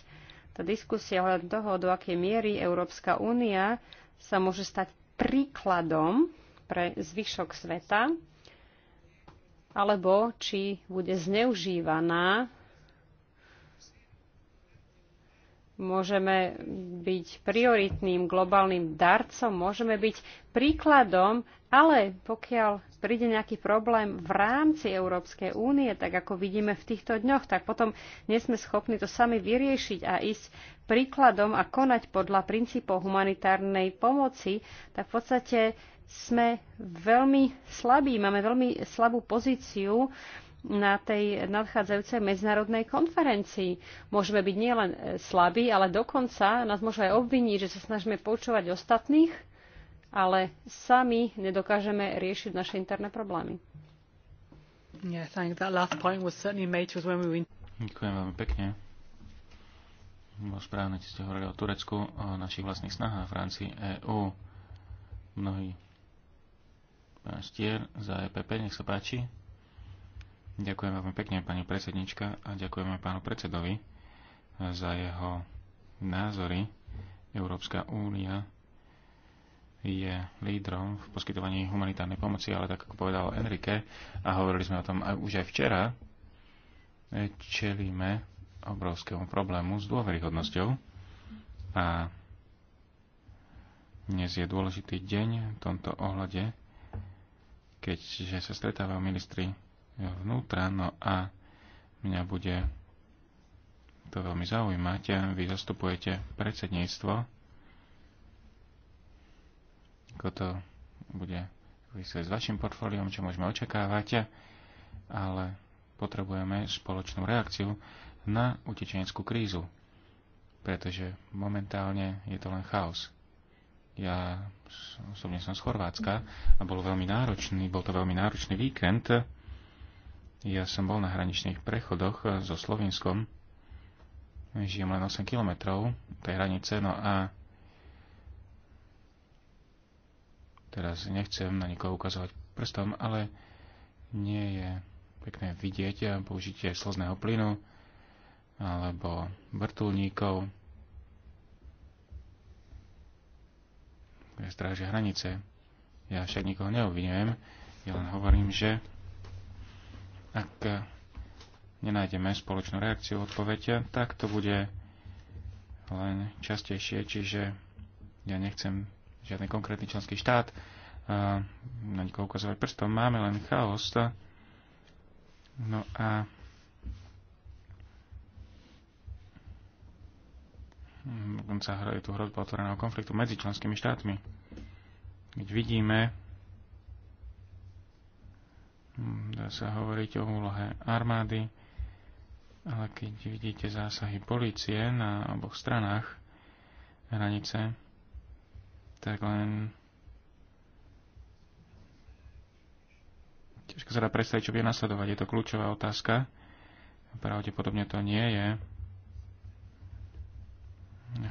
tá diskusia ohľadom toho, do akej miery Európska únia sa môže stať príkladom pre zvyšok sveta, alebo či bude zneužívaná môžeme byť prioritným globálnym darcom, môžeme byť príkladom, ale pokiaľ príde nejaký problém v rámci Európskej únie, tak ako vidíme v týchto dňoch, tak potom nie sme schopní to sami vyriešiť a ísť príkladom a konať podľa princípov humanitárnej pomoci, tak v podstate sme veľmi slabí, máme veľmi slabú pozíciu na tej nadchádzajúcej medzinárodnej konferencii. Môžeme byť nielen e, slabí, ale dokonca nás môžu aj obviniť, že sa snažíme poučovať ostatných, ale sami nedokážeme riešiť naše interné problémy. Ďakujem veľmi pekne. Bolo správne, keď ste hovorili o Turecku, o našich vlastných snahách v rámci EÚ. Mnohí pán Stier za EPP, nech sa páči. Ďakujem veľmi pekne, pani predsednička, a ďakujeme pánu predsedovi za jeho názory. Európska únia je lídrom v poskytovaní humanitárnej pomoci, ale tak ako povedal Enrique, a hovorili sme o tom aj už aj včera, čelíme obrovskému problému s dôveryhodnosťou a dnes je dôležitý deň v tomto ohľade, keďže sa stretávajú ministri vnútra. No a mňa bude to veľmi zaujímať. Vy zastupujete predsedníctvo. Ako to bude vysvetliť s vašim portfóliom, čo môžeme očakávať, ale potrebujeme spoločnú reakciu na utečeneckú krízu, pretože momentálne je to len chaos. Ja osobne som z Chorvátska a bol veľmi náročný, bol to veľmi náročný víkend, ja som bol na hraničných prechodoch eh, so Slovenskom. Žijem len 8 kilometrov tej hranice, no a teraz nechcem na nikoho ukazovať prstom, ale nie je pekné vidieť a eh, použitie slzného plynu alebo vrtulníkov, ktoré strážia hranice. Ja však nikoho neobvinujem, ja len hovorím, že ak nenájdeme spoločnú reakciu odpovede, tak to bude len častejšie, čiže ja nechcem žiadny konkrétny členský štát na nikoho ukazovať prstom. Máme len chaos. No a dokonca je tu hrozba otvoreného konfliktu medzi členskými štátmi. Keď vidíme, Hm, dá sa hovoriť o úlohe armády, ale keď vidíte zásahy policie na oboch stranách hranice, tak len ťažko sa dá predstaviť, čo bude nasledovať. Je to kľúčová otázka. Pravdepodobne to nie je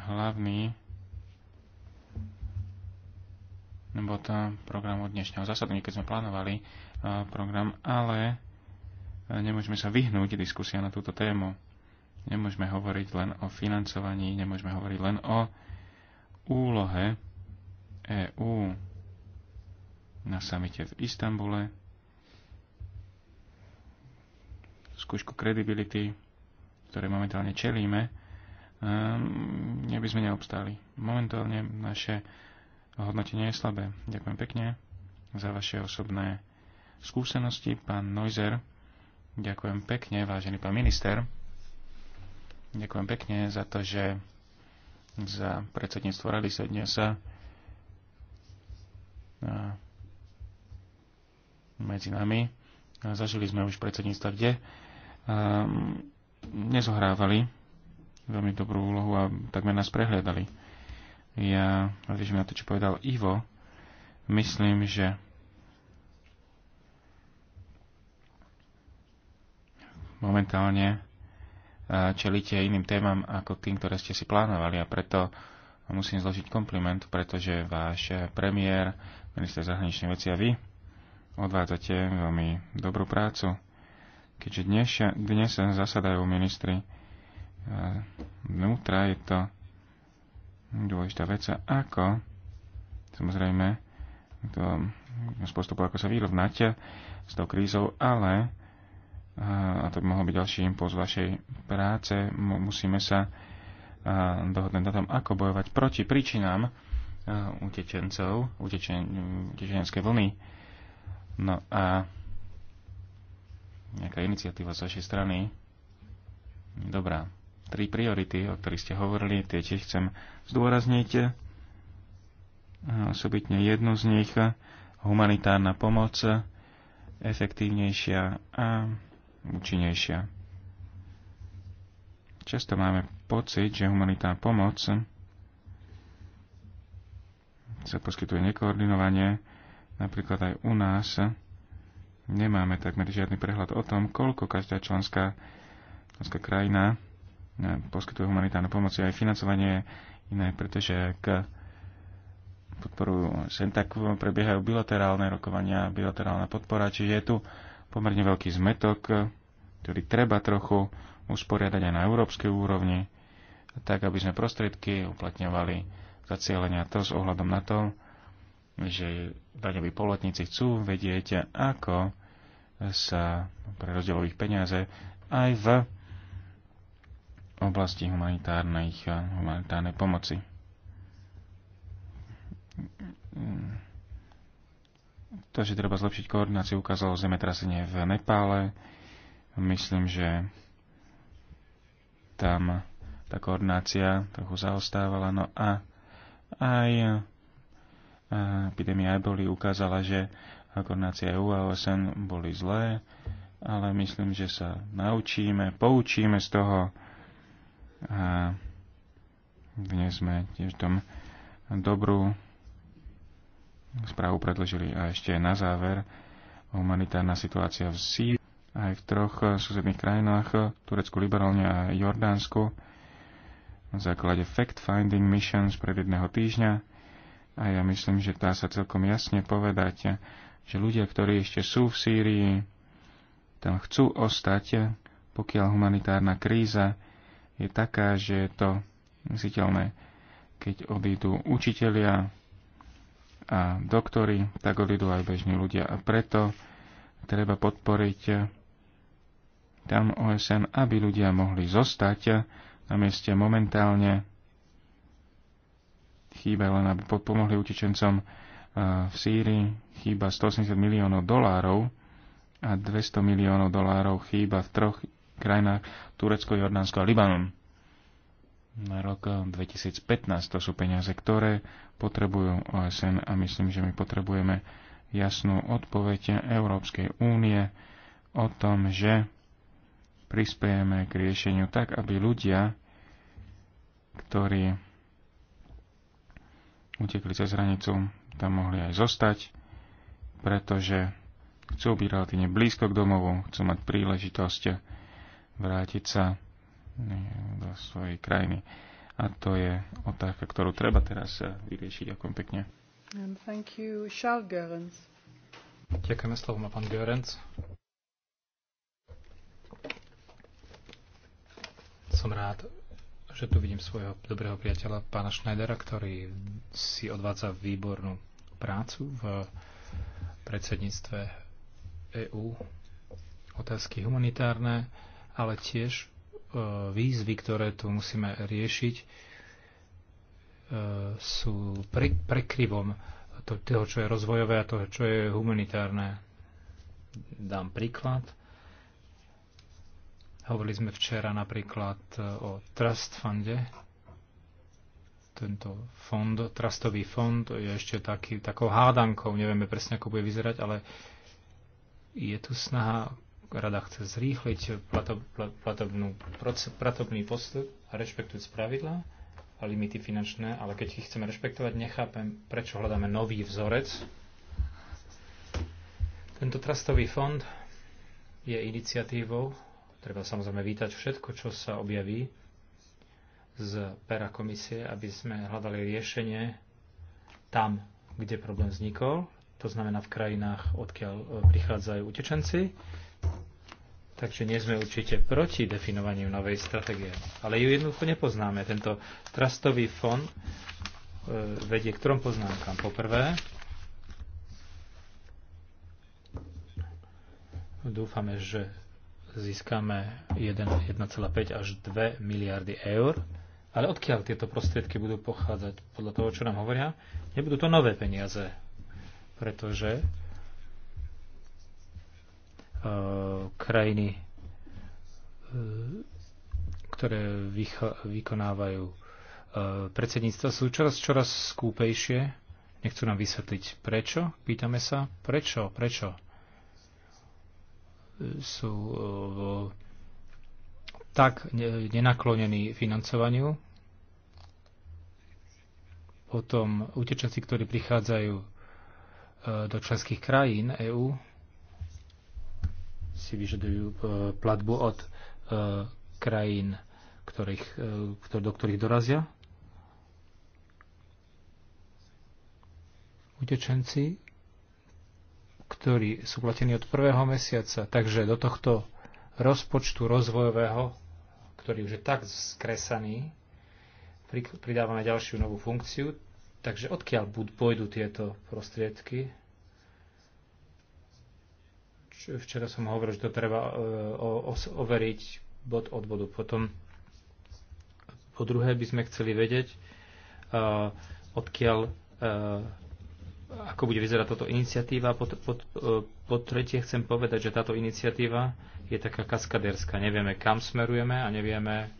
hlavný bod programu dnešného zasadnutia, keď sme plánovali program, ale e, nemôžeme sa vyhnúť diskusia na túto tému. Nemôžeme hovoriť len o financovaní, nemôžeme hovoriť len o úlohe EÚ na samite v Istambule, skúšku kredibility, ktoré momentálne čelíme, neby sme neobstáli. Momentálne naše hodnotenie je slabé. Ďakujem pekne za vaše osobné skúsenosti. Pán Neuser, ďakujem pekne, vážený pán minister. Ďakujem pekne za to, že za predsedníctvo rady sa dnes sa medzi nami. Zažili sme už predsedníctva, kde nezohrávali veľmi dobrú úlohu a takmer nás prehľadali. Ja, nadviežím na to, čo povedal Ivo, myslím, že momentálne e, čelíte iným témam ako tým, ktoré ste si plánovali a preto musím zložiť kompliment, pretože váš premiér, minister zahraničnej veci a vy odvádzate veľmi dobrú prácu. Keďže dnes, dnes zasadajú ministri e, vnútra, je to dôležitá vec, ako samozrejme to no, spôsobu ako sa vyrovnáte s tou krízou, ale a to by mohol byť ďalší impuls vašej práce, musíme sa dohodnúť na tom, ako bojovať proti príčinám utečencov, utečenskej vlny. No a nejaká iniciatíva z vašej strany. Dobrá. Tri priority, o ktorých ste hovorili, tie tiež chcem zdôrazniť. Osobitne jednu z nich, humanitárna pomoc, efektívnejšia a účinnejšia. Často máme pocit, že humanitá pomoc sa poskytuje nekoordinovanie. Napríklad aj u nás nemáme takmer žiadny prehľad o tom, koľko každá členská, členská krajina eh, poskytuje humanitárnu pomoc. Aj financovanie iné, pretože k podporu sem tak prebiehajú bilaterálne rokovania, bilaterálna podpora, čiže je tu pomerne veľký zmetok, ktorý treba trochu usporiadať aj na európskej úrovni, tak aby sme prostriedky uplatňovali cieľenia to s ohľadom na to, že daňoví polotníci chcú vedieť, ako sa pre rozdielových peniaze aj v oblasti humanitárnej pomoci to, že treba zlepšiť koordináciu, ukázalo zemetrasenie v Nepále. Myslím, že tam tá koordinácia trochu zaostávala. No a aj epidémia eboli ukázala, že koordinácia EU a OSN boli zlé, ale myslím, že sa naučíme, poučíme z toho. A dnes sme tiež tom dobrú správu predložili. A ešte na záver, humanitárna situácia v Sýrii aj v troch susedných krajinách, Turecku, Liberálne a Jordánsku, na základe fact-finding missions pred jedného týždňa. A ja myslím, že dá sa celkom jasne povedať, že ľudia, ktorí ešte sú v Sýrii, tam chcú ostať, pokiaľ humanitárna kríza je taká, že je to mysliteľné. Keď odídu učitelia, a doktory, tak odídu aj bežní ľudia. A preto treba podporiť tam OSN, aby ľudia mohli zostať na mieste momentálne. Chýba len, aby pomohli utečencom eh, v Sýrii, chýba 180 miliónov dolárov a 200 miliónov dolárov chýba v troch krajinách Turecko, Jordánsko a Libanon na rok 2015. To sú peniaze, ktoré potrebujú OSN a myslím, že my potrebujeme jasnú odpoveď Európskej únie o tom, že prispiejeme k riešeniu tak, aby ľudia, ktorí utekli cez hranicu, tam mohli aj zostať, pretože chcú byť relatívne blízko k domovu, chcú mať príležitosť vrátiť sa do svojej krajiny. A to je otázka, ktorú treba teraz eh, vyriešiť. Ďakujem pekne. And thank you, Charles Görens. Ďakujeme slovo má pán Görens. Som rád, že tu vidím svojho dobrého priateľa, pána Schneidera, ktorý si odvádza výbornú prácu v predsedníctve EÚ. Otázky humanitárne, ale tiež E, výzvy, ktoré tu musíme riešiť, e, sú pre, prekryvom toho, čo je rozvojové a toho, čo je humanitárne. Dám príklad. Hovorili sme včera napríklad e, o Trust Funde. Tento fond, trustový fond je ešte taký, takou hádankou, nevieme presne, ako bude vyzerať, ale je tu snaha rada chce zrýchliť platob, platobný postup a rešpektujúc pravidlá a limity finančné, ale keď ich chceme rešpektovať, nechápem, prečo hľadáme nový vzorec. Tento trastový fond je iniciatívou, treba samozrejme vítať všetko, čo sa objaví z pera komisie, aby sme hľadali riešenie tam, kde problém vznikol, to znamená v krajinách, odkiaľ e, prichádzajú utečenci Takže nie sme určite proti definovaniu novej stratégie, ale ju jednoducho nepoznáme. Tento trastový fond e, vedie k trom poznámkam. Poprvé, dúfame, že získame 1,5 až 2 miliardy eur. Ale odkiaľ tieto prostriedky budú pochádzať? Podľa toho, čo nám hovoria, nebudú to nové peniaze, pretože E, krajiny, e, ktoré vykonávajú e, predsedníctva, sú čoraz čoraz skúpejšie. Nechcú nám vysvetliť prečo. Pýtame sa, prečo, prečo sú tak nenaklonení financovaniu. Potom utečenci, ktorí prichádzajú do členských krajín EÚ, si vyžadujú e, platbu od e, krajín, ktorých, e, do ktorých dorazia. Utečenci, ktorí sú platení od prvého mesiaca, takže do tohto rozpočtu rozvojového, ktorý už je tak skresaný, pridávame ďalšiu novú funkciu, takže odkiaľ pôjdu tieto prostriedky? Včera som hovoril, že to treba e, overiť bod od bodu. Potom po druhé by sme chceli vedieť, e, odkiaľ e, ako bude vyzerať táto iniciatíva. Po, po, po tretie chcem povedať, že táto iniciatíva je taká kaskadérska. Nevieme, kam smerujeme a nevieme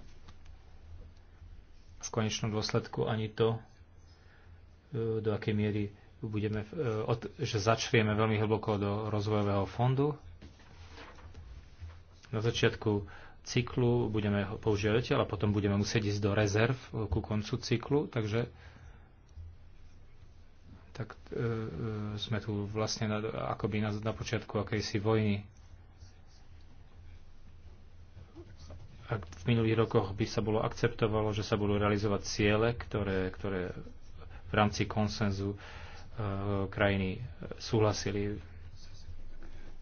v konečnom dôsledku ani to, do akej miery budeme, e, že začrieme veľmi hlboko do rozvojového fondu. Na začiatku cyklu budeme ho používať, ale potom budeme musieť ísť do rezerv e, ku koncu cyklu, takže tak e, e, sme tu vlastne na, akoby na, na počiatku akejsi vojny. Ak v minulých rokoch by sa bolo akceptovalo, že sa budú realizovať ciele, ktoré, ktoré v rámci konsenzu e, Eh, krajiny súhlasili.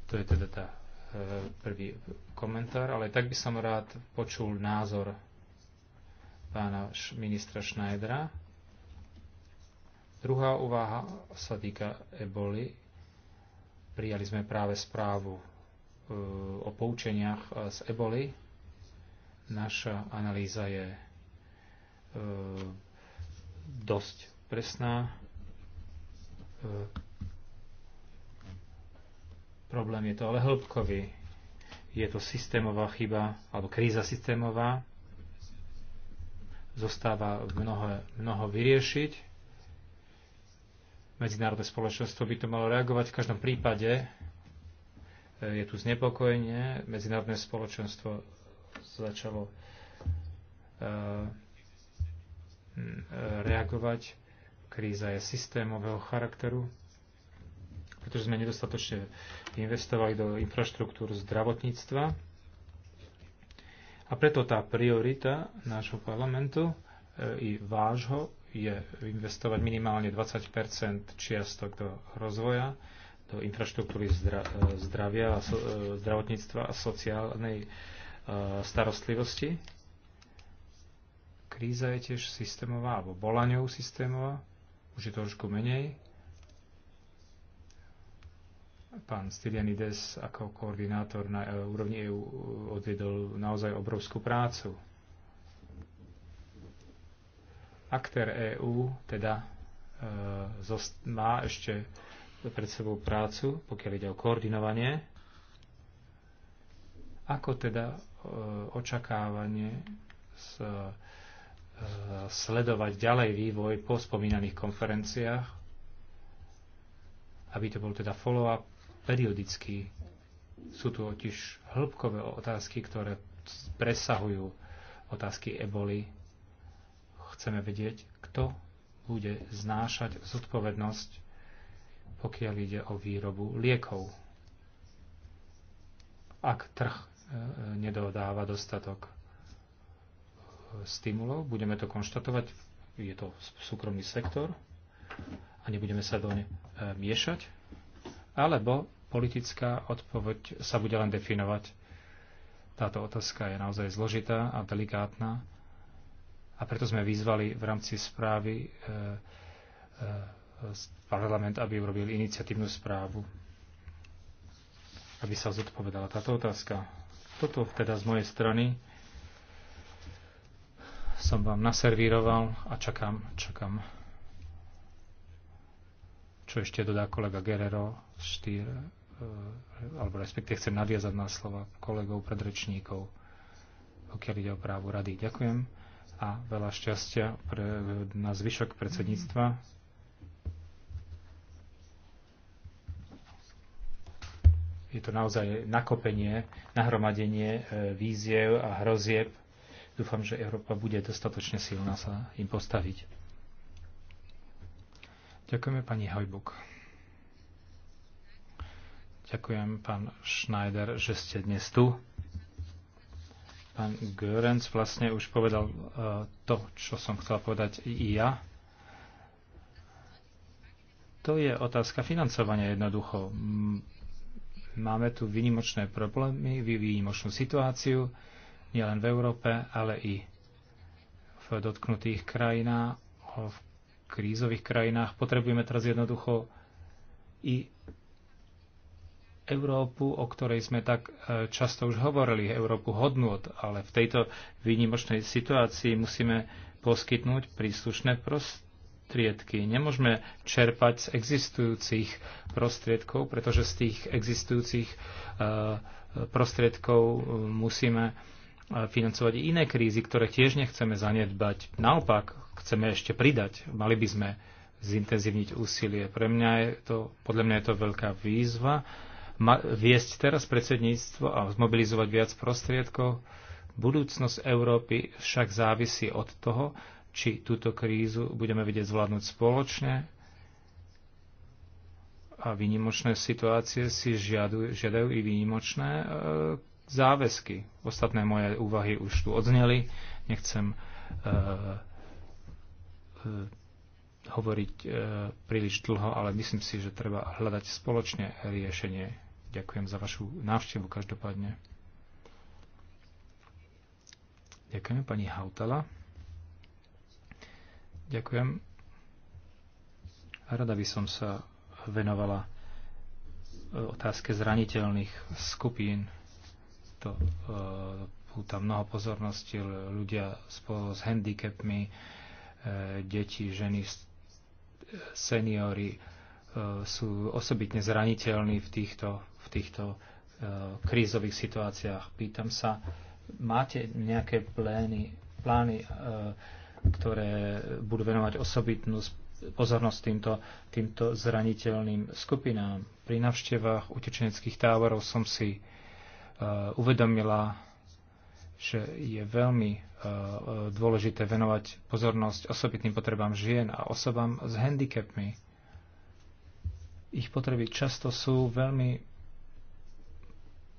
To je teda tá eh, prvý komentár, ale tak by som rád počul názor pána ministra Schneidera. Druhá uváha sa týka eboli. Prijali sme práve správu eh, o poučeniach z eboli. Naša analýza je dosť presná E, problém je to ale hĺbkový. Je to systémová chyba, alebo kríza systémová. Zostáva mnoho, mnoho vyriešiť medzinárodné spoločenstvo by to malo reagovať. V každom prípade e, je tu znepokojenie. Medzinárodné spoločenstvo začalo e, reagovať. Kríza je systémového charakteru, pretože sme nedostatočne investovali do infraštruktúr zdravotníctva. A preto tá priorita nášho parlamentu e, i vášho je investovať minimálne 20 čiastok do rozvoja, do infraštruktúry zdra, e, zdravia, so, e, zdravotníctva a sociálnej starostlivosti. Kríza je tiež systémová, alebo bola ňou systémová už je trošku menej. Pán Stylianides ako koordinátor na úrovni EU odvedol naozaj obrovskú prácu. Aktér EU teda e, má ešte pred sebou prácu, pokiaľ ide o koordinovanie. Ako teda e, očakávanie z e, sledovať ďalej vývoj po spomínaných konferenciách, aby to bol teda follow-up periodický. Sú tu totiž hĺbkové otázky, ktoré presahujú otázky eboli. Chceme vedieť, kto bude znášať zodpovednosť, pokiaľ ide o výrobu liekov. Ak trh e, e, nedodáva dostatok stimulov, budeme to konštatovať, je to súkromný sektor a nebudeme sa do ne miešať, alebo politická odpoveď sa bude len definovať. Táto otázka je naozaj zložitá a delikátna a preto sme vyzvali v rámci správy e, e, parlament, aby urobil iniciatívnu správu, aby sa zodpovedala táto otázka. Toto teda z mojej strany som vám naservíroval a čakám, čakám, čo ešte dodá kolega Guerrero, štýr, eh, alebo respektíve chcem nadviazať na slova kolegov, predrečníkov, pokiaľ ide o právu rady. Ďakujem a veľa šťastia pre, na zvyšok predsedníctva. Je to naozaj nakopenie, nahromadenie eh, víziev a hrozieb Dúfam, že Európa bude dostatočne silná sa im postaviť. Ďakujeme pani Hojbuk. Ďakujem, pán Schneider, že ste dnes tu. Pán Görenc vlastne už povedal e, to, čo som chcela povedať i ja. To je otázka financovania jednoducho. Máme tu vynimočné problémy, výnimočnú situáciu nielen v Európe, ale i v dotknutých krajinách, v krízových krajinách. Potrebujeme teraz jednoducho i Európu, o ktorej sme tak e, často už hovorili, Európu hodnôt, ale v tejto výnimočnej situácii musíme poskytnúť príslušné prostriedky. Nemôžeme čerpať z existujúcich prostriedkov, pretože z tých existujúcich e, prostriedkov e, musíme financovať iné krízy, ktoré tiež nechceme zanedbať. Naopak, chceme ešte pridať. Mali by sme zintenzívniť úsilie. Pre mňa je to, podľa mňa je to veľká výzva. Ma, viesť teraz predsedníctvo a zmobilizovať viac prostriedkov. Budúcnosť Európy však závisí od toho, či túto krízu budeme vedieť zvládnuť spoločne a výnimočné situácie si žiadajú, žiadajú i výnimočné e, záväzky. Ostatné moje úvahy už tu odzneli. Nechcem uh, uh, hovoriť e, príliš dlho, ale myslím si, že treba hľadať spoločne riešenie. Ďakujem za vašu návštevu každopádne. Ďakujem pani Hautala. Ďakujem. Rada by som sa venovala e, otázke zraniteľných skupín to púta e, mnoho pozornosti, ľudia spolu s handicapmi, e, deti, ženy, seniory e, sú osobitne zraniteľní v týchto, v týchto krízových situáciách. Pýtam sa, máte nejaké plény, plány, ktoré budú venovať osobitnú pozornosť týmto, týmto zraniteľným skupinám. Pri navštevách utečeneckých táborov som si Eh, uvedomila, že je veľmi eh, dôležité venovať pozornosť osobitným potrebám žien a osobám s handicapmi. Ich potreby často sú veľmi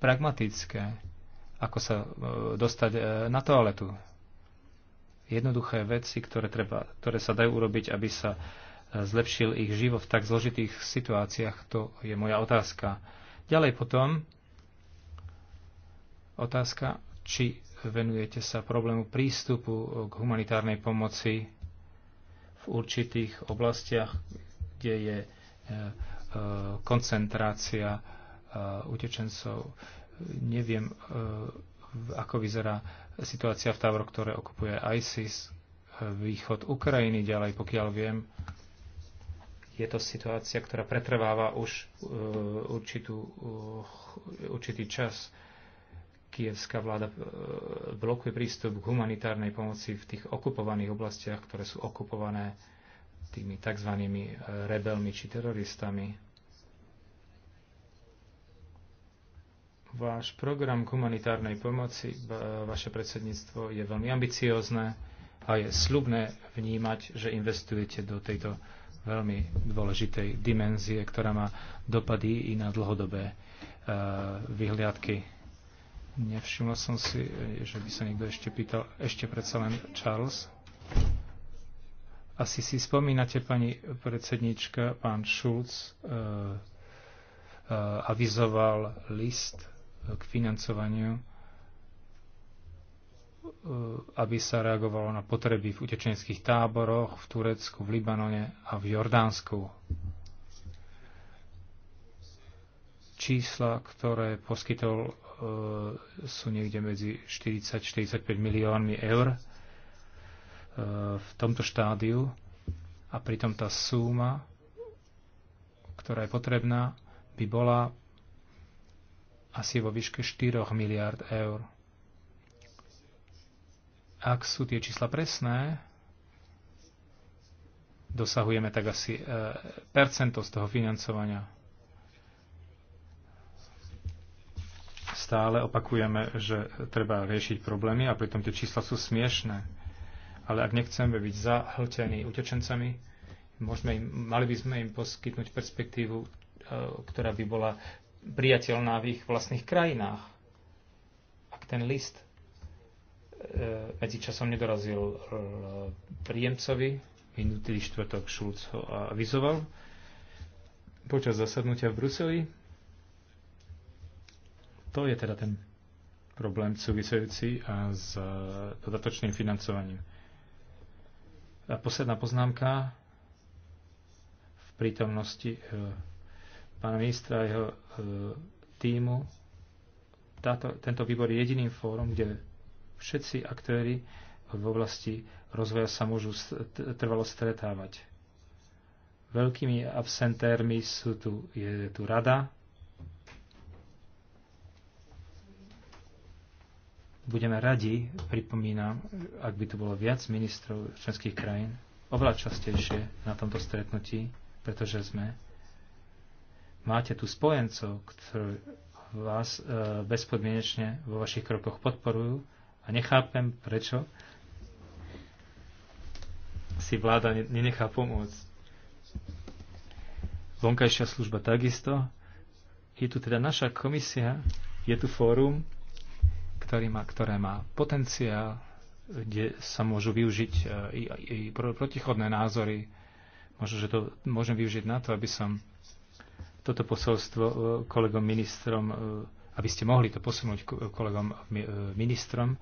pragmatické, ako sa eh, dostať na toaletu. Jednoduché veci, ktoré, treba, ktoré sa dajú urobiť, aby sa zlepšil ich život v tak zložitých situáciách, to je moja otázka. Ďalej potom, Otázka, či venujete sa problému prístupu k humanitárnej pomoci v určitých oblastiach, kde je e, e, koncentrácia e, utečencov. Neviem, ako vyzerá situácia v táboroch, ktoré okupuje ISIS, východ Ukrajiny ďalej, pokiaľ viem. Je to situácia, ktorá pretrváva už určitú, určitý čas kievská vláda e, blokuje prístup k humanitárnej pomoci v tých okupovaných oblastiach, ktoré sú okupované tými tzv. E, rebelmi či teroristami. Váš program k humanitárnej pomoci, e, vaše predsedníctvo je veľmi ambiciózne a je slubné vnímať, že investujete do tejto veľmi dôležitej dimenzie, ktorá má dopady i na dlhodobé vyhliadky Nevšimla som si, eh, že by sa niekto ešte pýtal. Ešte predsa len Charles. Asi si spomínate, pani predsednička, pán Schulz eh, eh, avizoval list k financovaniu, aby sa reagovalo na potreby v utečenských táboroch v Turecku, v Libanone a v Jordánsku. Čísla, ktoré poskytol E, sú niekde medzi 40-45 miliónmi eur e, v tomto štádiu a pritom tá súma, ktorá je potrebná, by bola asi vo výške 4 miliard eur. Ak sú tie čísla presné, dosahujeme tak asi e, percento z toho financovania Stále opakujeme, že treba riešiť problémy a pritom tie čísla sú smiešné. Ale ak nechceme byť zahltení utečencami, môžeme im, mali by sme im poskytnúť perspektívu, e, ktorá by bola priateľná v ich vlastných krajinách. Ak ten list e, medzičasom nedorazil e, príjemcovi, minutý štvrtok Šulc ho avizoval počas zasadnutia v Bruseli, to je teda ten problém súvisejúci a s e, dodatočným financovaním. A posledná poznámka v prítomnosti e, pána ministra a jeho e, týmu. Táto, tento výbor je jediným fórum, kde všetci aktéry v oblasti rozvoja sa môžu trvalo stretávať. Veľkými absentérmi sú tu, je tu rada, budeme radi, pripomínam, ak by tu bolo viac ministrov členských krajín, oveľa častejšie na tomto stretnutí, pretože sme. Máte tu spojencov, ktorí vás e, bezpodmienečne vo vašich krokoch podporujú a nechápem, prečo si vláda nenechá pomôcť. Vonkajšia služba takisto. Je tu teda naša komisia, je tu fórum, ktorý má, ktoré má potenciál, kde sa môžu využiť e, i, i protichodné názory. Možno, že to môžem využiť na to, aby som toto posolstvo e, kolegom ministrom, e, aby ste mohli to posunúť kolegom ministrom,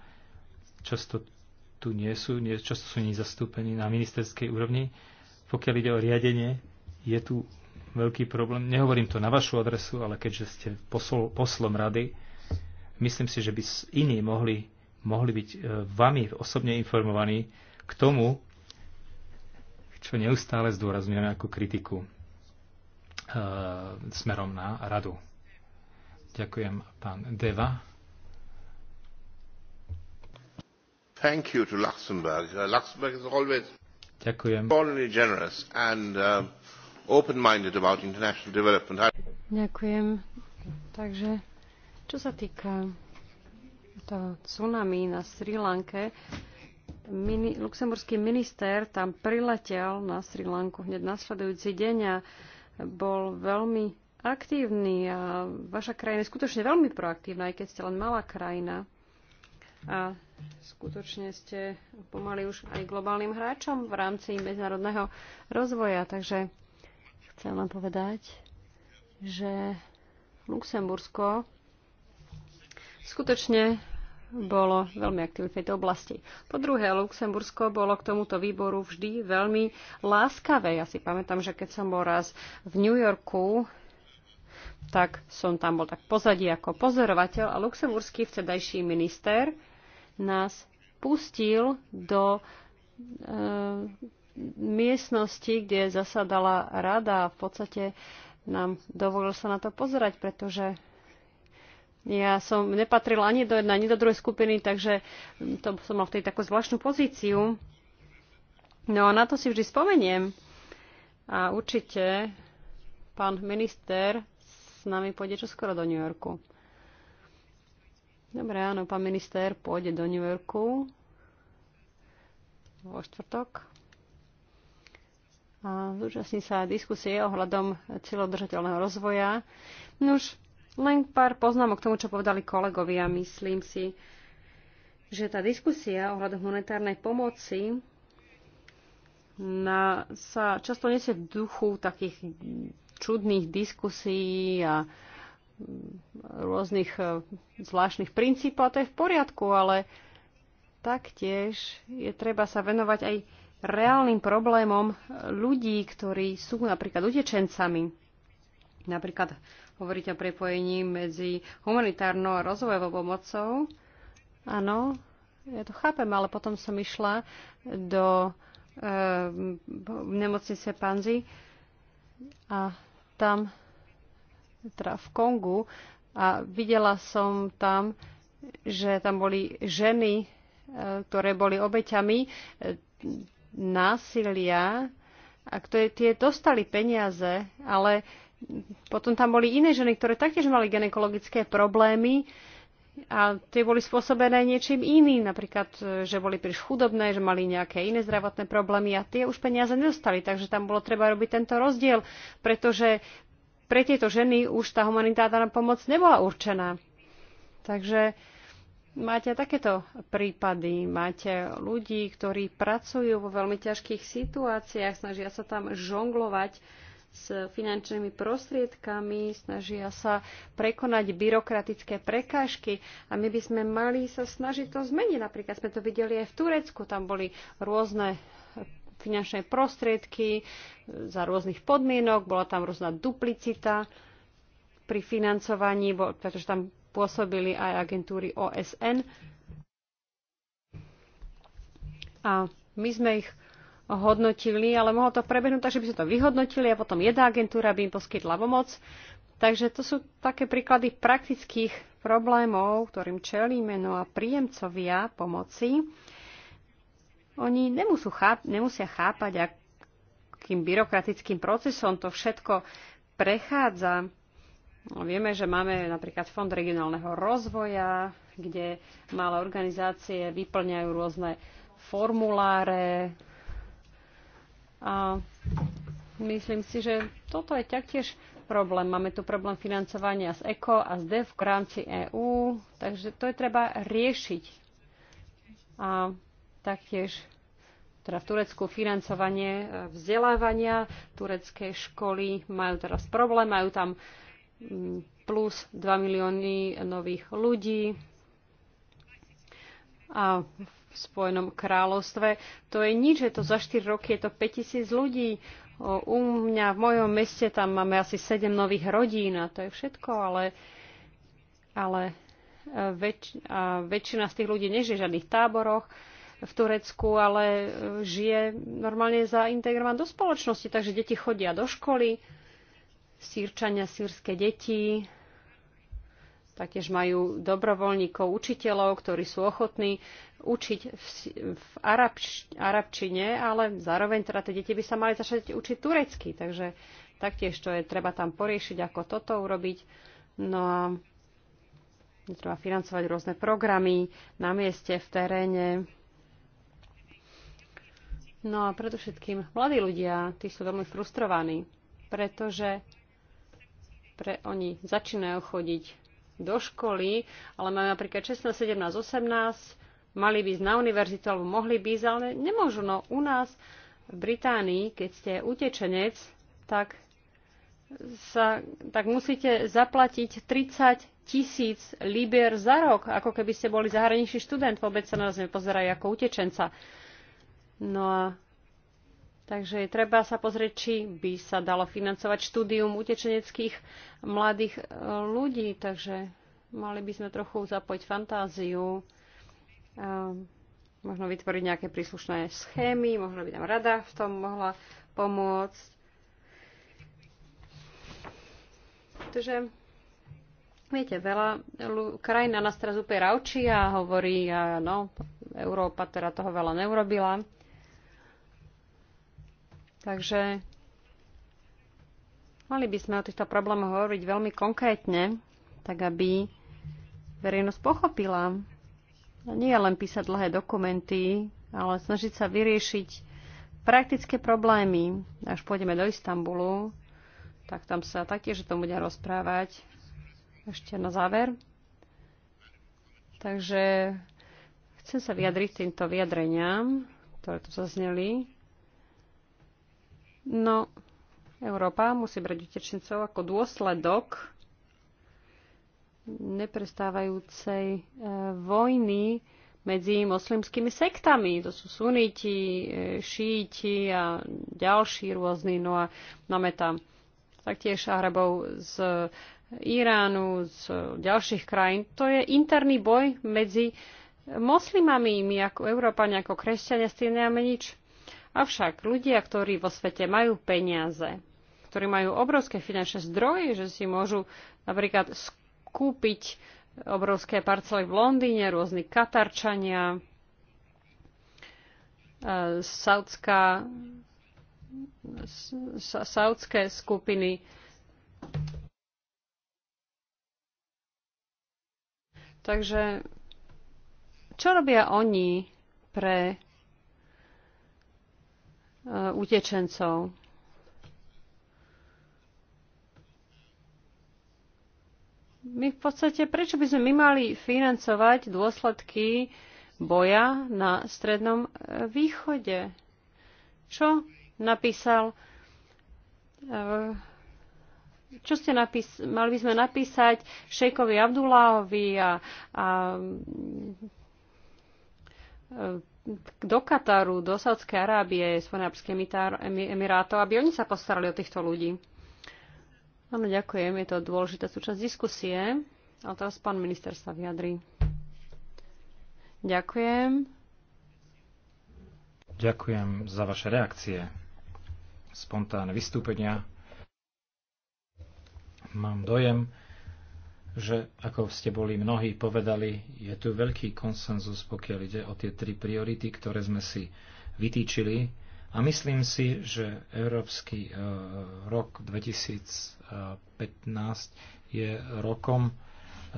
často tu nie sú, nie, často sú nie zastúpení na ministerskej úrovni. Pokiaľ ide o riadenie, je tu veľký problém. Nehovorím to na vašu adresu, ale keďže ste posol, poslom rady, Myslím si, že by iní mohli, mohli byť e, vami osobne informovaní k tomu, čo neustále zdôrazňujeme ako kritiku e, smerom na radu. Ďakujem, pán Deva. Thank you to Luxembourg. Uh, Luxembourg is always Ďakujem. generous and uh, open-minded about international development. Ďakujem. Takže čo sa týka to tsunami na Sri Lanke, mini, luxemburský minister tam priletel na Sri Lanku hneď nasledujúci deň a bol veľmi aktívny a vaša krajina je skutočne veľmi proaktívna, aj keď ste len malá krajina. A skutočne ste pomaly už aj globálnym hráčom v rámci medzinárodného rozvoja. Takže chcem vám povedať, že Luxembursko skutočne bolo veľmi aktívne v tejto oblasti. Po druhé, Luxembursko bolo k tomuto výboru vždy veľmi láskavé. Ja si pamätám, že keď som bol raz v New Yorku, tak som tam bol tak pozadí ako pozorovateľ a luxemburský vtedajší minister nás pustil do e, miestnosti, kde zasadala rada a v podstate nám dovolil sa na to pozerať, pretože ja som nepatrila ani do jednej, ani do druhej skupiny, takže mm, to som mal v tej takú zvláštnu pozíciu. No a na to si vždy spomeniem. A určite pán minister s nami pôjde čoskoro do New Yorku. Dobre, áno, pán minister pôjde do New Yorku vo štvrtok. A zúčastní sa diskusie ohľadom cieľodržateľného rozvoja. No už len pár poznámok k tomu, čo povedali kolegovia. Myslím si, že tá diskusia ohľadom humanitárnej pomoci na, sa často nesie v duchu takých čudných diskusí a rôznych eh, zvláštnych princípov a to je v poriadku, ale taktiež je treba sa venovať aj reálnym problémom ľudí, ktorí sú napríklad utečencami. Napríklad hovoriť o prepojení medzi humanitárnou a rozvojovou pomocou. Áno, ja to chápem, ale potom som išla do e, nemocnice Panzi a tam, teda v Kongu, a videla som tam, že tam boli ženy, e, ktoré boli obeťami e, násilia a ktoré tie dostali peniaze, ale potom tam boli iné ženy, ktoré taktiež mali ginekologické problémy a tie boli spôsobené niečím iným, napríklad, e, že boli príliš chudobné, že mali nejaké iné zdravotné problémy a tie už peniaze nedostali, takže tam bolo treba robiť tento rozdiel, pretože pre tieto ženy už tá humanitárna pomoc nebola určená. Takže máte takéto prípady, máte ľudí, ktorí pracujú vo veľmi ťažkých situáciách, snažia sa tam žonglovať s finančnými prostriedkami, snažia sa prekonať byrokratické prekážky a my by sme mali sa snažiť to zmeniť. Napríklad sme to videli aj v Turecku, tam boli rôzne finančné prostriedky za rôznych podmienok, bola tam rôzna duplicita pri financovaní, pretože tam pôsobili aj agentúry OSN. A my sme ich hodnotili, ale mohlo to prebehnúť tak, že by sa to vyhodnotili a potom jedna agentúra by im poskytla pomoc. Takže to sú také príklady praktických problémov, ktorým čelíme, no a príjemcovia pomoci, oni nemusú cháp- nemusia chápať, akým byrokratickým procesom to všetko prechádza. No, vieme, že máme napríklad Fond regionálneho rozvoja, kde malé organizácie vyplňajú rôzne formuláre, a myslím si, že toto je taktiež problém. Máme tu problém financovania z ECO a z DEF v rámci EÚ, takže to je treba riešiť. A taktiež teda v Turecku financovanie e, vzdelávania. Turecké školy majú teraz problém, majú tam mm, plus 2 milióny nových ľudí. A v v Spojenom kráľovstve. To je nič, že to za 4 roky, je to 5000 ľudí. U mňa v mojom meste tam máme asi 7 nových rodín a to je všetko, ale, ale e, väč, a väčšina z tých ľudí nežije v žiadnych táboroch v Turecku, ale e, žije normálne zaintegrovaná do spoločnosti, takže deti chodia do školy, sírčania, sírske deti, Taktiež majú dobrovoľníkov, učiteľov, ktorí sú ochotní učiť v, v arabč, arabčine, ale zároveň teda tie deti by sa mali začať učiť turecky. Takže taktiež to je treba tam poriešiť, ako toto urobiť. No a treba financovať rôzne programy na mieste, v teréne. No a predovšetkým mladí ľudia, tí sú veľmi frustrovaní, pretože pre oni začínajú chodiť do školy, ale majú napríklad 16, 17, 18, mali by ísť na univerzitu alebo mohli by ísť, ale nemôžu. No u nás v Británii, keď ste utečenec, tak, sa, tak musíte zaplatiť 30 tisíc libier za rok, ako keby ste boli zahraničný študent, vôbec sa na nás nepozerajú ako utečenca. No a Takže treba sa pozrieť, či by sa dalo financovať štúdium utečeneckých mladých e, ľudí. Takže mali by sme trochu zapojiť fantáziu, e, možno vytvoriť nejaké príslušné schémy, možno by tam rada v tom mohla pomôcť. Takže viete, veľa krajina nás teraz úplne raučí a hovorí, no, Európa teda toho veľa neurobila. Takže mali by sme o týchto problémoch hovoriť veľmi konkrétne, tak aby verejnosť pochopila. A nie len písať dlhé dokumenty, ale snažiť sa vyriešiť praktické problémy. Až pôjdeme do Istanbulu, tak tam sa taktiež o tom bude rozprávať. Ešte na záver. Takže chcem sa vyjadriť týmto vyjadreniam, ktoré tu zazneli. No, Európa musí brať utečencov ako dôsledok neprestávajúcej e, vojny medzi moslimskými sektami. To sú suniti, e, šíti a ďalší rôzni. No a máme tam taktiež Arabov z Iránu, z ďalších krajín. To je interný boj medzi moslimami. My ako Európania, ako kresťania s tým nemáme nič Avšak ľudia, ktorí vo svete majú peniaze, ktorí majú obrovské finančné zdroje, že si môžu napríklad skúpiť obrovské parcely v Londýne, rôzni Katarčania, e, saudská, saudské skupiny. Takže čo robia oni pre Eh, utečencov. My v podstate, prečo by sme my mali financovať dôsledky boja na Strednom eh, východe? Čo napísal eh, čo ste napís- mali by sme napísať šejkovi Abdulláhovi a, a do Kataru, do Sádskej Arábie, Spojené arabské emirátov, aby oni sa postarali o týchto ľudí. Áno, ďakujem, je to dôležitá súčasť diskusie. A teraz pán minister sa vyjadrí. Ďakujem. Ďakujem za vaše reakcie, spontánne vystúpenia. Mám dojem, že, ako ste boli mnohí povedali, je tu veľký konsenzus, pokiaľ ide o tie tri priority, ktoré sme si vytýčili. A myslím si, že Európsky e, rok 2015 je rokom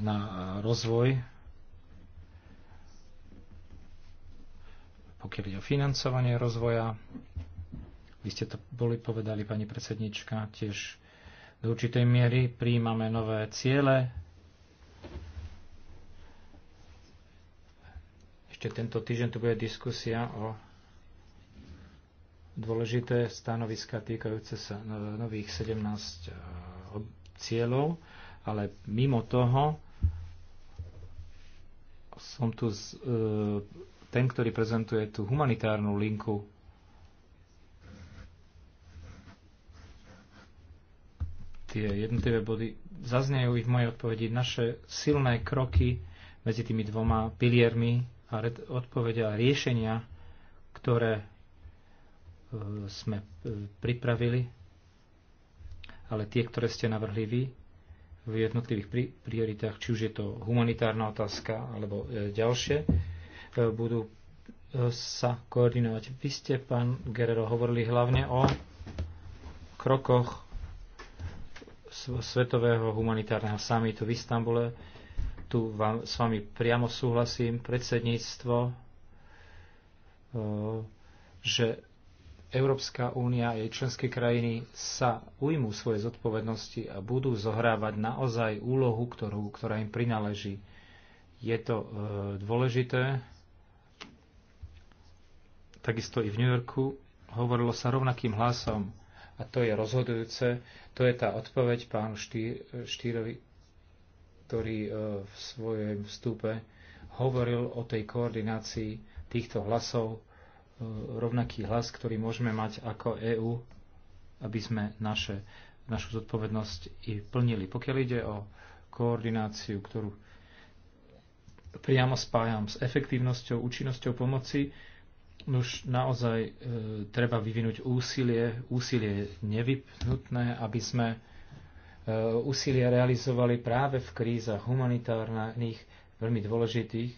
na e, rozvoj, pokiaľ ide o financovanie rozvoja. Vy ste to boli povedali, pani predsednička, tiež do určitej miery príjmame nové ciele, Ešte tento týždeň tu bude diskusia o dôležité stanoviska týkajúce sa no, nových 17 e, cieľov, ale mimo toho som tu z, e, ten, ktorý prezentuje tú humanitárnu linku tie jednotlivé body zaznejú i v mojej odpovedi naše silné kroky medzi tými dvoma piliermi a odpovede a riešenia, ktoré e, sme e, pripravili, ale tie, ktoré ste navrhli vy v jednotlivých prioritách, či už je to humanitárna otázka alebo e, ďalšie, budú sa koordinovať. Vy ste, pán Guerrero, hovorili hlavne o krokoch Svetového humanitárneho samitu v Istambule, tu vám, s vami priamo súhlasím, predsedníctvo, e, že Európska únia a jej členské krajiny sa ujmú svoje zodpovednosti a budú zohrávať naozaj úlohu, ktorú, ktorá im prináleží. Je to e, dôležité. Takisto i v New Yorku hovorilo sa rovnakým hlasom. A to je rozhodujúce. To je tá odpoveď pánu Štýrovi, ktorý e, v svojom vstupe hovoril o tej koordinácii týchto hlasov, e, rovnaký hlas, ktorý môžeme mať ako EÚ, aby sme naše, našu zodpovednosť i plnili. Pokiaľ ide o koordináciu, ktorú priamo spájam s efektívnosťou, účinnosťou pomoci, už naozaj e, treba vyvinúť úsilie, úsilie nevypnutné, aby sme Eh, úsilia realizovali práve v krízach humanitárnych, veľmi dôležitých.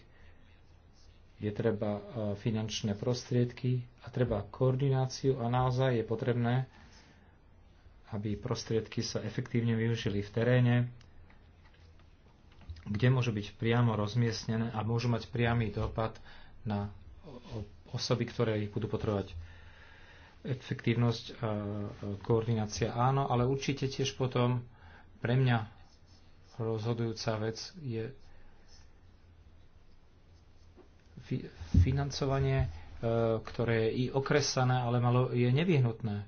Je treba eh, finančné prostriedky a treba koordináciu a naozaj je potrebné, aby prostriedky sa efektívne využili v teréne, kde môžu byť priamo rozmiestnené a môžu mať priamy dopad na osoby, ktoré ich budú potrebovať. Efektívnosť, a eh, koordinácia áno, ale určite tiež potom pre mňa rozhodujúca vec je financovanie, e, ktoré je i okresané, ale malo, je nevyhnutné. E,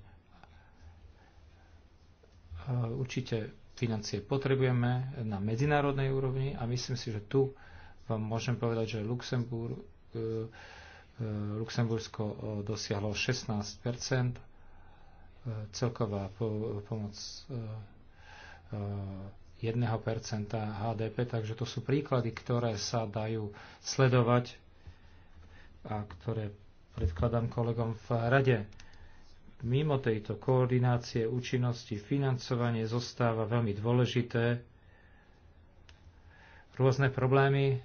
určite financie potrebujeme na medzinárodnej úrovni a myslím si, že tu vám môžem povedať, že Luxembur, e, Luxembursko dosiahlo 16 celková pomoc 1% HDP, takže to sú príklady, ktoré sa dajú sledovať a ktoré predkladám kolegom v rade. Mimo tejto koordinácie účinnosti financovanie zostáva veľmi dôležité. Rôzne problémy,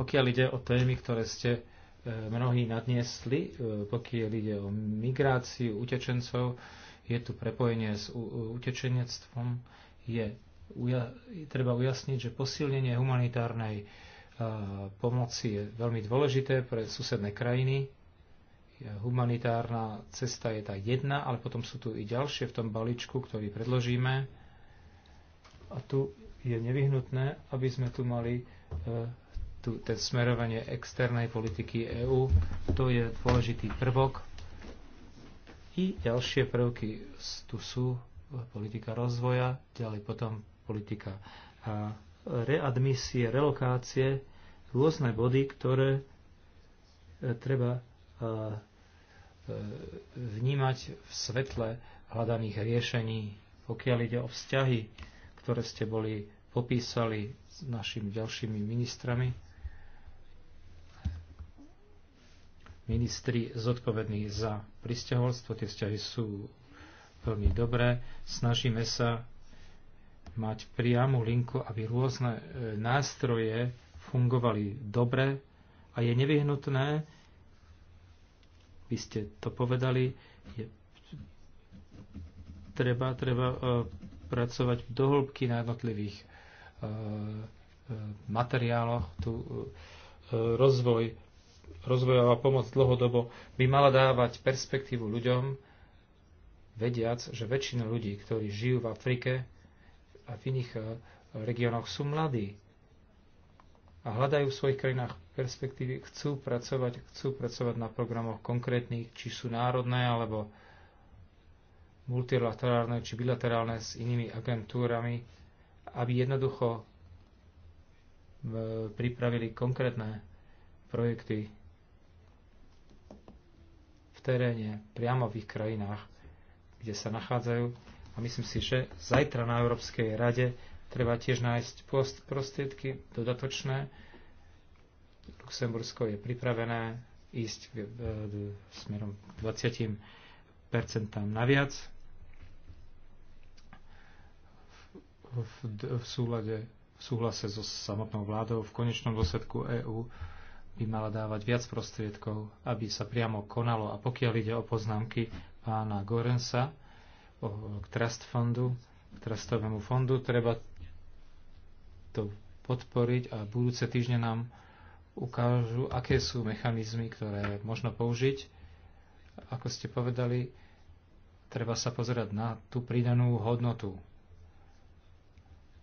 pokiaľ ide o témy, ktoré ste e, mnohí nadniesli, e, pokiaľ ide o migráciu utečencov, je tu prepojenie s utečenectvom, je uja, treba ujasniť, že posilnenie humanitárnej e, pomoci je veľmi dôležité pre susedné krajiny. Humanitárna cesta je tá jedna, ale potom sú tu i ďalšie v tom balíčku, ktorý predložíme. A tu je nevyhnutné, aby sme tu mali e, tu, ten smerovanie externej politiky EÚ. To je dôležitý prvok i ďalšie prvky tu sú e, politika rozvoja, ďalej potom politika a readmisie, relokácie, rôzne body, ktoré e, treba e, vnímať v svetle hľadaných riešení, pokiaľ ide o vzťahy, ktoré ste boli popísali s našimi ďalšími ministrami ministri zodpovední za pristahovalstvo. Tie vzťahy sú veľmi dobré. Snažíme sa mať priamu linku, aby rôzne e, nástroje fungovali dobre a je nevyhnutné, vy ste to povedali, je treba, treba e, pracovať do hĺbky na jednotlivých e, materiáloch, tu rozvoj rozvojová pomoc dlhodobo by mala dávať perspektívu ľuďom, vediac, že väčšina ľudí, ktorí žijú v Afrike a v iných eh, regiónoch sú mladí a hľadajú v svojich krajinách perspektívy, chcú pracovať, chcú pracovať na programoch konkrétnych, či sú národné alebo multilaterálne či bilaterálne s inými agentúrami, aby jednoducho eh, pripravili konkrétne projekty teréne, priamo v ich krajinách, kde sa nachádzajú. A myslím si, že zajtra na Európskej rade treba tiež nájsť post prostriedky dodatočné. Luxembursko je pripravené ísť smerom 20 naviac v, v, v v súhlase so samotnou vládou v konečnom dôsledku EÚ by mala dávať viac prostriedkov, aby sa priamo konalo. A pokiaľ ide o poznámky pána Gorensa o, k Trust Fondu, k Trustovému fondu, treba to podporiť a budúce týždne nám ukážu, aké sú mechanizmy, ktoré možno použiť. Ako ste povedali, treba sa pozerať na tú pridanú hodnotu.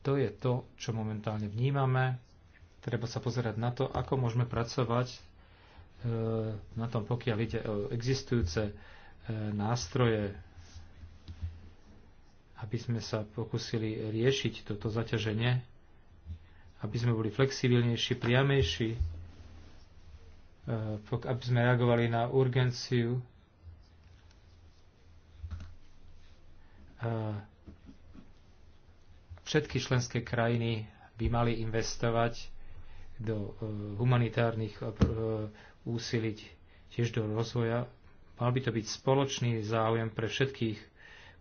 To je to, čo momentálne vnímame, Treba sa pozerať na to, ako môžeme pracovať e, na tom, pokiaľ ide o existujúce e, nástroje, aby sme sa pokusili riešiť toto zaťaženie, aby sme boli flexibilnejší, priamejší, e, aby sme reagovali na urgenciu, všetky členské krajiny by mali investovať do e, humanitárnych e, e, úsilí, tiež do rozvoja. Mal by to byť spoločný záujem pre všetkých,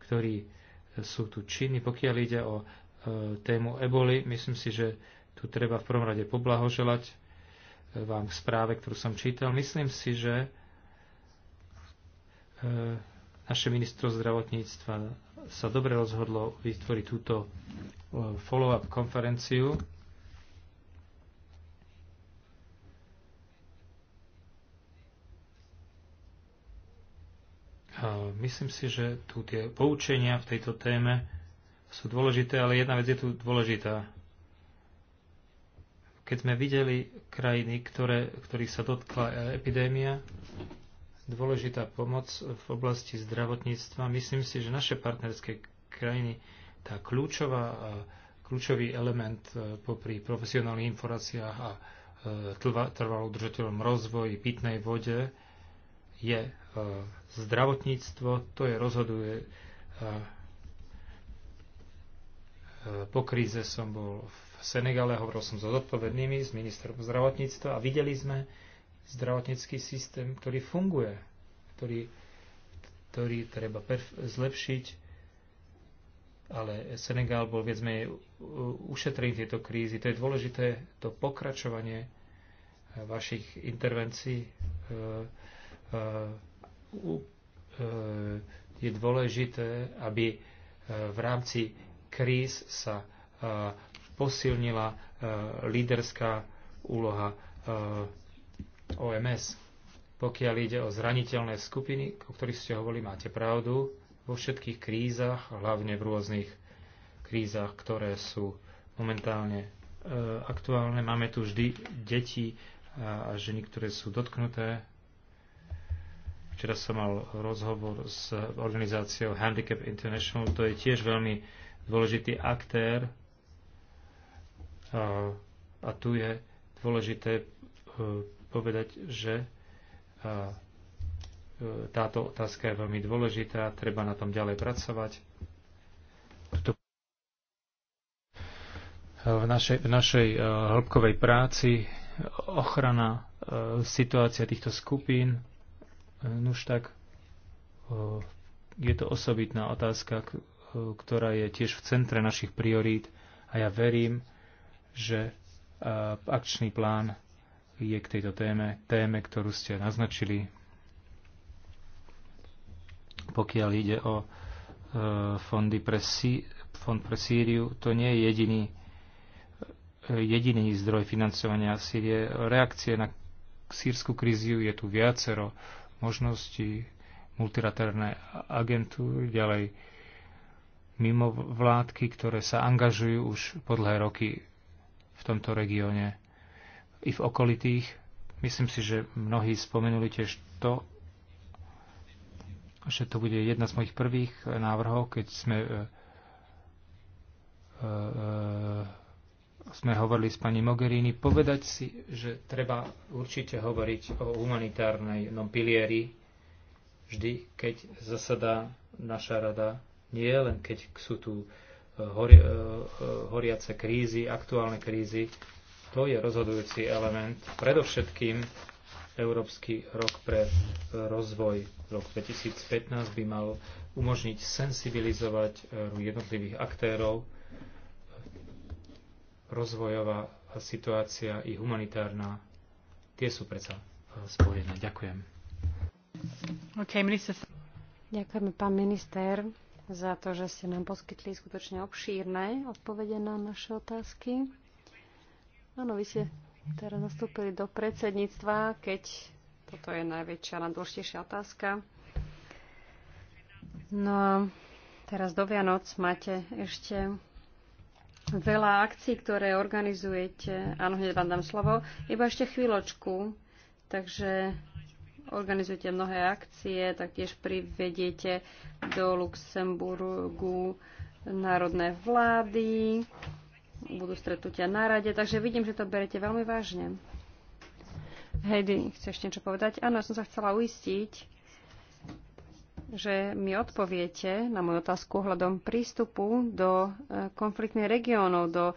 ktorí sú tu činní. Pokiaľ ide o tému eboli, myslím si, že tu treba v prvom rade poblahoželať vám k správe, ktorú som čítal. Myslím si, že naše ministro zdravotníctva sa dobre rozhodlo vytvoriť túto follow-up konferenciu Myslím si, že tu tie poučenia v tejto téme sú dôležité, ale jedna vec je tu dôležitá. Keď sme videli krajiny, ktoré, ktorých sa dotkla epidémia, dôležitá pomoc v oblasti zdravotníctva, myslím si, že naše partnerské krajiny, tá kľúčová, kľúčový element e, popri profesionálnych informáciách a e, trvalom udržateľom rozvoji, pitnej vode, je e, zdravotníctvo, to je rozhoduje. E, e, po kríze som bol v Senegale, hovoril som so zodpovednými, s ministerom zdravotníctva a videli sme zdravotnícky systém, ktorý funguje, ktorý, ktorý treba zlepšiť, ale Senegal bol viac menej ušetrený tieto krízy. To je dôležité, to pokračovanie vašich intervencií Eh, eh, je dôležité, aby eh, v rámci kríz sa posilnila líderská úloha OMS. Pokiaľ ide o zraniteľné skupiny, o ktorých ste hovorili, máte pravdu, vo všetkých krízach, hlavne v rôznych krízach, ktoré sú momentálne aktuálne, máme tu vždy deti a ženy, ktoré sú dotknuté Včera som mal rozhovor s organizáciou Handicap International, to je tiež veľmi dôležitý aktér a, tu je dôležité e, povedať, že e, e, táto otázka je veľmi dôležitá, treba na tom ďalej pracovať. v našej, v našej hĺbkovej práci ochrana situácia týchto skupín Nuž tak, je to osobitná otázka, ktorá je tiež v centre našich priorít a ja verím, že akčný plán je k tejto téme, téme, ktorú ste naznačili. Pokiaľ ide o e, fondy pre, fond pre Sýriu, to nie je jediný, e, jediný zdroj financovania Sýrie. Reakcie na sírskú kríziu je tu viacero možnosti multilaterálnej agentúry, ďalej mimo vládky, ktoré sa angažujú už po dlhé roky v tomto regióne i v okolitých. Myslím si, že mnohí spomenuli tiež to, že to bude jedna z mojich prvých návrhov, keď sme e, e, sme hovorili s pani Mogherini, povedať si, že treba určite hovoriť o humanitárnej pilieri vždy, keď zasadá naša rada, nie len keď sú tu e, hori, e, e, horiace krízy, aktuálne krízy, to je rozhodujúci element, predovšetkým Európsky rok pre rozvoj. Rok 2015 by mal umožniť sensibilizovať jednotlivých aktérov, rozvojová situácia i humanitárna, tie sú predsa e, spojené. Ďakujem. Okay, minister. Ďakujeme, pán minister, za to, že ste nám poskytli skutočne obšírne odpovede na naše otázky. Áno, vy ste teraz nastúpili do predsedníctva, keď toto je najväčšia, najdôležitejšia otázka. No a teraz do Vianoc máte ešte veľa akcií, ktoré organizujete. Áno, hneď vám dám slovo. Iba ešte chvíľočku. Takže organizujete mnohé akcie, taktiež privediete do Luxemburgu národné vlády, budú stretnutia na rade, takže vidím, že to berete veľmi vážne. Hedy, chceš niečo povedať? Áno, som sa chcela uistiť, že mi odpoviete na moju otázku ohľadom prístupu do e, konfliktných regiónov, do e,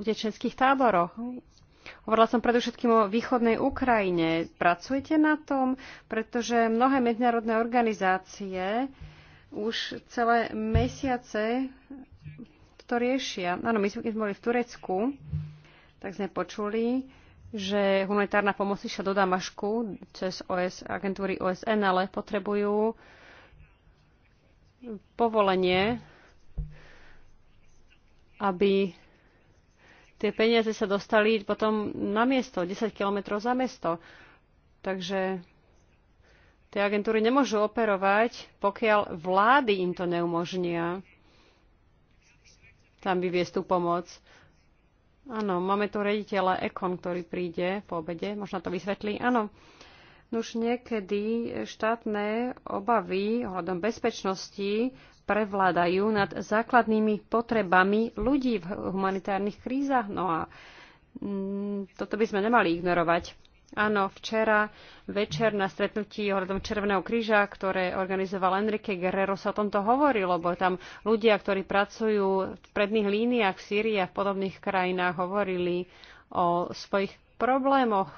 utečenských táboroch. Hovorila som predovšetkým o východnej Ukrajine. Pracujete na tom? Pretože mnohé medzinárodné organizácie už celé mesiace to riešia. Áno, my sme boli v Turecku, tak sme počuli, že humanitárna pomoc išla do Damašku cez OS, agentúry OSN, ale potrebujú povolenie, aby tie peniaze sa dostali potom na miesto, 10 kilometrov za mesto. Takže tie agentúry nemôžu operovať, pokiaľ vlády im to neumožnia tam vyviesť tú pomoc. Áno, máme tu rediteľa Ekon, ktorý príde po obede, možno to vysvetlí. Áno, už niekedy štátne obavy ohľadom bezpečnosti prevládajú nad základnými potrebami ľudí v humanitárnych krízach. No a mm, toto by sme nemali ignorovať. Áno, včera večer na stretnutí ohľadom Červeného kríža, ktoré organizoval Enrique Guerrero, sa o tomto hovorilo, lebo tam ľudia, ktorí pracujú v predných líniách v Sýrii a v podobných krajinách, hovorili o svojich problémoch.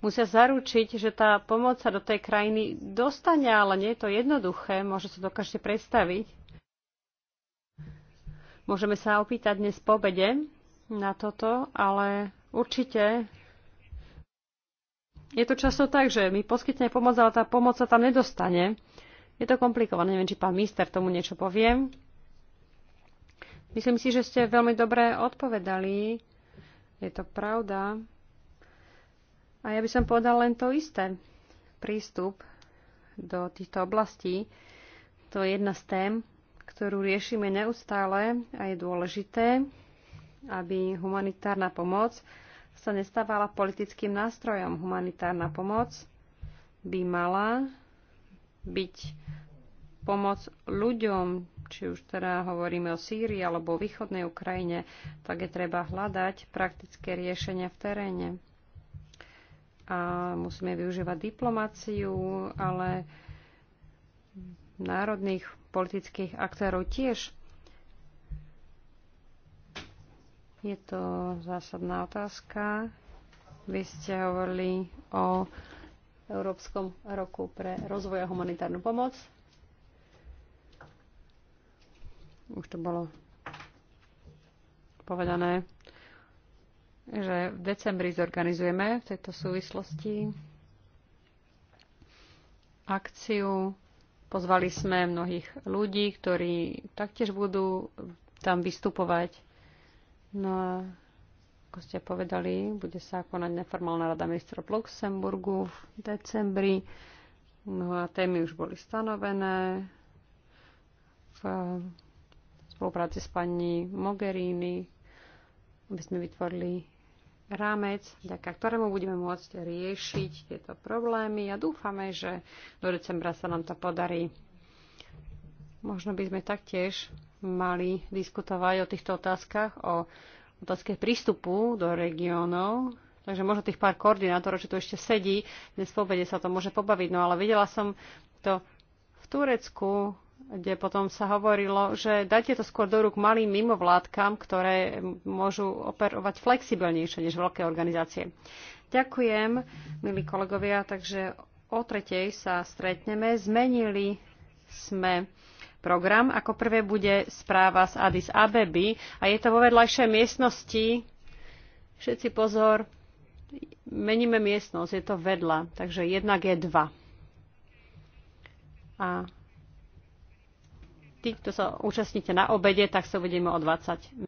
Musia zaručiť, že tá pomoc sa do tej krajiny dostane, ale nie je to jednoduché, môže sa dokážete predstaviť. Môžeme sa opýtať dnes po obede na toto, ale určite je to často tak, že mi poskytne pomoc, ale tá pomoc sa tam nedostane. Je to komplikované. Neviem, či pán minister tomu niečo povie. Myslím si, že ste veľmi dobre odpovedali. Je to pravda. A ja by som povedal len to isté. Prístup do týchto oblastí. To je jedna z tém, ktorú riešime neustále a je dôležité, aby humanitárna pomoc sa nestávala politickým nástrojom. Humanitárna pomoc by mala byť pomoc ľuďom, či už teda hovoríme o Sýrii alebo o východnej Ukrajine, tak je treba hľadať praktické riešenia v teréne. A musíme využívať diplomáciu, ale národných politických aktérov tiež Je to zásadná otázka. Vy ste hovorili o Európskom roku pre rozvoj a humanitárnu pomoc. Už to bolo povedané, že v decembri zorganizujeme v tejto súvislosti akciu. Pozvali sme mnohých ľudí, ktorí taktiež budú tam vystupovať No a ako ste povedali, bude sa konať neformálna rada ministrov v Luxemburgu v decembri. No a témy už boli stanovené v spolupráci s pani Mogherini, aby sme vytvorili rámec, vďaka ktorému budeme môcť riešiť tieto problémy a dúfame, že do decembra sa nám to podarí. Možno by sme taktiež mali diskutovať o týchto otázkach, o otázke prístupu do regiónov. Takže možno tých pár koordinátorov, čo tu ešte sedí, dnes po obede sa to môže pobaviť. No ale videla som to v Turecku, kde potom sa hovorilo, že dajte to skôr do rúk malým mimovládkam, ktoré môžu operovať flexibilnejšie než veľké organizácie. Ďakujem, milí kolegovia, takže o tretej sa stretneme. Zmenili sme program. Ako prvé bude správa z Addis Abeby a je to vo vedľajšej miestnosti. Všetci pozor, meníme miestnosť, je to vedľa, takže jednak je dva. A tí, kto sa účastníte na obede, tak sa uvidíme o 20.